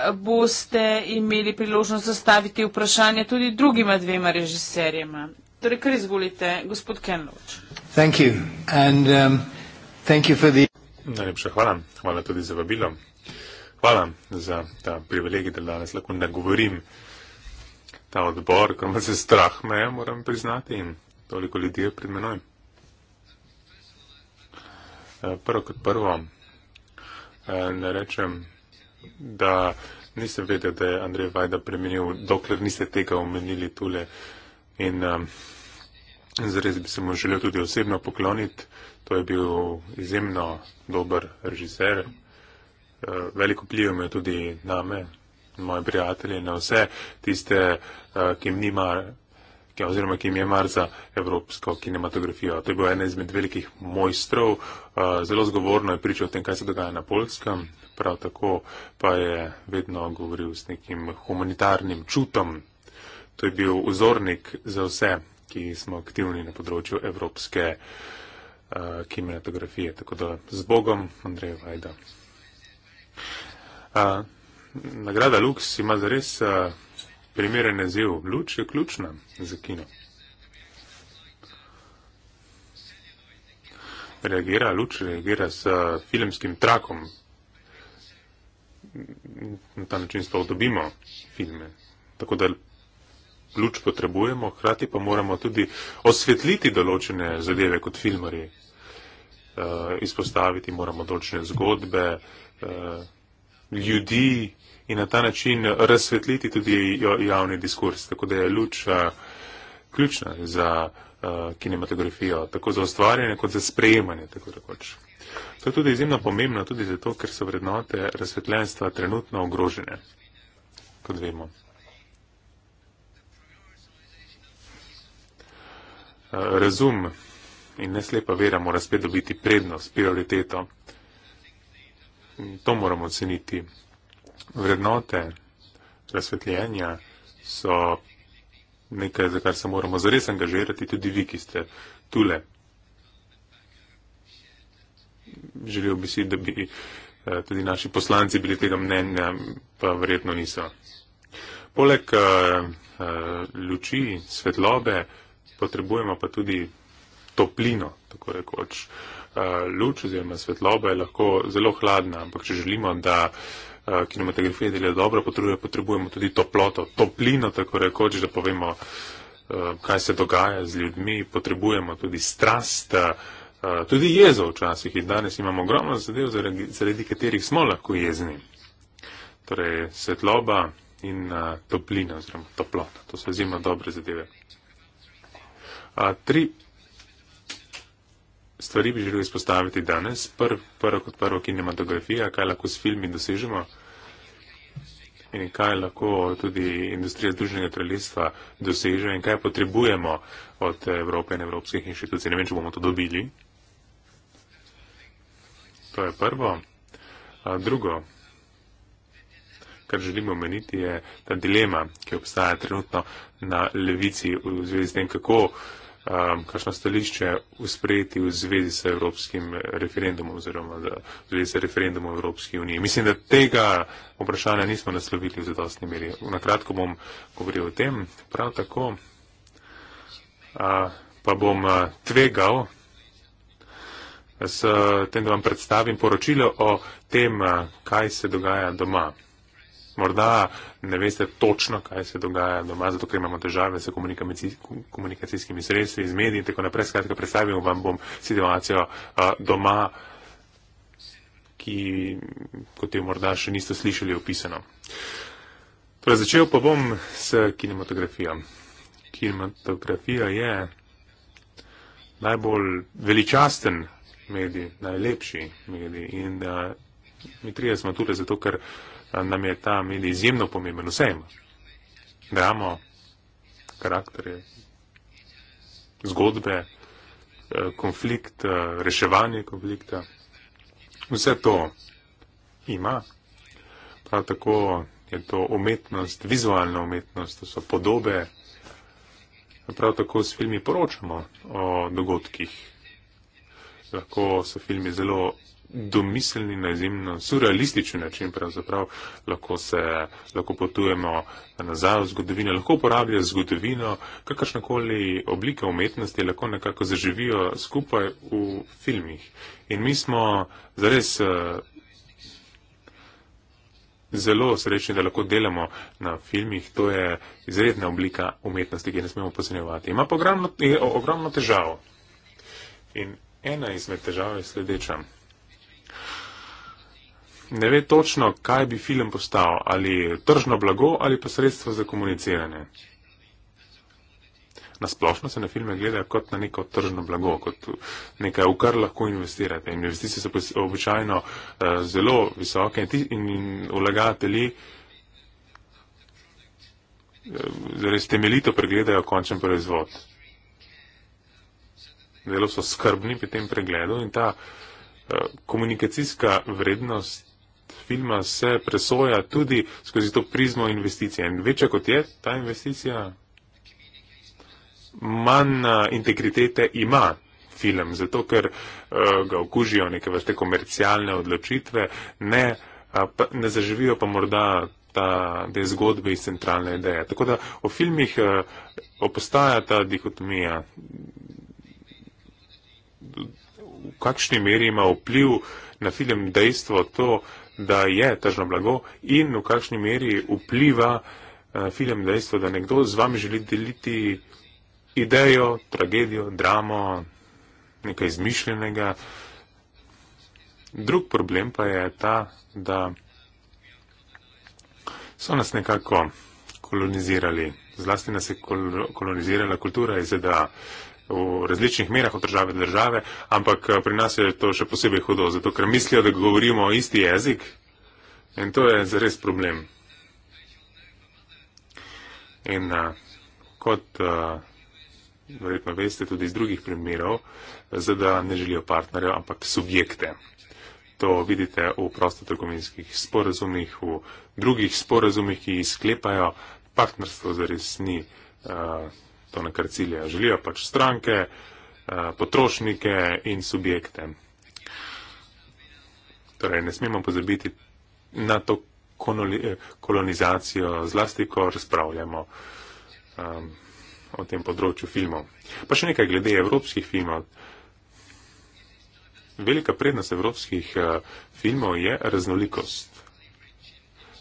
uh, boste imeli priložnost zastaviti vprašanje tudi drugima dvema režiserjema. Torej, kar izvolite, gospod Kenloč. Um, Najlepša hvala. Hvala tudi za vabilo. Hvala za ta privilegij, da danes lahko nagovorim ta odbor, ker me se strah meje, moram priznati, in toliko ljudi je pred menoj. Eh, prvo kot prvo. Eh, ne rečem, da nisem vedel, da je Andrej Vajda premenil, dokler niste tega omenili tule. In um, zares bi se mu želel tudi osebno pokloniti. To je bil izjemno dober režiser. Eh, Veliko plivom je tudi name, moje prijatelje, na vse tiste, eh, ki jim nima ki, oziroma ki jim je mar za evropsko kinematografijo. To je bil eden izmed velikih mojstrov, uh, zelo zgovorno je pričal o tem, kaj se dogaja na Polskem, prav tako pa je vedno govoril s nekim humanitarnim čutom. To je bil vzornik za vse, ki smo aktivni na področju evropske uh, kinematografije. Tako da z Bogom, Andreja Vajda. Uh, nagrada Lux ima zares. A, primeren naziv. Luč je ključna za kino. Reagira luč, reagira s filmskim trakom. Na ta način sploh dobimo filme. Tako da luč potrebujemo, hkrati pa moramo tudi osvetliti določene zadeve kot filmari. Uh, eh, izpostaviti moramo določene zgodbe, uh, ljudi, uh, in na ta način razsvetliti tudi javni diskurs. Tako da je luč a, eh, ključna za a, eh, kinematografijo, tako za ustvarjanje kot za sprejemanje. To je tudi izjemno pomembno, tudi zato, ker so vrednote razsvetljenstva trenutno ogrožene, kot vemo. Eh, razum in neslepa vera mora spet dobiti prednost, prioriteto. To moramo oceniti vrednote razsvetljenja so nekaj, za kar se moramo zares angažirati, tudi vi, ki ste tule. Želel bi si, da bi eh, tudi naši poslanci bili tega mnenja, pa verjetno niso. Poleg uh, luči, svetlobe, potrebujemo pa tudi toplino, tako rekoč. Uh, luč oziroma svetloba je lahko zelo hladna, ampak če želimo, da uh, Eh, kinematografije delajo dobro, potrebuje, potrebujemo tudi toploto, toplino, tako rekoč, da povemo, eh, kaj se dogaja z ljudmi, potrebujemo tudi strast, eh, tudi jezo včasih in danes imamo ogromno zadev, zaradi, zaradi katerih smo lahko jezni. Torej, svetloba in toplina oziroma toplota, to so zima dobre zadeve. A, tri stvari bi želel izpostaviti danes. Prv, prvo kot prvo kinematografija, kaj lahko s filmi dosežemo in kaj lahko tudi industrija združenega kraljestva doseže in kaj potrebujemo od Evrope in evropskih inštitucij. Ne vem, če bomo to dobili. To je prvo. A drugo, kar želim omeniti, je ta dilema, ki obstaja trenutno na levici v zvezi s tem, kako um, kakšno stališče usprejeti v zvezi s evropskim referendumom oziroma v zvezi s referendumom v Evropski uniji. Mislim, da tega vprašanja nismo naslovili v zadostni meri. Na kratko bom govoril o tem, prav tako a, pa bom a, tvegal s a, tem, da vam predstavim poročilo o tem, a, kaj se dogaja doma morda ne veste točno, kaj se dogaja doma, zato ker imamo težave s komunikacijskimi sredstvi, z mediji in tako naprej. Skratka, predstavim vam bom situacijo doma, ki, kot jo morda še niste slišali, opisano. Torej, začel pa bom s kinematografijo. Kinematografija je najbolj veličasten medij, najlepši medij. In uh, mi trije smo tukaj zato, ker uh, nam je ta min izjemno pomemben. Vse ima. Dramo, karakterje, zgodbe, eh, konflikt, eh, reševanje konflikta. Vse to ima. Prav tako je to umetnost, vizualna umetnost, to so podobe. Prav tako s filmi poročamo o dogodkih. Lahko so filmi zelo domiselni, najzimno surrealističen način, pravzaprav lahko, se, lahko potujemo nazaj v zgodovino, lahko uporablja zgodovino, kakršnakoli oblike umetnosti lahko nekako zaživijo skupaj v filmih. In mi smo zares eh, zelo srečni, da lahko delamo na filmih, to je izredna oblika umetnosti, ki ne smemo posnevati. Ima pa ogromno, ogromno težav. In ena izmed težav je sledeča ne ve točno, kaj bi film postal, ali tržno blago ali pa sredstvo za komuniciranje. Nasplošno se na filme gleda kot na neko tržno blago, kot nekaj, v kar lahko investirate. Investicije so običajno uh, zelo visoke in, ti, in, in vlagatelji uh, res temeljito pregledajo končen proizvod. Zelo so skrbni pri tem pregledu in ta uh, komunikacijska vrednost filma se presoja tudi skozi to prizmo investicije. In večja kot je ta investicija, manj eh, integritete ima film, zato ker uh, ga okužijo neke vrste komercialne odločitve, ne, uh, pa, ne zaživijo pa morda ta, te zgodbe iz centralne ideje. Tako da v filmih uh, eh, obstaja ta dihotomija. V kakšni meri ima vpliv na film dejstvo to, uh, da je tržno blago in v kakšni meri vpliva uh, film dejstvo, da nekdo z vami želi deliti idejo, tragedijo, dramo, nekaj izmišljenega. Drug problem pa je ta, da so nas nekako kolonizirali, zlasti nas je kolonizirala kultura iz ZDA. Uh, v različnih merah od države do države, ampak eh, pri nas je to še posebej hudo, zato ker mislijo, da govorimo isti jezik in to je zares problem. In eh, kot eh, verjetno veste tudi iz drugih primerov, ZDA ne želijo partnerjev, ampak subjekte. To vidite v prostotrgovinskih sporazumih, v drugih sporazumih, ki sklepajo partnerstvo, zares ni to, na kar ciljajo. Želijo pač stranke, eh, potrošnike in subjekte. Torej, ne smemo pozabiti na to kolonizacijo, zlasti, ko razpravljamo um, o tem področju filmov. Pa še nekaj glede evropskih filmov. Velika prednost evropskih uh, filmov je raznolikost.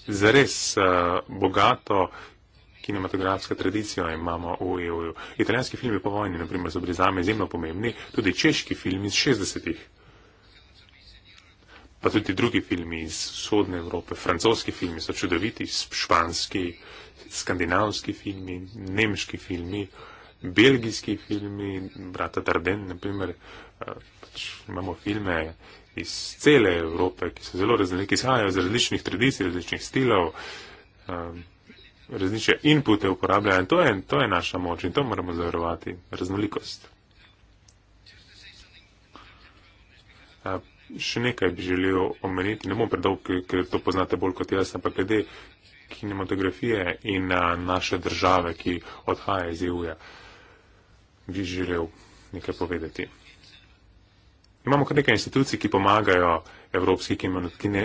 Zares uh, bogato kinematografska tradicija imamo v EU. Italijanski filmi po vojni, naprimer, so bili zame izjemno pomembni, tudi češki film iz 60-ih. Pa tudi drugi filmi iz vzhodne Evrope, francoski filmi so čudoviti, španski, skandinavski filmi, nemški filmi, belgijski filmi, brata Tarden, naprimer, eh, pač imamo filme iz cele Evrope, ki so zelo raznoliki, izhajajo iz različnih tradicij, različnih stilov. Um, različne inpute uporabljajo in to je, to je naša moč in to moramo zavarovati, raznolikost. A, še nekaj bi želel omeniti, ne bom predolg, ker to poznate bolj kot jaz, ampak glede kinematografije in a, naše države, ki odhaja iz EU-ja, bi želel nekaj povedati. Imamo kar nekaj institucij, ki pomagajo evropski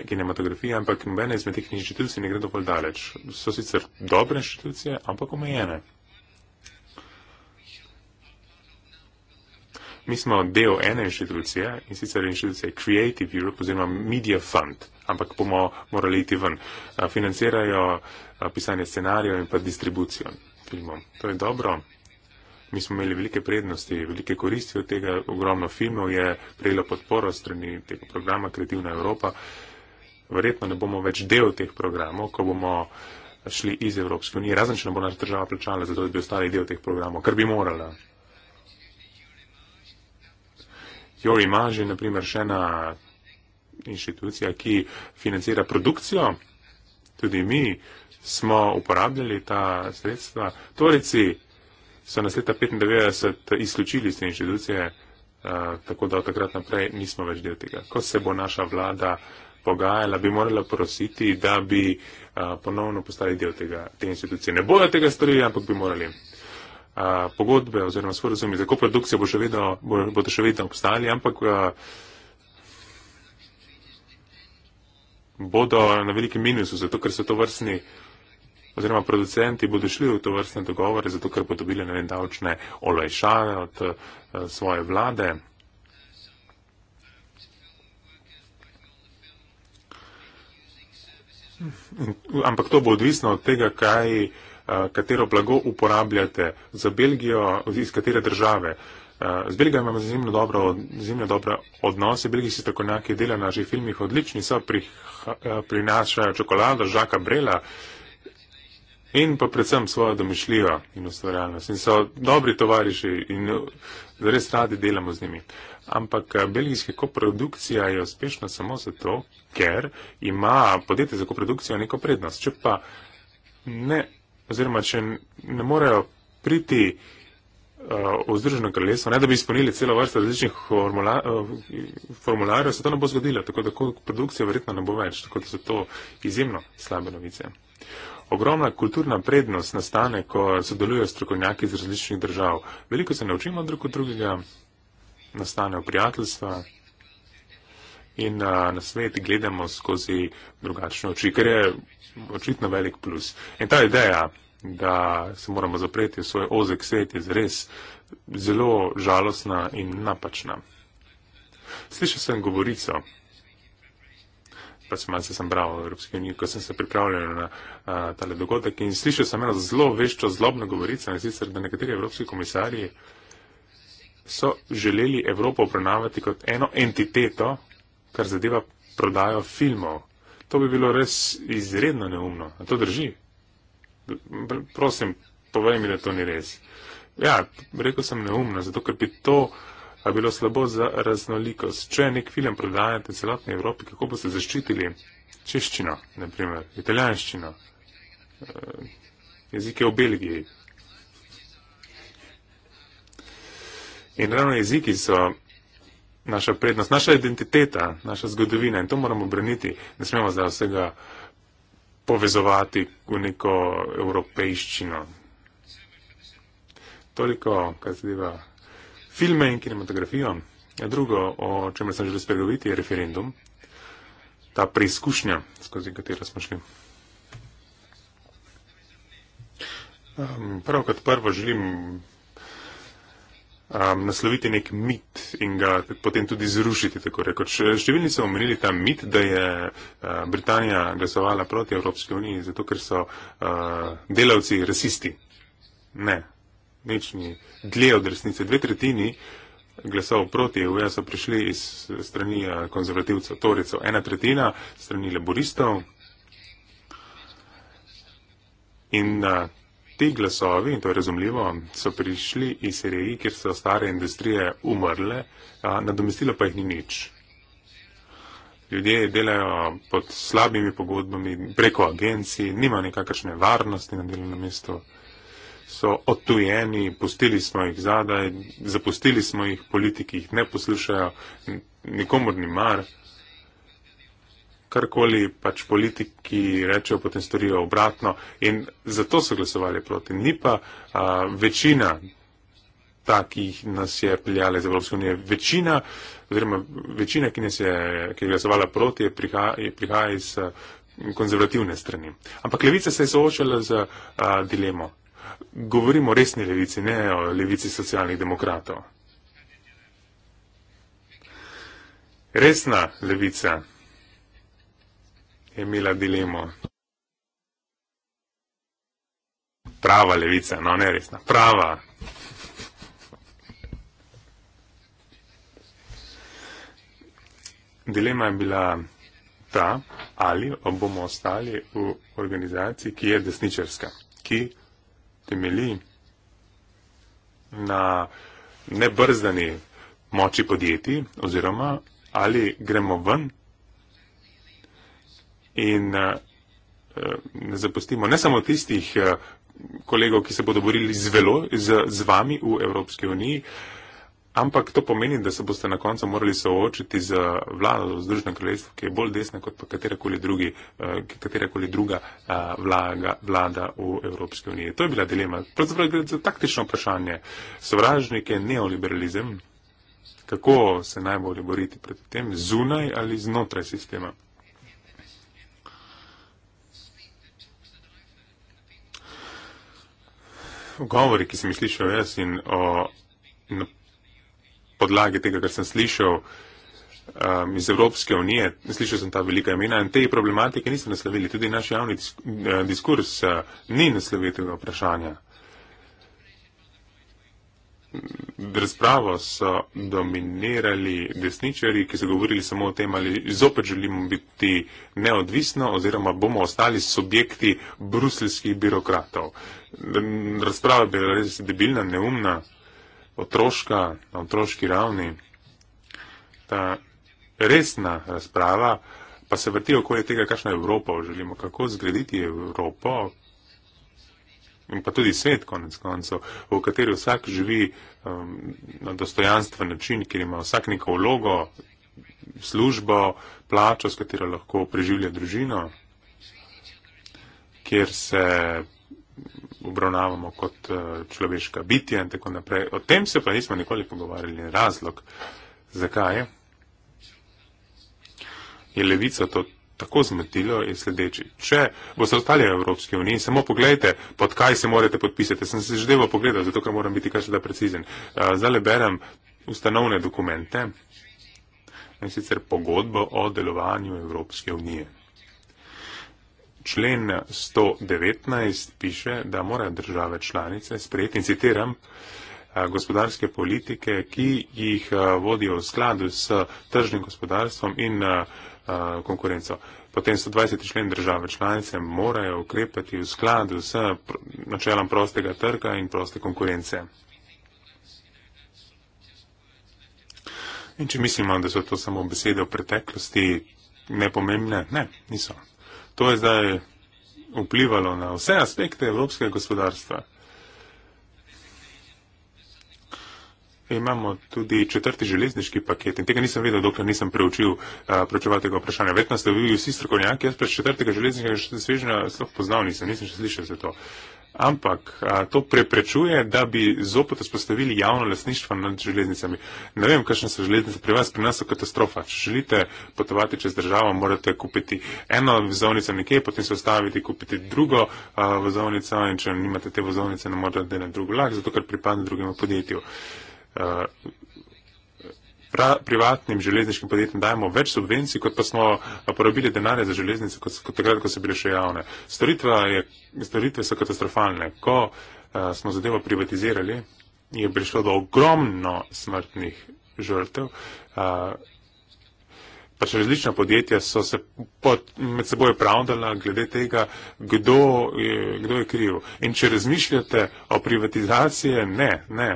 kinematografiji, ampak nobene izmed teh inštitucij ne gre dovolj daleč. So sicer dobre inštitucije, ampak omejene. Mi smo del ene inštitucije in sicer inštitucije Creative Europe oziroma Media Fund, ampak bomo morali iti ven. Financirajo pisanje scenarijev in pa distribucijo filmov. To je dobro mi smo imeli velike prednosti, velike koristi od tega, ogromno filmov je prejelo podporo strani tega programa Kreativna Evropa. Verjetno ne bomo več del teh programov, ko bomo šli iz Evropske unije, razen če ne bo naša država plačala za to, da bi ostali del teh programov, kar bi morala. Your Image je naprimer še ena inštitucija, ki financira produkcijo. Tudi mi smo uporabljali ta sredstva. Torici, so nas leta 95 izključili iz te inštitucije, eh, tako da od takrat naprej nismo več del tega. Ko se bo naša vlada pogajala, bi morala prositi, da bi eh, ponovno postali del tega, te inštitucije. Ne bojo tega storili, ampak bi morali. Eh, pogodbe oziroma sporozumi za koprodukcijo bo še vedno, bodo še vedno obstali, ampak bodo na velikem minusu, zato ker so to vrstni oziroma producenti bodo šli v to vrstne dogovore, zato ker bodo dobili, ne vem, davčne olajšave od eh, svoje vlade. Ampak to bo odvisno od tega, kaj, eh, katero blago uporabljate za Belgijo, iz katere države. Eh, z Belgijo imamo izjemno dobro, izjemno dobro odnose. Belgijski strokovnjaki delajo na naših filmih odlični, so prih, prinašajo čokolado, žaka brela. Uh, in pa predvsem svojo domišljivo in ustvarjalnost. In so dobri tovariši in res radi delamo z njimi. Ampak eh, belgijska koprodukcija je uspešna samo zato, ker ima podjetje za koprodukcijo neko prednost. Če pa ne, oziroma če ne morejo priti eh, v Združeno kraljestvo, ne da bi izpolnili celo vrsto različnih formula, eh, formularjev, se to ne bo zgodilo, tako da produkcije verjetno ne bo več, tako da so to izjemno slabe novice ogromna kulturna prednost nastane, ko sodelujejo strokovnjaki iz različnih držav. Veliko se naučimo drug od drugega, nastanejo prijateljstva in a, na svet gledamo skozi drugačne oči, kar je očitno velik plus. In ta ideja, da se moramo zapreti v svoj ozek svet, je res zelo žalostna in napačna. Slišal sem govorico, pač malce sem bral v Evropski uniji, ko sem se pripravljal na a, tale dogodek in slišal sem eno zelo veščo, zlobno govorico, in sicer, da nekateri evropski komisarji so želeli Evropo obravnavati kot eno entiteto, kar zadeva prodajo filmov. To bi bilo res izredno neumno. A to drži? Prosim, povej mi, da to ni res. Ja, rekel sem neumno, zato ker bi to a bilo slabo za raznolikost. Če nek film prodajate celotni Evropi, kako boste zaščitili češčino, naprimer italijanščino, eh, jezike v Belgiji. In ravno jeziki so naša prednost, naša identiteta, naša zgodovina in to moramo braniti. Ne smemo zdaj vsega povezovati v neko evropejščino. Toliko, kar zadeva filme in kinematografijo. Ja, drugo, o čemer sem želel spregovoriti, je referendum, ta preizkušnja, skozi katero smo šli. Um, prav kot prvo želim um, nasloviti nek mit in ga potem tudi zrušiti. Številni so omenili ta mit, da je uh, Britanija glasovala proti Evropski uniji, zato ker so uh, delavci rasisti. Ne, nič ni dlje od resnice. Dve tretjini glasov proti EU-ja so prišli iz strani eh, konzervativcev, torejcev. Ena tretjina strani laboristov. In a, eh, ti glasovi, in to je razumljivo, so prišli iz reji, kjer so stare industrije umrle, a, nadomestilo pa jih ni nič. Ljudje delajo pod slabimi pogodbami, preko agencij, nima nekakršne varnosti na delovnem mestu so odtujeni, pustili smo jih zadaj, zapustili smo jih, politiki jih ne poslušajo, nikomor ni mar. Karkoli pač politiki rečejo, potem storijo obratno in zato so glasovali proti. Ni pa a, večina takih nas je peljala iz Evropske unije. Večina, oziroma večina, ki, je, ki je glasovala proti, je priha, je prihaja iz konzervativne strani. Ampak levica se je soočala z a, dilemo. Govorimo o resni levici, ne o levici socialnih demokratov. Resna levica je imela dilemo. Prava levica, no ne resna, prava. Dilema je bila ta, ali bomo ostali v organizaciji, ki je desničarska, ki temelji na nebrzdani moči podjetij oziroma ali gremo ven in eh, ne zapustimo ne samo tistih eh, kolegov, ki se bodo borili z, velo, z, z vami v Evropski uniji, Ampak to pomeni, da se boste na koncu morali soočiti z vlado Združenem kraljestvu, ki je bolj desna kot katerakoli, drugi, eh, katerakoli druga eh, vlaga, vlada v Evropski uniji. To je bila dilema. Pravzaprav gre za taktično vprašanje. Sovražnik je neoliberalizem. Kako se najbolje boriti pred tem, zunaj ali znotraj sistema? Govori, ki sem jih slišal jaz in o. Na podlagi tega, kar sem slišal um, iz Evropske unije, slišal sem ta velika imena in te problematike niso naslovili. Tudi naš javni eh, diskurs uh, eh, ni naslovil tega vprašanja. Razpravo so dominirali desničari, ki so govorili samo o tem, ali zopet želimo biti neodvisno oziroma bomo ostali subjekti bruseljskih birokratov. Razprava je bila res debilna, neumna otroška, na otroški ravni. Ta resna razprava pa se vrti okoli tega, kakšna Evropa želimo, kako zgraditi Evropo in pa tudi svet konec koncev, v kateri vsak živi um, na dostojanstven način, kjer ima vsak neko vlogo, službo, plačo, s katero lahko preživlja družino, kjer se obravnavamo kot eh, človeška bitja in tako naprej. O tem se pa nismo nikoli pogovarjali. Razlog, zakaj je levica to tako zmotilo, je sledeči. Če boste ostali v Evropski uniji, samo pogledajte, pod kaj se morate podpisati. Sem se že devo pogledal, zato ker moram biti kar še da precizen. Eh, Zdaj berem ustanovne dokumente in sicer pogodbo o delovanju Evropske unije člen 119 piše, da morajo države članice sprejeti, in citiram, gospodarske politike, ki jih vodijo v skladu s tržnim gospodarstvom in konkurenco. Potem 120 člen države članice morajo ukrepati v skladu s načelom prostega trga in proste konkurence. In če mislimo, da so to samo besede v preteklosti, nepomembne, ne, niso. To je zdaj vplivalo na vse aspekte evropskega gospodarstva. imamo tudi četrti železniški paket in tega nisem vedel, dokler nisem preučil pročevatega vprašanja. Vedno ste bili vsi strokovnjaki, jaz pa četrtega železniškega svežnja sploh poznal nisem, nisem še slišal za to. Ampak a, to preprečuje, da bi zopet spostavili javno lasništvo nad železnicami. Ne vem, kakšne so železnice pri vas, pri nas so katastrofa. Če želite potovati čez državo, morate kupiti eno vozovnico nekje, potem se ustaviti, kupiti drugo a, vozovnico in če nimate te vozovnice, ne morete delati drugo lahko, zato ker pripada drugemu podjetju. Eh, pra, privatnim železniškim podjetjem dajemo več subvencij, kot pa smo eh, porabili denarje za železnice, kot, kot takrat, ko so bile še javne. Storitve, je, storitve so katastrofalne. Ko uh, smo zadevo privatizirali, je prišlo do ogromno smrtnih žrtev. Uh, pa še različna podjetja so se pod, med seboj pravdala glede tega, kdo je, kdo je kriv. In če razmišljate o privatizaciji, ne, ne.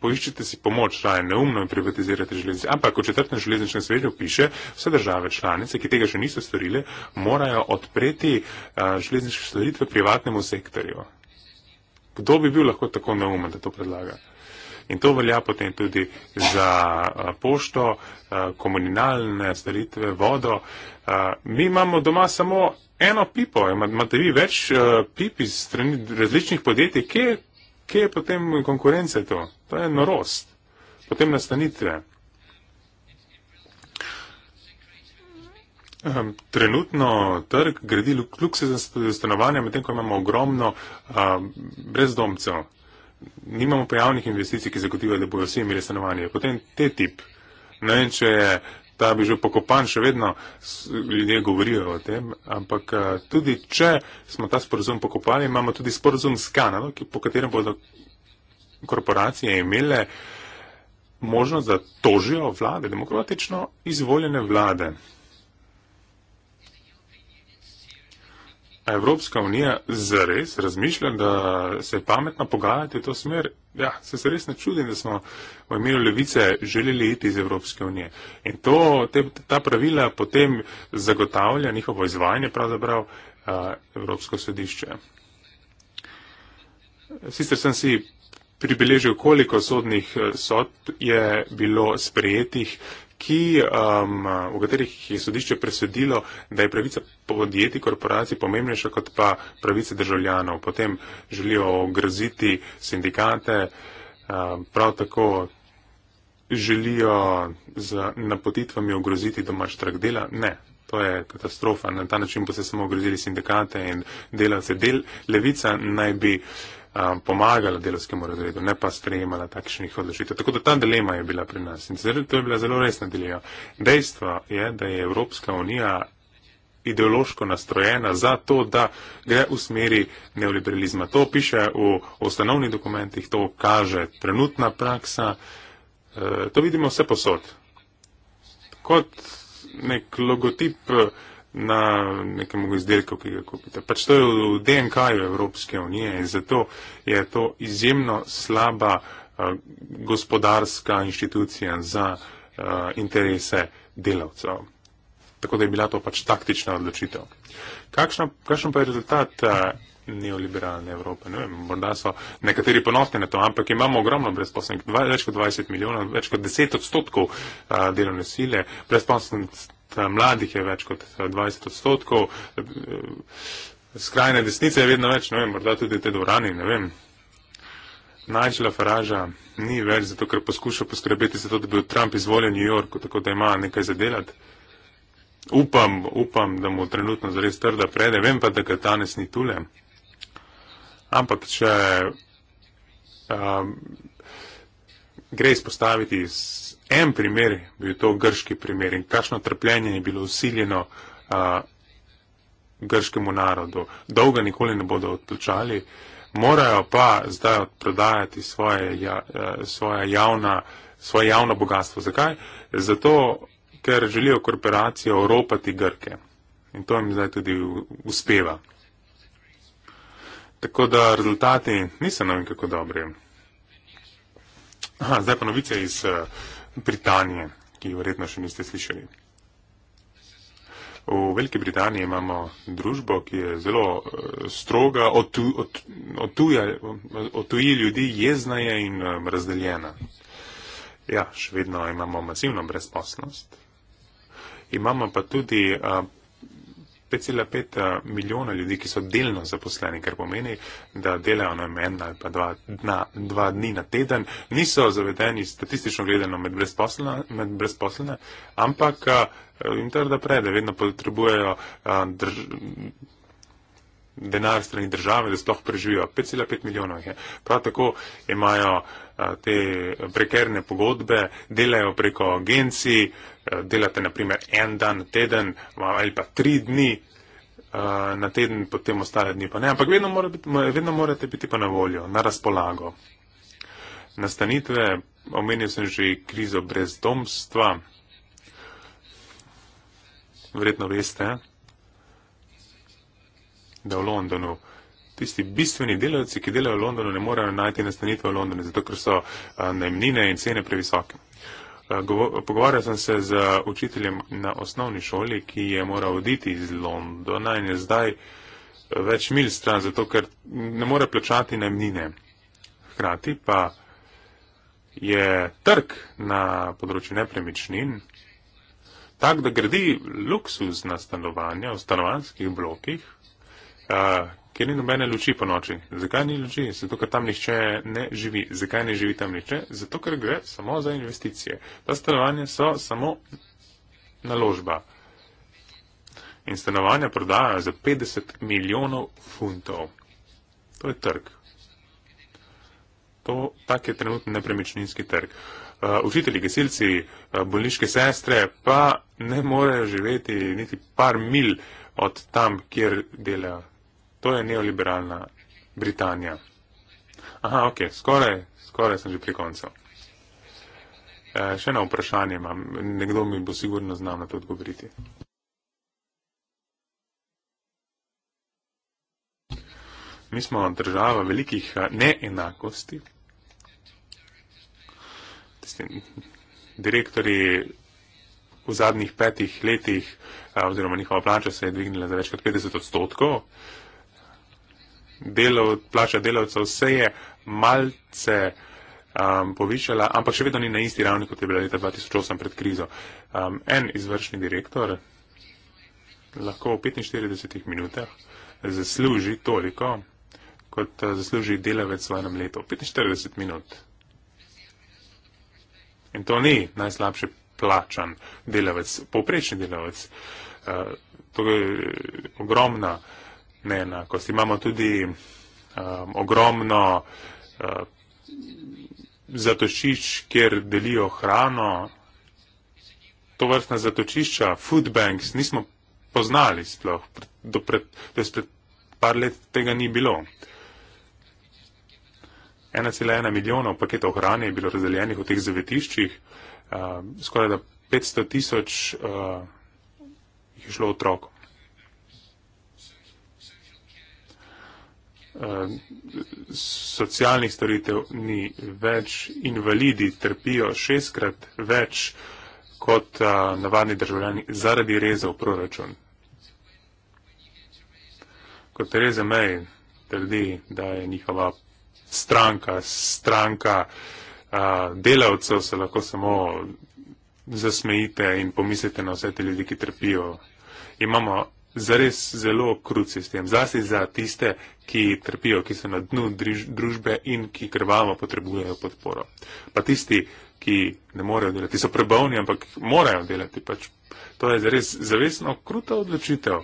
Poiščite si pomoč, raje neumno in privatizirate železnice. Ampak v četrtem železničnem svetu piše, vse države članice, ki tega še niso storile, morajo odpreti eh, železniške storitve privatnemu sektorju. Kdo bi bil lahko tako neumen, da to predlaga? In to velja potem tudi za pošto, komunalne storitve, vodo. Mi imamo doma samo eno pipo, imate vi več pip iz različnih podjetij, kje, kje je potem konkurence to? To je norost. Potem nastanitve. Ehm, trenutno trg gradi luksuzne stanovanja, medtem ko imamo ogromno a, brezdomcev, nimamo pojavnih investicij, ki zagotivajo, da bojo vsi imeli stanovanje. Potem te tip. Ne vem, če je ta bi že pokopan, še vedno ljudje govorijo o tem, ampak eh, tudi če smo ta sporozum pokopali, imamo tudi sporozum s Kanado, po katerem bodo korporacije imele možnost, da tožijo vlade, demokratično izvoljene vlade. Evropska unija zares razmišlja, da se pametno pogajate v to smer. Ja, se, se res ne čudim, da smo v imenu levice želeli iti iz Evropske unije. In to, te, ta pravila potem zagotavlja njihovo izvajanje, pravzaprav Evropsko sodišče. Sicer sem si pribeležil, koliko sodnih sod je bilo sprejetih ki, um, v katerih je sodišče presedilo, da je pravica podjetij, korporacij pomembnejša kot pa pravice državljanov. Potem želijo ogroziti sindikate, um, prav tako želijo z napotitvami ogroziti domač trg dela. Ne. To je katastrofa. Na ta način bo se samo ogrozili sindikate in delavce. Del, levica naj bi uh, um, pomagala delovskemu razredu, ne pa sprejemala takšnih odločitev. Tako da ta dilema je bila pri nas in to je bila zelo resna dilema. Dejstvo je, da je Evropska unija ideološko nastrojena za to, da gre v smeri neoliberalizma. To piše v osnovnih dokumentih, to kaže trenutna praksa, e, to vidimo vse posod. Kot nek logotip na nekem izdelku, ki ga kupite. Pač to je v DNK-ju Evropske unije in zato je to izjemno slaba eh, gospodarska inštitucija za eh, interese delavcev. Tako da je bila to pač taktična odločitev. Kakšna, kakšen pa je rezultat eh, neoliberalne Evrope? Ne vem, morda so nekateri ponosni na to, ampak imamo ogromno brezposlenih, več kot 20 milijonov, več kot 10 odstotkov delovne sile, brezposlenih mladih je več kot 20 eh, odstotkov, eh, skrajne desnice je vedno več, ne vem, morda tudi te dvorani, ne vem. Najčela faraža ni več zato, ker poskuša poskrbeti za to, da bi Trump izvolil New Yorku, tako da ima nekaj zadelati. Upam, upam, da mu trenutno zares trda prede, vem pa, da ga danes ni tule. Ampak, če um, gre izpostaviti en primer, bil to grški primer in kakšno trpljenje je bilo usiljeno a, grškemu narodu. Dolga nikoli ne bodo odplačali, morajo pa zdaj odprodajati svoje, ja, a, svoje, javna, svoje javno bogatstvo. Zakaj? Zato, ker želijo korporacijo oropati Grke. In to jim zdaj tudi uspeva. Tako da rezultati niso nam kako dobri. Aha, zdaj pa novice iz uh, Britanije, ki verjetno še niste slišali. V Veliki Britaniji imamo družbo, ki je zelo uh, stroga, otu, otu, otuja, otuji ljudi, jezna je in um, razdeljena. Ja, še vedno imamo masivno brezposnost. Imamo pa tudi uh, 5,5 eh, milijona ljudi, ki so delno zaposleni, kar pomeni, da delajo na en ali pa dva, dna, dva dni na teden, niso zavedeni statistično gledano med brezposlene, med brezposlene ampak jim eh, trda pre, da vedno potrebujejo eh, drž, denar strani države, da sploh preživijo. 5,5 milijonov jih je. Prav tako imajo te prekerne pogodbe, delajo preko agencij, delate naprimer en dan, teden ali pa tri dni na teden, potem ostale dni pa ne, ampak vedno, mora biti, vedno morate biti pa na voljo, na razpolago. Nastanitve, omenil sem že krizo brezdomstva, verjetno veste, da v Londonu tisti bistveni delavci, ki delajo v Londonu, ne morejo najti nastanitve v Londonu, zato ker so najmnine in cene previsoke. Pogovarjal sem se z učiteljem na osnovni šoli, ki je moral oditi iz Londona in je zdaj več mil stran, zato ker ne more plačati najmnine. Hkrati pa je trg na področju nepremičnin tak, da gradi luksuzna stanovanja v stanovanskih blokih, kjer ni nobene luči po noči. Zakaj ni luči? Zato, ker tam nihče ne živi. Zakaj ne živi tam nihče? Zato, ker gre samo za investicije. Ta stanovanja so samo naložba. In stanovanja prodajajo za 50 milijonov funtov. To je trg. To tak je trenutni nepremičninski trg. Uh, učitelji, gasilci, uh, bolniške sestre pa ne morejo živeti niti par mil od tam, kjer delajo. To je neoliberalna Britanija. Aha, ok, skoraj, skoraj sem že pri koncu. E, še eno vprašanje imam, nekdo mi bo sigurno znal na to odgovoriti. Mi smo država velikih neenakosti. Tisti, direktori v zadnjih petih letih, oziroma njihova plača se je dvignila za več kot 50 odstotkov, delov, plača delavcev se je malce um, povišala, ampak še vedno ni na isti ravni, kot je bila leta 2008 pred krizo. Um, en izvršni direktor lahko v 45 minutah zasluži toliko, kot uh, zasluži delavec v enem letu. 45 minut. In to ni najslabše plačan delavec, poprečni delavec. Uh, to je ogromna. Uh, neenakost. Imamo tudi um, ogromno uh, zatočišč, kjer delijo hrano. To vrstna zatočišča, food banks, nismo poznali sploh. Do pred, do pred par let tega ni bilo. 1,1 milijona paketov hrane je bilo razdeljenih v teh zavetiščih, uh, skoraj da 500 tisoč uh, jih je šlo otrokom. socialnih storitev ni več, invalidi trpijo šestkrat več kot a, navadni državljani zaradi rezov proračun. Kot Tereza May trdi, da je njihova stranka, stranka a, delavcev, se lahko samo zasmejite in pomislite na vse te ljudi, ki trpijo. Imamo zares zelo krut sistem, zlasti za tiste, ki trpijo, ki so na dnu družbe in ki krvavo potrebujejo podporo. Pa tisti, ki ne morejo delati, so prebavni, ampak morajo delati. Pač. To je zares zavesno kruta odločitev.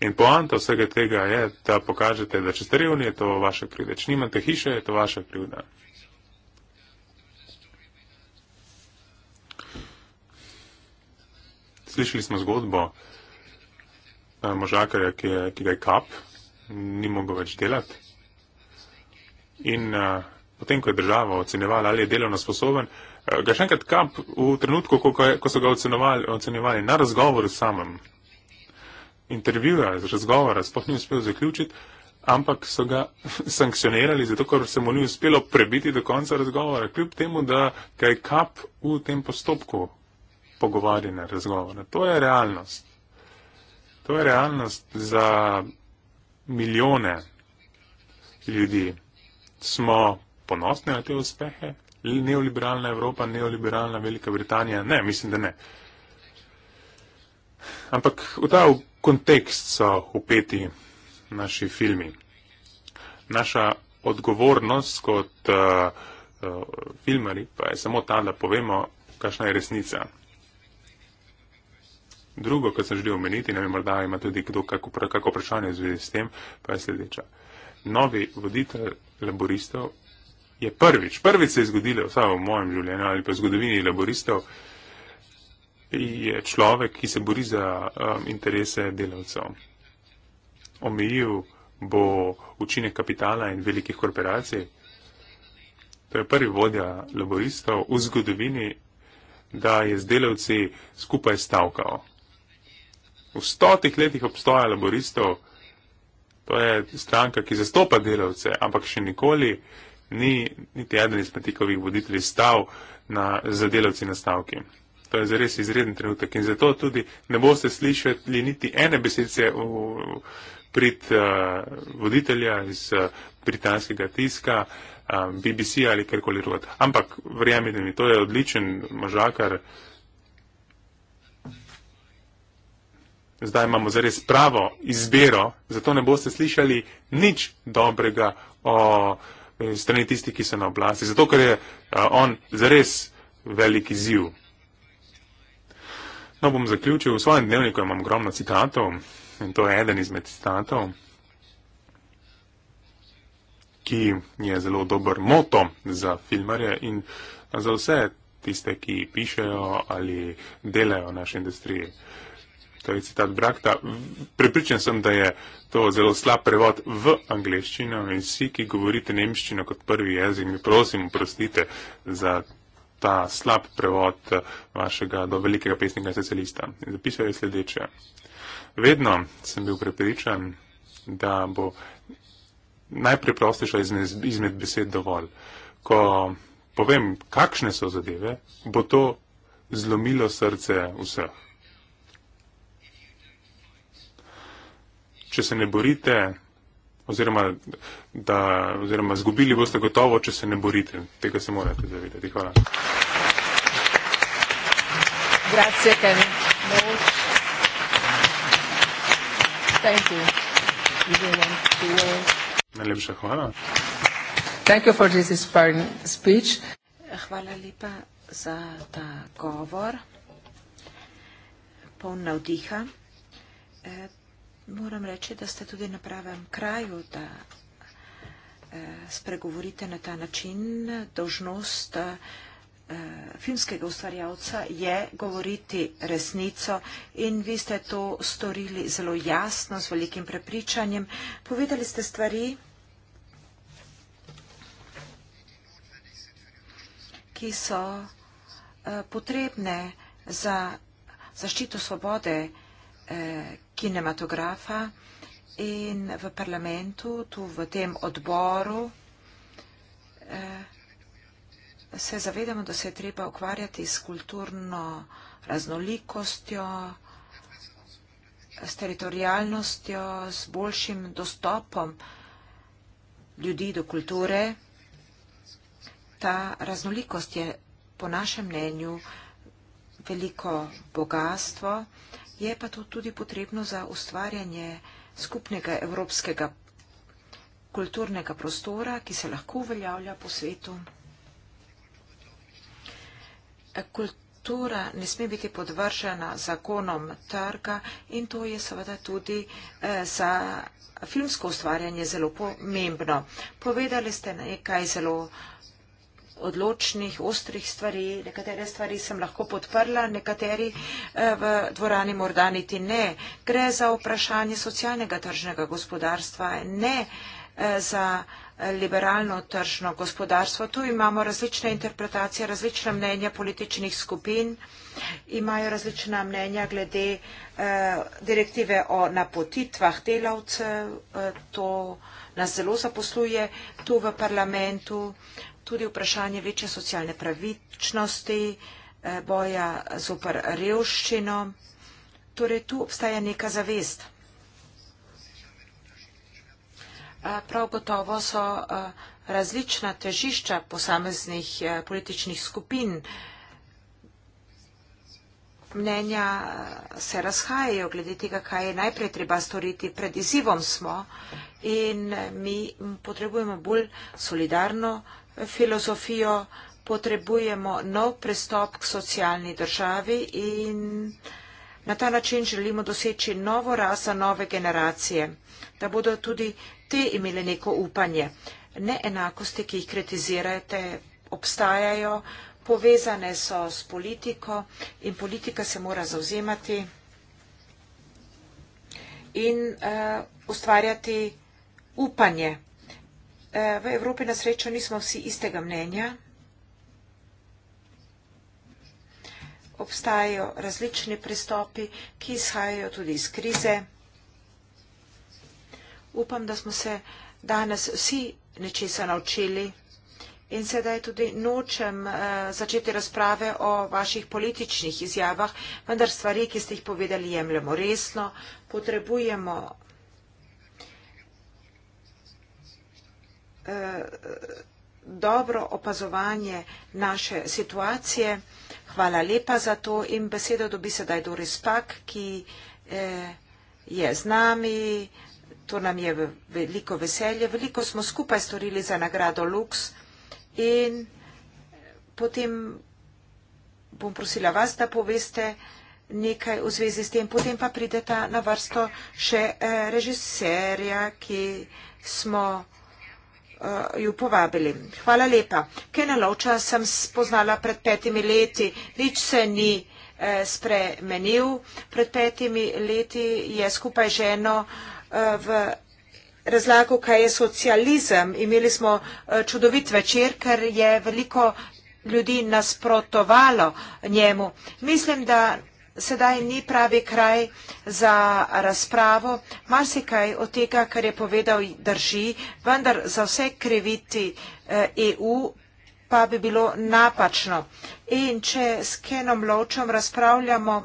In poanta vsega tega je, da pokažete, da če ste revni, je to vaša krivda. Če nimate hiše, je to vaša krivda. Slišali smo zgodbo. Eh, možakarja, ki, je, ki ga je kap, ni mogel več delati. In uh, potem, ko je država ocenjevala, ali je delovno sposoben, uh, ga še enkrat kap v trenutku, ko, ko so ga ocenovali, ocenjevali na razgovoru samem. Intervjuja, razgovora, sploh ni uspel zaključiti, ampak so ga sankcionirali, zato ker se mu ni uspelo prebiti do konca razgovora, kljub temu, da ga je kap v tem postopku pogovarjanja, razgovora. To je realnost. To je realnost za milijone ljudi. Smo ponosni na te uspehe? Neoliberalna Evropa, neoliberalna Velika Britanija? Ne, mislim, da ne. Ampak v ta kontekst so upeti naši filmi. Naša odgovornost kot uh, eh, uh, eh, filmari pa je samo ta, da povemo, kakšna je resnica. Drugo, kar sem želel omeniti, ne vem, morda ima tudi kdo kako, kako vprašanje v zvezi s tem, pa je sledeča. Novi voditelj laboristov je prvič, prvič se je zgodilo vsa v mojem življenju ali pa v zgodovini laboristov, je človek, ki se bori za um, interese delavcev. Omejil bo učinek kapitala in velikih korporacij. To je prvi vodja laboristov v zgodovini, da je z delavci skupaj stavkal. V stotih letih obstoja laboristov, to je stranka, ki zastopa delavce, ampak še nikoli ni niti eden iz petikovih voditelji stav na, za delavci na stavki. To je zares izreden trenutek in zato tudi ne boste slišali niti ene besedice prid uh, voditelja iz uh, britanskega tiska, uh, eh, BBC ali karkoli drugega. Ampak verjemite mi, to je odličen možakar. Uh, zdaj imamo zares pravo izbiro, zato ne boste slišali nič dobrega o eh, strani tistih, ki so na oblasti, zato ker je eh, on zares velik izziv. No, bom zaključil. V svojem dnevniku imam ogromno citatov in to je eden izmed citatov, ki je zelo dober moto za filmarje in za vse tiste, ki pišejo ali delajo v naši industriji. Uh, torej citat Brakta. Prepričan sem, da je to zelo slab prevod v angleščino in vsi, ki govorite nemščino kot prvi jezik, mi prosim, prostite za ta slab prevod eh, vašega do velikega pesnika socialista. Zapisal je sledeče. Vedno sem bil prepričan, da bo najpreprostejša izmed besed dovolj. Ko povem, kakšne so zadeve, bo to zlomilo srce vseh. če se ne borite, oziroma, da, oziroma zgubili boste gotovo, če se ne borite. Tega se morate zavedati. Hvala. Grazie, Najlepša hvala. Thank you for this inspiring speech. Hvala lepa za ta govor, poln navdiha. Eh, moram reči, da ste tudi na pravem kraju, da eh, spregovorite na ta način. Dožnost eh, filmskega ustvarjalca je govoriti resnico in vi ste to storili zelo jasno, z velikim prepričanjem. Povedali ste stvari, ki so eh, potrebne za zaščito svobode, kinematografa in v parlamentu, tu v tem odboru, eh, se zavedamo, da se je treba ukvarjati s kulturno raznolikostjo, s teritorijalnostjo, s boljšim dostopom ljudi do kulture. Ta raznolikost je po našem mnenju veliko bogatstvo je pa to tudi potrebno za ustvarjanje skupnega evropskega kulturnega prostora, ki se lahko uveljavlja po svetu. Kultura ne sme biti podvržena zakonom trga in to je seveda tudi eh, za filmsko ustvarjanje zelo pomembno. Povedali ste nekaj zelo pomembno odločnih, ostrih stvari. Nekatere stvari sem lahko podprla, nekateri eh, v dvorani morda niti ne. Gre za vprašanje socialnega tržnega gospodarstva, ne eh, za liberalno tržno gospodarstvo. Tu imamo različne interpretacije, različna mnenja političnih skupin, imajo različna mnenja glede eh, direktive o napotitvah delavcev, eh, to nas zelo zaposluje tu v parlamentu, tudi vprašanje večje socialne pravičnosti, eh, boja z upr revščino. Torej, tu obstaja neka zavest. Eh, prav gotovo so eh, različna težišča posameznih eh, političnih skupin. Mnenja se razhajajo glede tega, kaj je najprej treba storiti. Pred izzivom smo in mi potrebujemo bolj solidarno filozofijo, potrebujemo nov prestop k socialni državi in na ta način želimo doseči novo rasa nove generacije, da bodo tudi te imele neko upanje. Neenakosti, ki jih kritizirate, obstajajo, povezane so s politiko in politika se mora zauzemati in uh, ustvarjati upanje. Uh, v Evropi na srečo nismo vsi istega mnenja. Obstajajo različni pristopi, ki izhajajo tudi iz krize. Upam, da smo se danes vsi nečesa naučili in sedaj tudi nočem uh, začeti razprave o vaših političnih izjavah, vendar stvari, ki ste jih povedali, jemljemo resno, potrebujemo. Eh, dobro opazovanje naše situacije. Hvala lepa za to in besedo dobi sedaj Doris Pak, ki eh, je z nami to nam je veliko veselje. Veliko smo skupaj storili za nagrado Lux in eh, potem bom prosila vas, da poveste nekaj v zvezi s tem. Potem pa prideta na vrsto še eh, režiserja, ki smo eh, ju povabili. Hvala lepa. Kena Lovča sem spoznala pred petimi leti. Nič se ni spremenil. Pred petimi leti je skupaj ženo v razlago, kaj je socializem. Imeli smo eh, čudovit večer, ker je veliko ljudi nasprotovalo njemu. Mislim, da sedaj ni pravi kraj za razpravo. Marsikaj od tega, kar je povedal, drži, vendar za vse kriviti EU eh, e pa bi bilo napačno. In če s Kenom Lovčem razpravljamo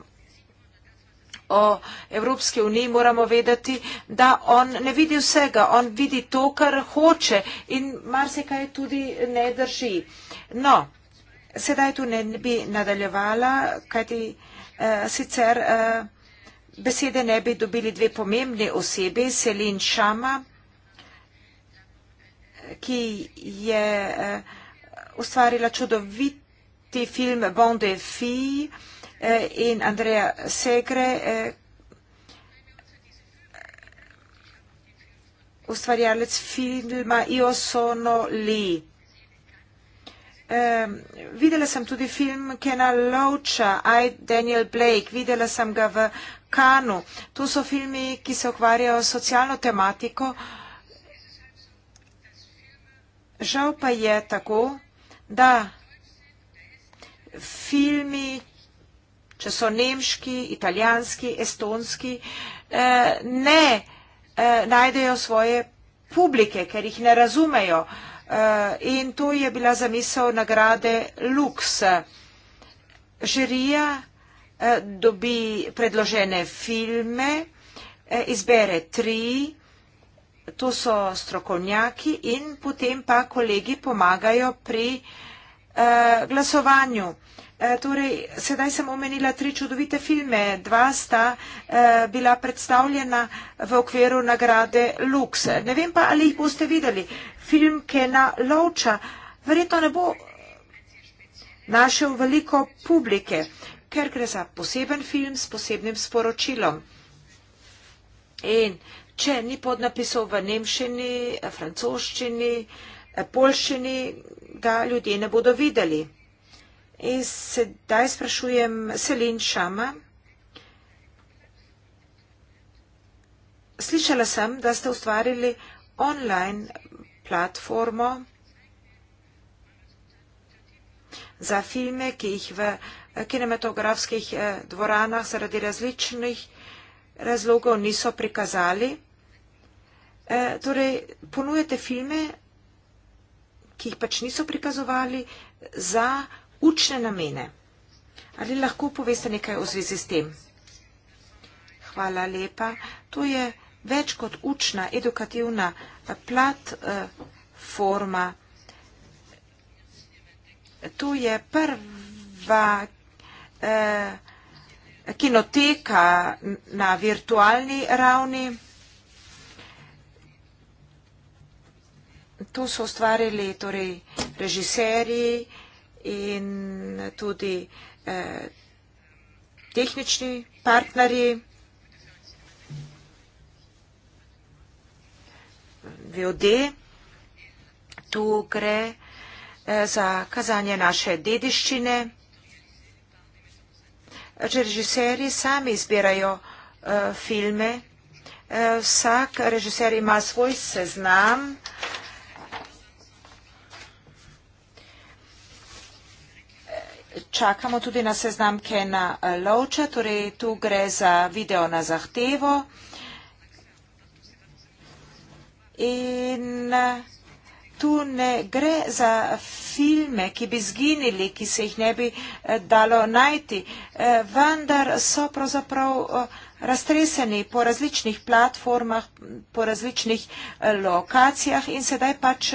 o Evropski uniji, moramo vedeti, da on ne vidi vsega, on vidi to, kar hoče in marsikaj tudi ne drži. No, sedaj tu ne bi nadaljevala, kajti uh, sicer uh, besede ne bi dobili dve pomembni osebi, Selin Šama, ki je uh, ustvarila čudoviti film Bon Defi, uh, Eh, in Andreja Segre, eh, ustvarjalec filma Io sono lì. Um, videla sem tudi film Kena Loacha, I. Daniel Blake, videla sem ga v Kanu. To so filmi, ki se ukvarjajo s socialno tematiko. Žal pa je tako, da filmi, če so nemški, italijanski, estonski, eh, ne eh, najdejo svoje publike, ker jih ne razumejo. Eh, in to je bila zamisel nagrade Lux. Žirija dobi predložene filme, izbere tri, to so strokovnjaki in potem pa kolegi pomagajo pri glasovanju. E, torej, sedaj sem omenila tri čudovite filme. Dva sta eh, bila predstavljena v okviru nagrade Lux. Ne vem pa, ali jih boste videli. Film Kena Lovča verjetno ne bo našel veliko publike, ker gre za poseben film s posebnim sporočilom. In če ni podnapisov v nemščini, francoščini, polščini, ga ljudje ne bodo videli. In sedaj sprašujem Selin Šama. Slišala sem, da ste ustvarili online platformo za filme, ki jih v kinematografskih eh, dvoranah zaradi različnih razlogov niso prikazali. Eh, torej, ponujate filme, ki jih pač niso prikazovali za učne namene. Ali lahko poveste nekaj v zvezi s tem? Hvala lepa. To je več kot učna, edukativna eh, platforma. Eh, to je prva eh, kinoteka na virtualni ravni. To so ustvarili torej, režiserji, eh, in tudi eh, tehnični partnerji. VOD, tu gre eh, za kazanje naše dediščine. Režiserji sami izbirajo eh, filme. Vsak režiser ima svoj seznam. čakamo tudi na seznamke na eh, lovče, torej tu gre za video na zahtevo. In eh, tu ne gre za filme, ki bi zginili, ki se jih ne bi eh, dalo najti, eh, vendar so pravzaprav eh, raztreseni po različnih platformah, po različnih lokacijah in sedaj pač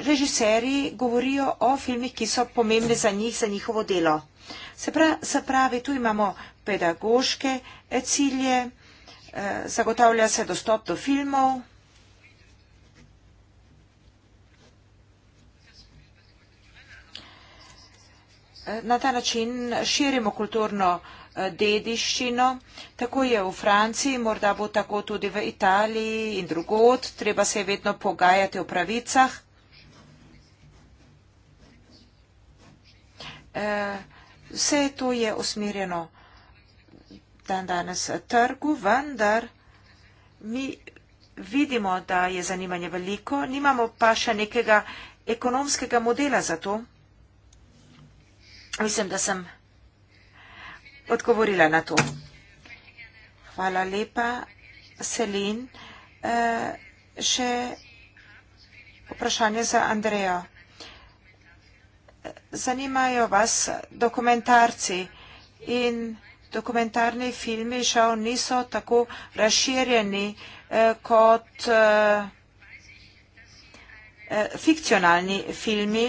režiserji govorijo o filmih, ki so pomembni za njih, za njihovo delo. Se pravi, se pravi tu imamo pedagoške cilje, zagotavlja se dostop do filmov. na ta način širimo kulturno eh, dediščino. Tako je v Franciji, morda bo tako tudi v Italiji in drugod. Treba se vedno pogajati o pravicah. Eh, vse to je usmerjeno dan danes trgu, vendar mi vidimo, da je zanimanje veliko, nimamo pa še nekega ekonomskega modela za to. Mislim, da sem odgovorila na to. Hvala lepa, Selin. Eh, še vprašanje za Andrejo. Zanimajo vas dokumentarci in dokumentarni filmi žal niso tako razširjeni eh, kot eh, fikcionalni filmi.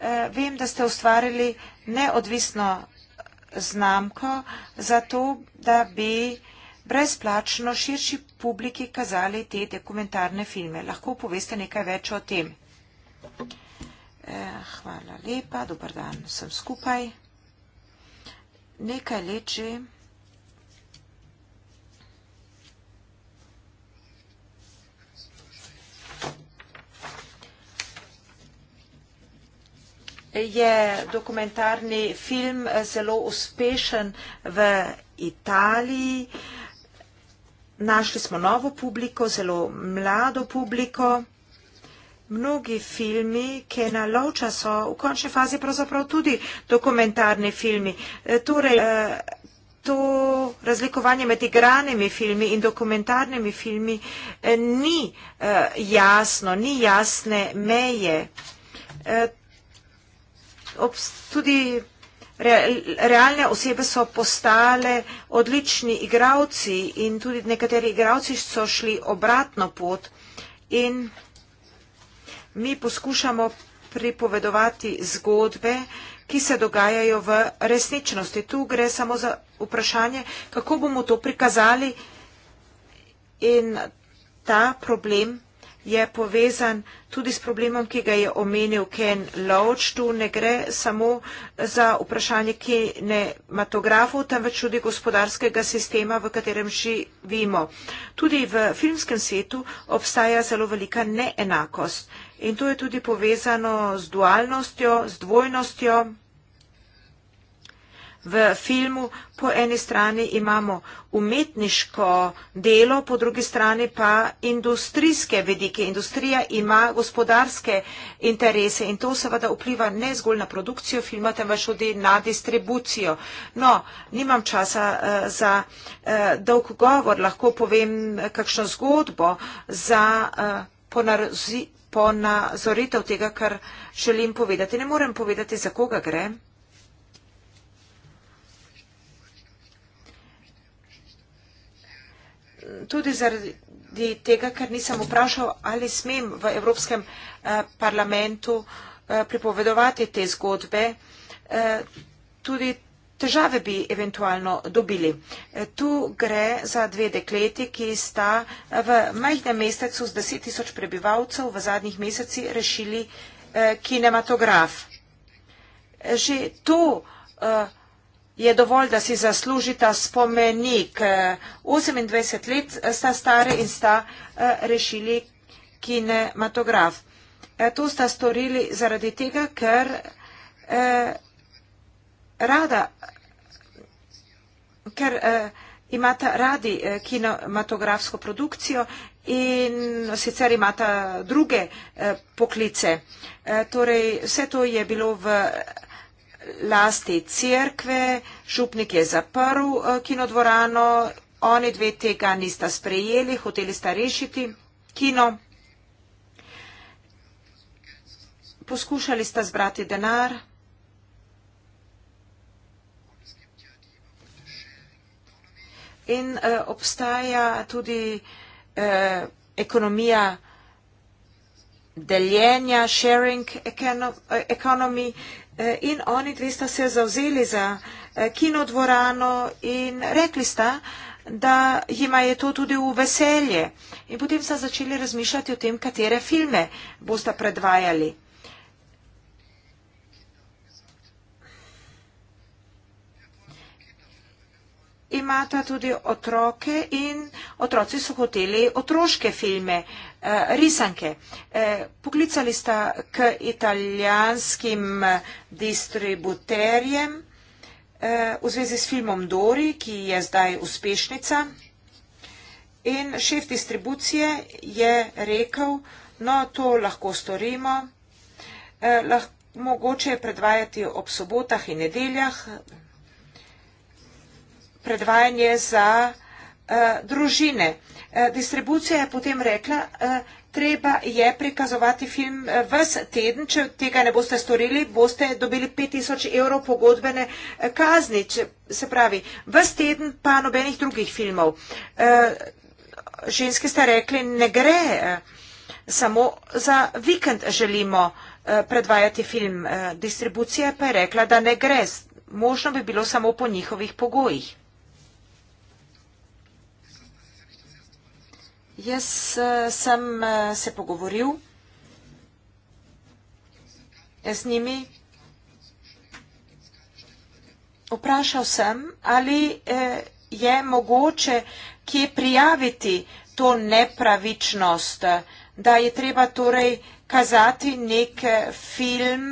Eh, vem, da ste ustvarili neodvisno znamko za to, da bi brezplačno širši publiki kazali te dokumentarne filme. Lahko poveste nekaj več o tem. Eh, hvala lepa, dober dan vsem skupaj. Nekaj let že. je dokumentarni film eh, zelo uspešen v Italiji. Našli smo novo publiko, zelo mlado publiko. Mnogi filmi, ki na lovča so v končni fazi pravzaprav tudi dokumentarni filmi. Eh, torej, eh, to razlikovanje med igranimi filmi in dokumentarnimi filmi ni jasno, ni jasne meje tudi realne osebe so postale odlični igravci in tudi nekateri igravci so šli obratno pot in mi poskušamo pripovedovati zgodbe, ki se dogajajo v resničnosti. Tu gre samo za vprašanje, kako bomo to prikazali in ta problem vprašanje je povezan tudi s problemom, ki ga je omenil Ken Loach. Tu ne gre samo za vprašanje kinematografov, temveč tudi gospodarskega sistema, v katerem živimo. Tudi v filmskem svetu obstaja zelo velika neenakost. In to je tudi povezano z dualnostjo, z dvojnostjo v filmu. Po eni strani imamo umetniško delo, po drugi strani pa industrijske vedike. Industrija ima gospodarske interese in to seveda vpliva ne zgolj na produkcijo filma, temveč tudi na distribucijo. No, nimam časa uh, za uh, dolg govor, lahko povem kakšno zgodbo za uh, eh, ponarzi ponazoritev tega, kar želim povedati. Ne morem povedati, za koga gre. tudi zaradi tega, ker nisem vprašal, ali smem v Evropskem eh, parlamentu eh, pripovedovati te zgodbe, eh, tudi težave bi eventualno dobili. Tu gre za dve dekleti, ki sta v majhnem mesecu z 10 tisoč prebivalcev v zadnjih meseci rešili kinematograf. Že to uh, je dovolj, da si zaslužita spomenik. 28 let sta stare in sta eh, rešili kinematograf. Eh, to sta storili zaradi tega, ker eh, rada, ker imata radi kinematografsko produkcijo in sicer imata druge poklice. Torej, vse to je bilo v lasti crkve, župnik je zaprl eh, kinodvorano, oni dve tega nista sprejeli, hoteli sta rešiti kino. Poskušali sta zbrati denar. In uh, obstaja tudi uh, ekonomija deljenja, sharing economy, uh, economy Eh, in oni dve sta se zauzeli za eh, kinodvorano in rekli sta, da jima je to tudi v veselje. In potem sta začeli razmišljati o tem, katere filme bosta predvajali. Imata tudi otroke in otroci so hoteli otroške filme. Uh, Eh, risanke. Eh, poklicali sta k italijanskim distributerjem eh, v zvezi s filmom Dori, ki je zdaj uspešnica. In šef distribucije je rekel, no, to lahko storimo, eh, lah, mogoče je predvajati ob sobotah in nedeljah, predvajanje za eh, Eh, družine. Eh, distribucija je potem rekla, eh, treba je prikazovati film ves teden, če tega ne boste storili, boste dobili 5000 evrov pogodbene kazni, če, se pravi, ves teden pa nobenih drugih filmov. Ženske ste rekli, ne gre, samo za vikend želimo predvajati film. Distribucija pa je rekla, da ne gre, možno bi bilo samo po njihovih pogojih. Jaz eh, sem eh, se pogovoril eh, z njimi. Vprašal sem, ali je mogoče kje prijaviti to nepravičnost, da je treba torej kazati nek film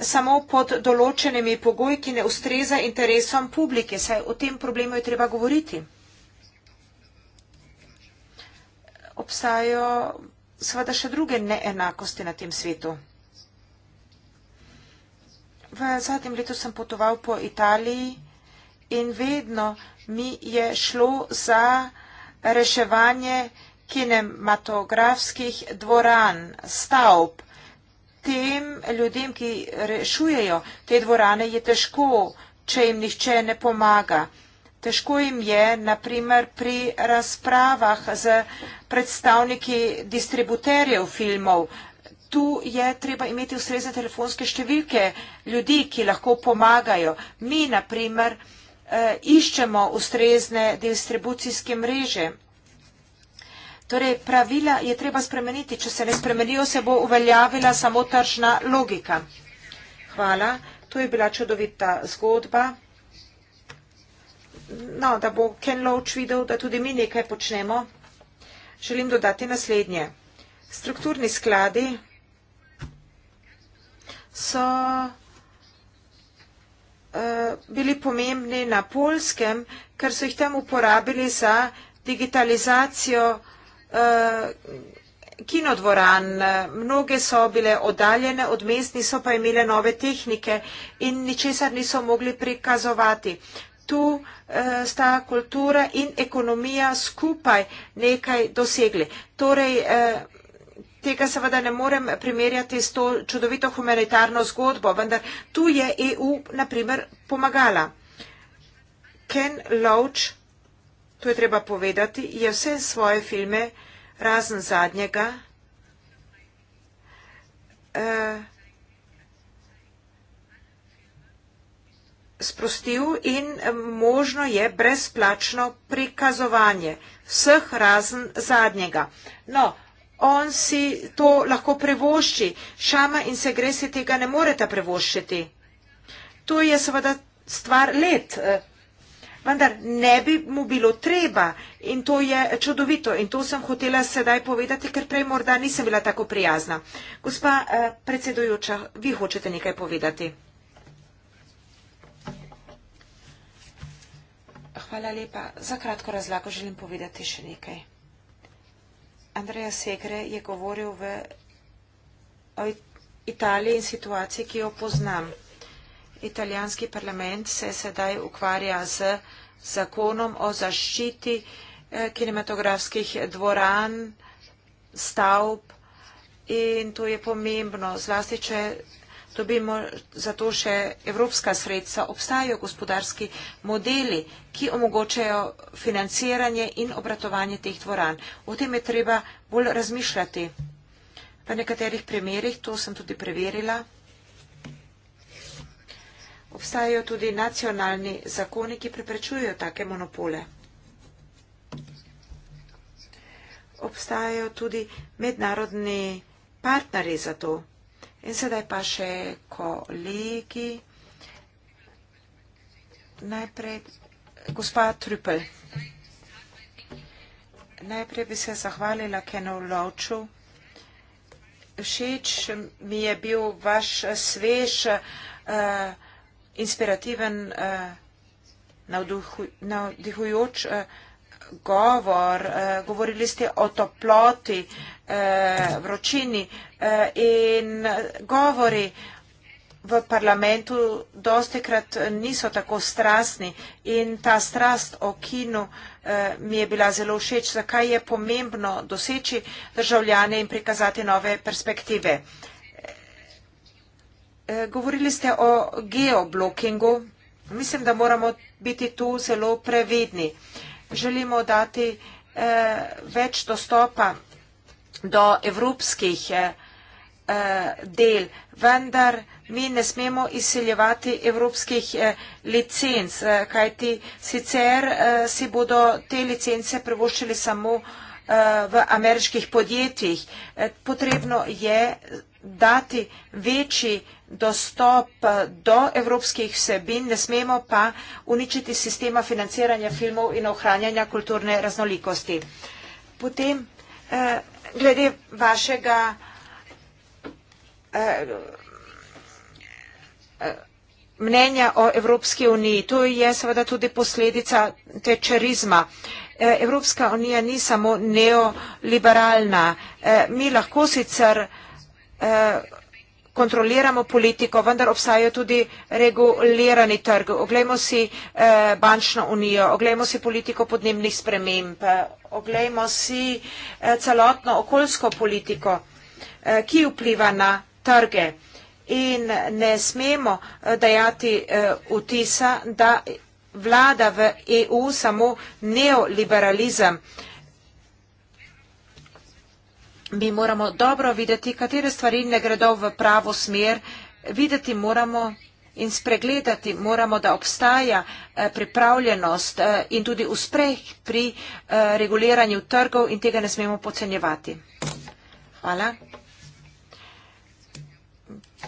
samo pod določenimi pogoji, ki ne ustreza interesom publike. Saj o tem problemu je treba govoriti. obstajajo seveda še druge neenakosti na tem svetu. V zadnjem letu sem potoval po Italiji in vedno mi je šlo za reševanje kinematografskih dvoran, stavb. Tem ljudem, ki rešujejo te dvorane, je težko, če jim nihče ne pomaga. Težko jim je, naprimer, pri razpravah z predstavniki distributerjev filmov. Tu je treba imeti ustrezne telefonske številke ljudi, ki lahko pomagajo. Mi, naprimer, eh, iščemo ustrezne distribucijske mreže. Torej, pravila je treba spremeniti. Če se ne spremenijo, se bo uveljavila samo tržna logika. Hvala. To je bila čudovita zgodba no, da bo Ken Loach videl, da tudi mi nekaj počnemo, želim dodati naslednje. Strukturni skladi so uh, bili pomembni na polskem, ker so jih tam uporabili za digitalizacijo uh, kinodvoran. Mnoge so bile oddaljene od mest, niso pa imele nove tehnike in ničesar niso mogli prikazovati tu eh, sta kultura in ekonomija skupaj nekaj dosegli. Torej, eh, Tega seveda ne morem primerjati s to čudovito humanitarno zgodbo, vendar tu je EU naprimer pomagala. Ken Loach, to je treba povedati, je vse svoje filme, razen zadnjega, eh, sprostil in možno je brezplačno prikazovanje vseh razen zadnjega. No, on si to lahko prevošči, šama in se gresi tega ne moreta prevoščiti. To je seveda stvar let, e, vendar ne bi mu bilo treba in to je čudovito in to sem hotela sedaj povedati, ker prej morda nisem bila tako prijazna. Gospa e, predsedujoča, vi hočete nekaj povedati. Hvala lepa. Za kratko razlago želim povedati še nekaj. Andreja Segre je govoril v, o Italiji in situaciji, ki jo poznam. Italijanski parlament se sedaj ukvarja z zakonom o zaščiti eh, kinematografskih dvoran, stavb in to je pomembno, zlasti če dobimo za to še evropska sredstva, obstajajo gospodarski modeli, ki omogočajo financiranje in obratovanje teh dvoran. O tem je treba bolj razmišljati. V nekaterih primerjih, to sem tudi preverila, obstajajo tudi nacionalni zakoni, ki preprečujejo take monopole. Obstajajo tudi mednarodni partnerji za to. In sedaj pa še kolegi. Najprej, gospa Trupel. Najprej bi se zahvalila Kenu Lovču. Všeč mi je bil vaš svež, uh, inspirativen, uh, navdihujoč. Uh, govor, eh, govorili ste o toploti, eh, vročini eh, in govori v parlamentu dostekrat niso tako strastni in ta strast o kinu mi je bila zelo všeč, zakaj je pomembno doseči državljane in prikazati nove perspektive. Govorili ste o geoblockingu. Mislim, da moramo biti tu zelo previdni želimo dati eh, več dostopa do evropskih eh, eh, del, vendar mi ne smemo izseljevati evropskih licenc, kajti sicer si bodo te licence prevoščili samo v ameriških podjetjih. Potrebno je dati večji dostop eh, do evropskih vsebin, ne smemo pa uničiti sistema financiranja filmov in ohranjanja kulturne raznolikosti. Potem, eh, glede vašega eh, eh, mnenja o Evropski uniji, to je seveda tudi posledica tečerizma. Eh, Evropska unija ni samo neoliberalna. Eh, mi lahko sicer eh, kontroliramo politiko, vendar obstajajo tudi regulirani trg. Oglejmo si eh, bančno unijo, oglejmo si politiko podnebnih sprememb, eh, oglejmo si eh, celotno okoljsko politiko, eh, ki vpliva na trge. In ne smemo eh, dajati eh, vtisa, da vlada v EU samo neoliberalizem. Eh, mi moramo dobro videti, katere stvari ne gredo v pravo smer, videti moramo in spregledati moramo, da obstaja eh, pripravljenost eh, in tudi uspeh pri eh, reguliranju trgov in tega ne smemo pocenjevati. Hvala.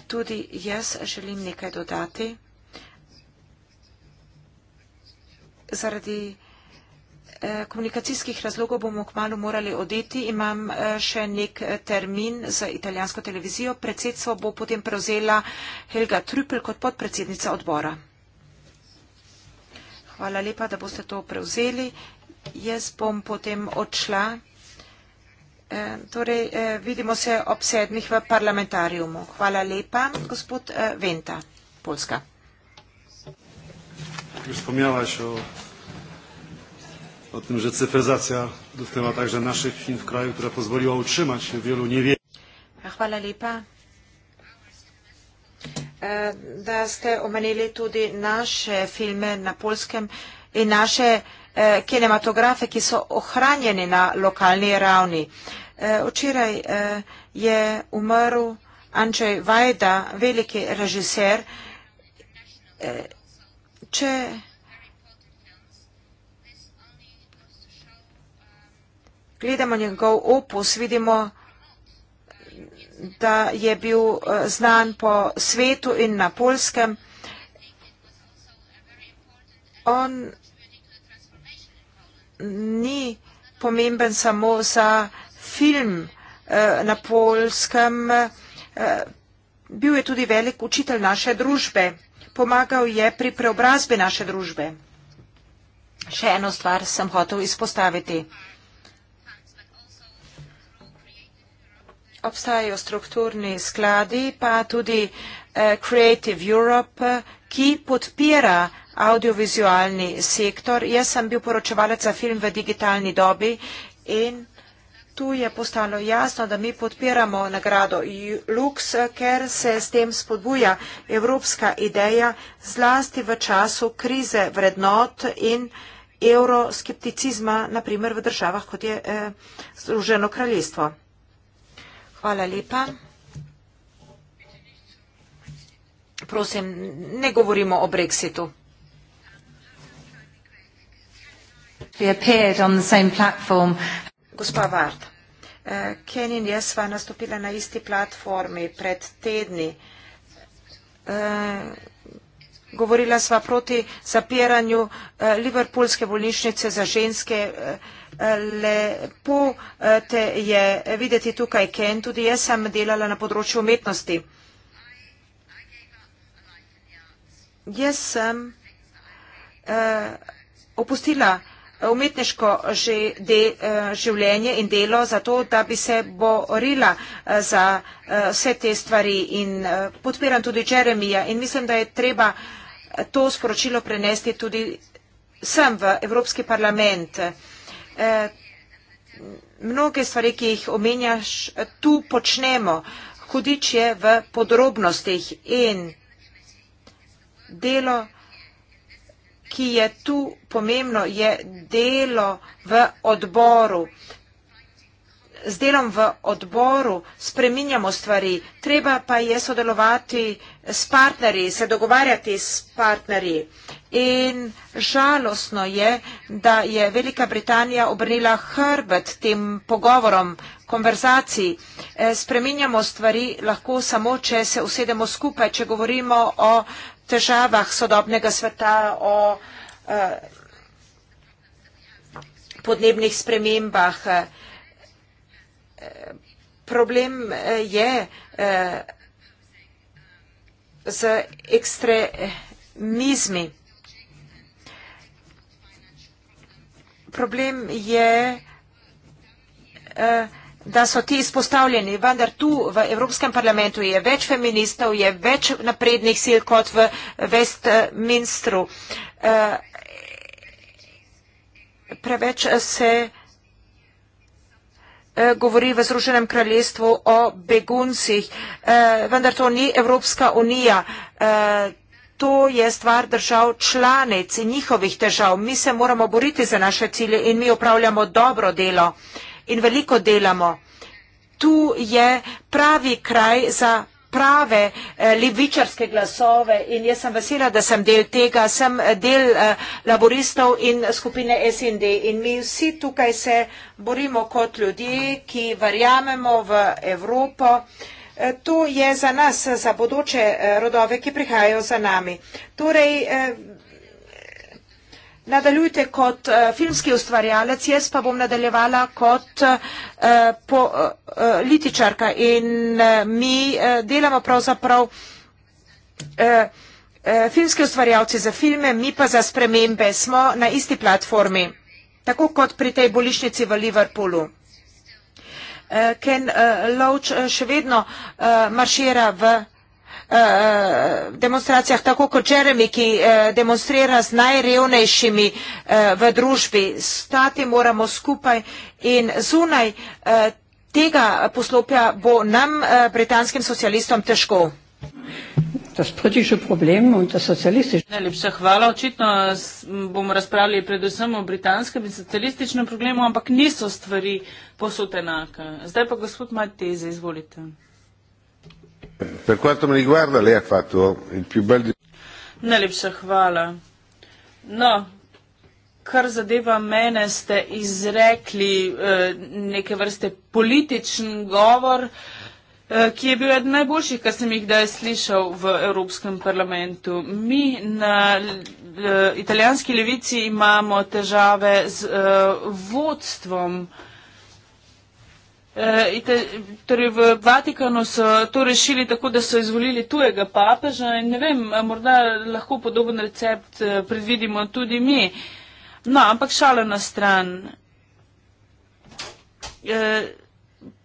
Tudi jaz želim nekaj dodati. Zaradi Eh, komunikacijskih razlogov bomo kmalo morali odeti. Imam eh, še nek eh, termin za italijansko televizijo. Predsedstvo bo potem prevzela Helga Trüppel kot podpredsednica odbora. Hvala lepa, da boste to prevzeli. Jaz bom potem odšla. Torej, vidimo se ob sedmih v parlamentarijumu. Hvala lepa, gospod Venta, Polska. Gospod Mjavaš, o tym, że cyfryzacja dotknęła także naszych firm w kraju, która pozwoliła utrzymać się wielu niewielu. Chwala lepa. E, da ste omenili tudi naše filme na polskem in naše eh, kinematografe, ki so ohranjeni na lokalni ravni. Eh, včeraj eh, je umrl Andrzej Vajda, veliki režiser. Eh, če gledamo njegov opus, vidimo, da je bil eh, znan po svetu in na polskem. On ni pomemben samo za film eh, na polskem, eh, bil je tudi velik učitelj naše družbe, pomagal je pri preobrazbi naše družbe. Še eno stvar sem hotel izpostaviti. obstajajo strukturni skladi, pa tudi eh, Creative Europe, ki podpira audiovizualni sektor. Jaz sem bil poročevalec za film v digitalni dobi in tu je postalo jasno, da mi podpiramo nagrado Lux, ker se s tem spodbuja evropska ideja zlasti v času krize vrednot in euroskepticizma, naprimer v državah, kot je eh, Združeno kraljestvo. Hvala lepa. Prosim, ne govorimo o Brexitu. Gospa Vard, eh, Ken in jaz sva nastopila na isti platformi pred tedni. Eh, govorila sva proti zapiranju eh, Liverpoolske bolnišnice za ženske bolnišnice lepo eh, te je videti tukaj, Ken. Tudi jaz sem delala na področju umetnosti. Jaz sem uh, opustila umetniško že de, uh, življenje in delo zato, da bi se borila uh, za uh, vse te stvari in uh, podpiram tudi Jeremija in mislim, da je treba to sporočilo prenesti tudi sem v Evropski parlament. Uh, Eh, mnoge stvari, ki jih omenjaš, tu počnemo. Hudič je v podrobnostih in delo, ki je tu pomembno, je delo v odboru z delom v odboru spreminjamo stvari, treba pa je sodelovati s partnerji, se dogovarjati s partnerji. In žalostno je, da je Velika Britanija obrnila hrbet tem pogovorom, konverzaciji. Eh, spreminjamo stvari lahko samo, če se usedemo skupaj, če govorimo o težavah sodobnega sveta, o eh, podnebnih spremembah, eh, problem eh, je eh, z ekstremizmi. Problem je, eh, da so ti izpostavljeni, vendar tu v Evropskem parlamentu je več feministov, je več naprednih sil kot v Westminstru. Preveč se Eh, govori v Združenem kraljestvu o beguncih, eh, vendar to ni Evropska unija. Eh, to je stvar držav članic in njihovih težav. Mi se moramo boriti za naše cilje in mi upravljamo dobro delo in veliko delamo. Tu je pravi kraj za prave eh, levičarske glasove in jaz sem vesela, da sem del tega. Sem eh, del eh, laboristov in skupine SND in mi vsi tukaj se borimo kot ljudje, ki verjamemo v Evropo. To je za nas, za bodoče rodove, ki prihajajo za nami. Torej, nadaljujte kot uh, filmski ustvarjalec, jaz pa bom nadaljevala kot uh, eh, političarka. Eh, in uh, mi uh, delamo pravzaprav uh, uh, filmski ustvarjalci za filme, mi pa za spremembe smo na isti platformi, tako kot pri tej bolišnici v Liverpoolu. Uh, Ken uh, Loach uh, še vedno uh, maršira v. Eh, eh, demonstracijah, tako kot Jeremy, ki eh, demonstrira z najrevnejšimi v družbi. Stati moramo skupaj in zunaj tega poslopja bo nam, britanskim socialistom, težko. Najlepša hvala. Očitno bomo razpravljali predvsem o britanskem in socialističnem problemu, ampak niso stvari posutenake. Zdaj pa gospod Matteze, izvolite. Per quanto mi riguarda, lei ha fatto il più bel discorso. Najlepša hvala. No, kar zadeva mene, ste izrekli eh, neke vrste političen govor, eh, ki je bil eden najboljših, kar sem jih daj slišal v Evropskem parlamentu. Mi na eh, italijanski levici imamo težave z eh, vodstvom. Uh, eh, te, torej v Vatikanu so to rešili tako, da so izvolili tujega papeža in ne vem, morda lahko podoben recept eh, predvidimo tudi mi. No, ampak šala na stran. Uh,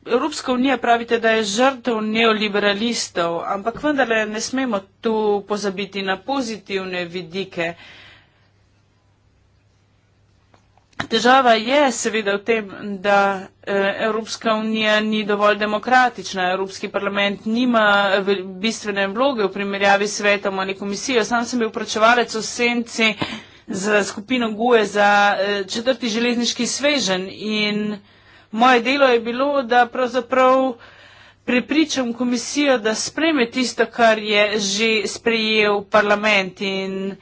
Evropska unija pravite, da je žrtev neoliberalistov, ampak vendarle ne smemo tu pozabiti na pozitivne vidike. Uh, Težava je seveda v tem, da eh, Evropska unija ni dovolj demokratična, Evropski parlament nima eh, bistvene vloge v primerjavi s svetom ali komisijo. Sam sem bil pračevalec v senci za skupino GUE za eh, četrti železniški svežen in moje delo je bilo, da pravzaprav prepričam komisijo, da spreme tisto, kar je že sprejel parlament. In, uh,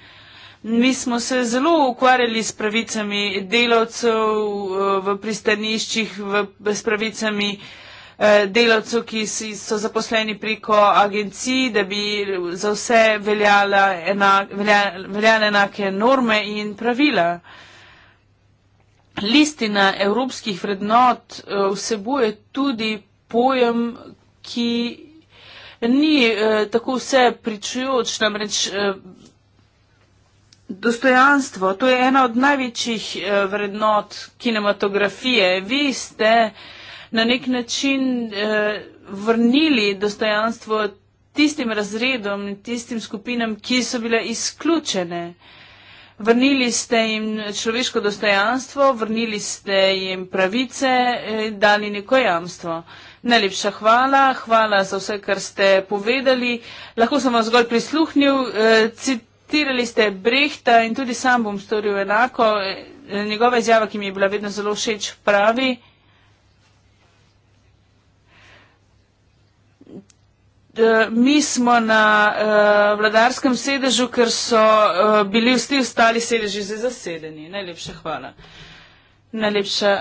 Mi smo se zelo ukvarjali s pravicami delavcev eh, v pristaniščih, v, s pravicami eh, delavcev, ki so zaposleni preko agencij, da bi za vse veljala enak, velja, veljale enake norme in pravila. Listina evropskih vrednot eh, vsebuje tudi pojem, ki ni eh, tako vse pričujoč, namreč. Eh, Dostojanstvo, to je ena od največjih eh, vrednot kinematografije. Vi ste na nek način eh, vrnili dostojanstvo tistim razredom in tistim skupinam, ki so bile izključene. Vrnili ste jim človeško dostojanstvo, vrnili ste jim pravice, eh, dali neko jamstvo. Najlepša hvala, hvala za vse, kar ste povedali. Lahko sem vam zgolj prisluhnil. Eh, Citirali ste Brehta in tudi sam bom storil enako. E, njegova izjava, ki mi je bila vedno zelo všeč, pravi, da e, mi smo na uh, vladarskem sedežu, ker so uh, bili vsi ostali sedeži zdaj zasedeni. Najlepša hvala. Najlepša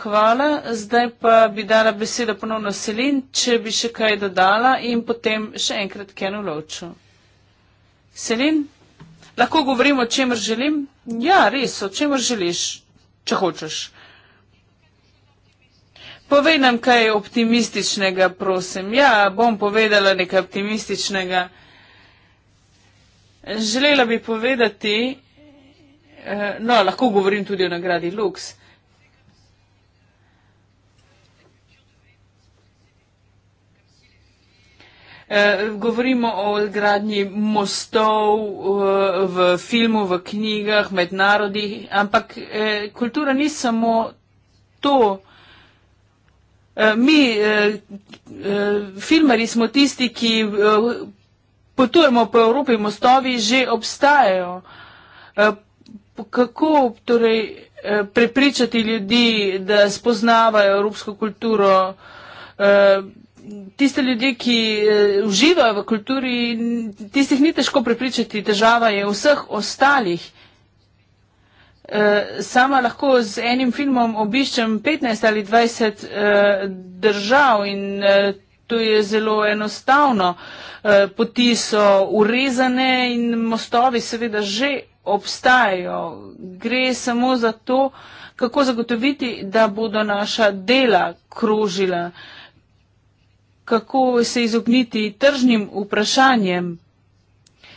hvala. Zdaj pa bi dala besedo ponovno Selin, če bi še kaj dodala in potem še enkrat Kenu Lovču. Selen, lahko govorim o čemer želim? Ja, res, o čemer želiš, če hočeš. Povej nam kaj optimističnega, prosim. Ja, bom povedala nekaj optimističnega. Želela bi povedati, eh, no, lahko govorim tudi o nagradi Lux. Eh, govorimo o gradnji mostov eh, v filmu, v knjigah, med narodi, ampak eh, kultura ni samo to. Mi, filmari, smo tisti, ki potujemo po Evropi, mostovi že obstajajo. Kako torej, prepričati ljudi, da spoznavajo evropsko kulturo? tiste ljudi, ki uh, uživajo v kulturi, tistih ni težko prepričati, težava je vseh ostalih. Uh, sama lahko z enim filmom obiščem 15 ali 20 uh, eh, držav in uh, to je zelo enostavno. Uh, poti so urezane in mostovi seveda že obstajajo. Gre samo za to, kako zagotoviti, da bodo naša dela krožila. Uh, kako se izogniti tržnim vprašanjem.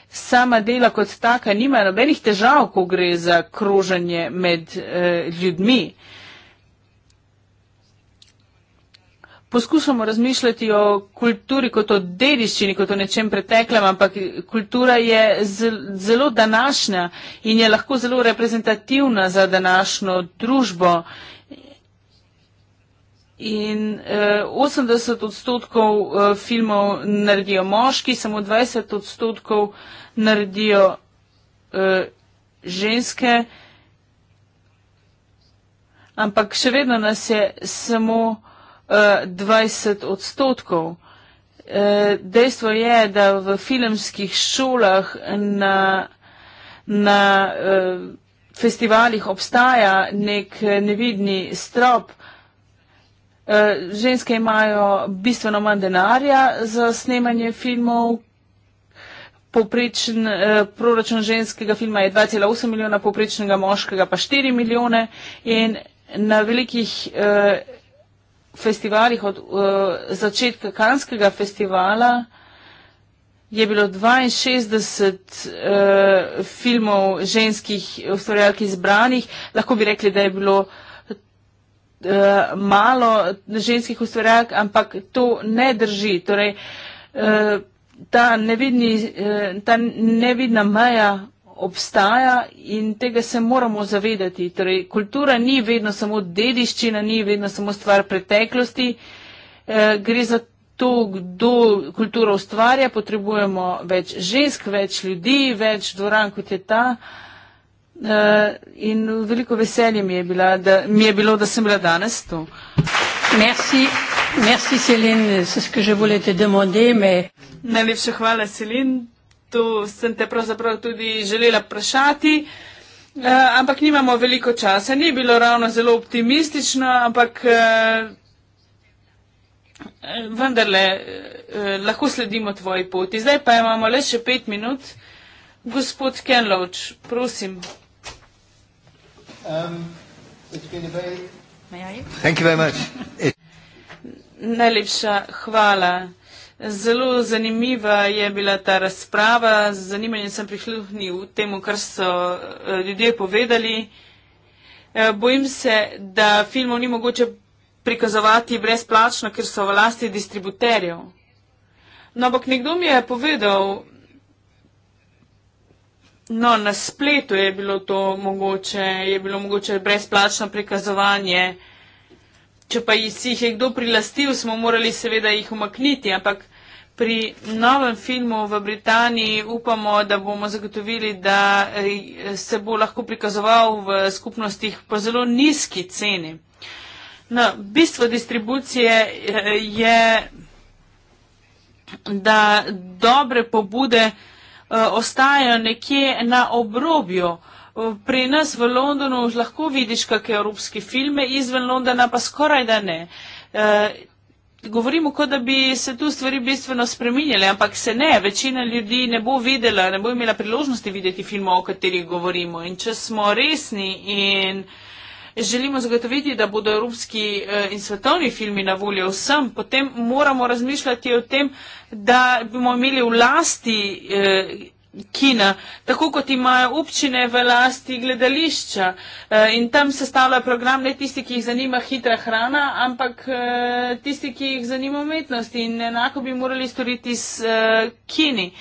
Sama dela kot taka nima nobenih težav, ko gre za kroženje med eh, ljudmi. Poskušamo razmišljati o kulturi kot o dediščini, kot o nečem preteklem, ampak kultura je zelo današnja in je lahko zelo reprezentativna za današnjo družbo. Eh, in eh, 80 odstotkov eh, filmov naredijo moški, samo 20 odstotkov naredijo eh, ženske, ampak še vedno nas je samo eh, 20 odstotkov. Eh, dejstvo je, da v filmskih šolah na, na eh, festivalih obstaja nek eh, nevidni strop, Eh, ženske imajo bistveno manj denarja za snemanje filmov. Poprečen eh, proračun ženskega filma je 2,8 milijona, poprečnega moškega pa 4 milijone in na velikih eh, festivalih od eh, začetka Kanskega festivala je bilo 62 eh, filmov ženskih ustvarjalk izbranih. Lahko bi rekli, da je bilo eh, Eh, malo ženskih ustvarjalk, ampak to ne drži. Torej, eh, ta, nevidni, eh, ta nevidna meja obstaja in tega se moramo zavedati. Torej, kultura ni vedno samo dediščina, ni vedno samo stvar preteklosti. Gre za to, kdo kulturo ustvarja. Potrebujemo več žensk, več ljudi, več dvoran kot je ta. Eh, in veliko veselje mi je, bila, da, mi je bilo, da sem bila danes tu. Merci. Merci, Celine, c'est ce que je voulais te demander, mais... Najlepša hvala, Celine. To sem te pravzaprav tudi želela vprašati, e, ampak nimamo veliko časa. Ni bilo ravno zelo optimistično, ampak e, vendarle e, lahko sledimo tvoji poti. Zdaj pa imamo le še pet minut. Gospod Kenloč, prosim. Um, it's been a very... May I? Thank you very much. It... Najlepša hvala. Zelo zanimiva je bila ta razprava, z zanimanjem sem prihluhnil temu, kar so eh, ljudje povedali. Eh, bojim se, da filmov ni mogoče prikazovati brezplačno, ker so v lasti distributerjev. No, ampak nekdo mi je povedal, No, na spletu je bilo to mogoče, je bilo mogoče brezplačno prikazovanje. Če pa jih je kdo prilastil, smo morali seveda jih umakniti, ampak pri novem filmu v Britaniji upamo, da bomo zagotovili, da eh, se bo lahko prikazoval v skupnostih po zelo nizki ceni. No, bistvo distribucije eh, je, da dobre pobude. Eh, ostajajo nekje na obrobju. Eh, pri nas v Londonu lahko vidiš kakšne evropske filme, izven Londona pa skoraj da ne. Eh, govorimo, kot da bi se tu stvari bistveno spreminjale, ampak se ne. Večina ljudi ne bo videla, ne bo imela priložnosti videti filmov, o katerih govorimo. In če smo resni in uh, želimo zagotoviti, da bodo evropski eh, in svetovni filmi na voljo vsem, potem moramo razmišljati o tem, da bomo imeli v lasti eh, kina, tako kot imajo občine v lasti gledališča eh, in tam se stavlja program ne tisti, ki jih zanima hitra hrana, ampak tisti, ki jih zanima umetnost in enako bi morali storiti s kini.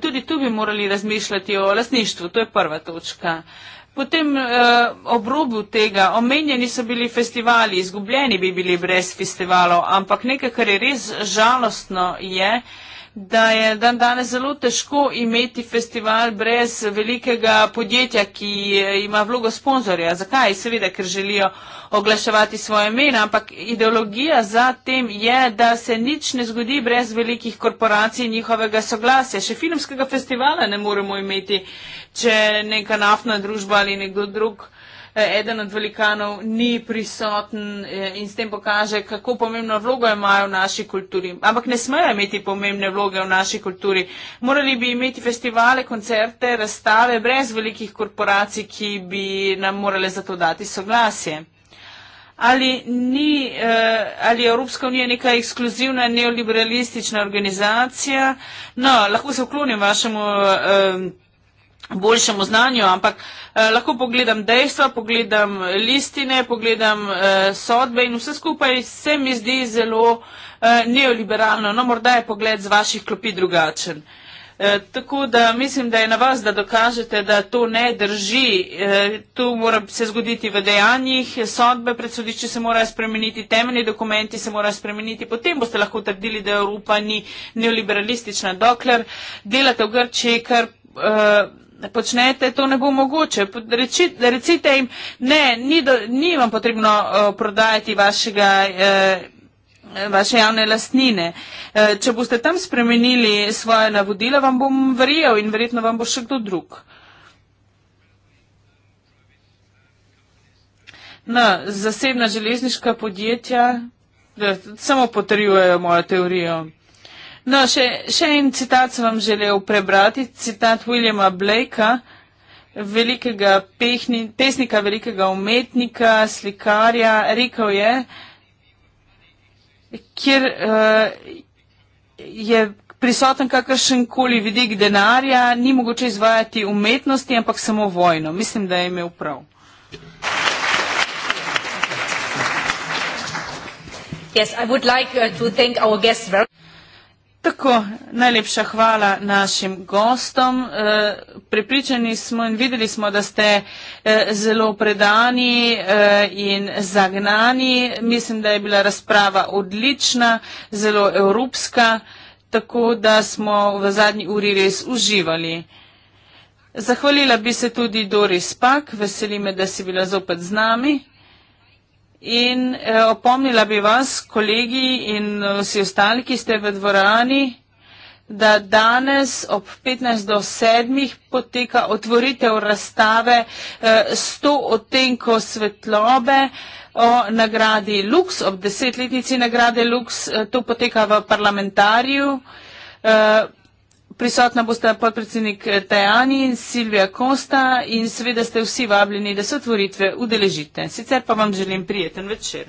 Tudi tu bi morali razmišljati o lasništvu, to je prva točka. Potem eh, ob robu tega, omenjeni so bili festivali, izgubljeni bi bili brez festivalov, ampak nekaj, kar je res žalostno, je, eh, da je dan danes zelo težko imeti festival brez velikega podjetja, ki eh, ima vlogo sponzorja. Zakaj? Seveda, ker želijo oglaševati svoje imena, ampak ideologija za tem je, da se nič ne zgodi brez velikih korporacij in njihovega soglasja. Še filmskega festivala ne moremo imeti, če neka naftna družba ali nekdo drug uh, Eh, eden od velikanov ni prisoten eh, in s tem pokaže, kako pomembno vlogo imajo v naši kulturi. Ampak ne smejo imeti pomembne vloge v naši kulturi. Morali bi imeti festivale, koncerte, razstave brez velikih korporacij, ki bi nam morale za to dati soglasje. Ali, ni, eh, ali je Evropska unija neka ekskluzivna neoliberalistična organizacija? No, lahko se oklonim vašemu. Um, boljšemu znanju, ampak eh, lahko pogledam dejstva, pogledam listine, pogledam eh, sodbe in vse skupaj se mi zdi zelo eh, neoliberalno. No, morda je pogled z vaših klopi drugačen. Eh, tako da mislim, da je na vas, da dokažete, da to ne drži. Eh, to mora se zgoditi v dejanjih, sodbe pred sodišči se morajo spremeniti, temeljni dokumenti se morajo spremeniti. Potem boste lahko trdili, da Evropa ni neoliberalistična, dokler delate v Grčiji, kar eh, počnete, to ne bo mogoče. Reči, recite jim, ne, ni, do, ni vam potrebno uh, prodajati vašega. Uh, vaše javne lastnine. E, če boste tam spremenili svoje navodila, vam bom verjel in verjetno vam bo še kdo drug. No, zasebna železniška podjetja samo potrjujejo mojo teorijo. No, še, še en citat sem vam želel prebrati, citat Williama Blakea, velikega pehni, pesnika, velikega umetnika, slikarja, rekel je, kjer uh, je prisoten kakršen koli vidik denarja, ni mogoče izvajati umetnosti, ampak samo vojno. Mislim, da je imel prav. Yes, I would like uh, to thank our guests very much. Tako, najlepša hvala našim gostom. Eh, Pripričani smo in videli smo, da ste eh, zelo predani eh, in zagnani. Mislim, da je bila razprava odlična, zelo evropska, tako da smo v zadnji uri res uživali. Zahvalila bi se tudi Doris Pak, veseli me, da si bila zopet z nami. In eh, opomnila bi vas, kolegi in eh, vsi ostali, ki ste v dvorani, da danes ob 15 do 7 poteka otvoritev razstave eh, 100 odtenkov svetlobe o nagradi Lux, ob desetletnici nagrade Lux, eh, to poteka v parlamentariju. Eh, Prisotna boste podpredsednik eh, Tajani in Silvija Kosta in seveda ste vsi vabljeni, da se otvoritve udeležite. Sicer pa vam želim prijeten večer.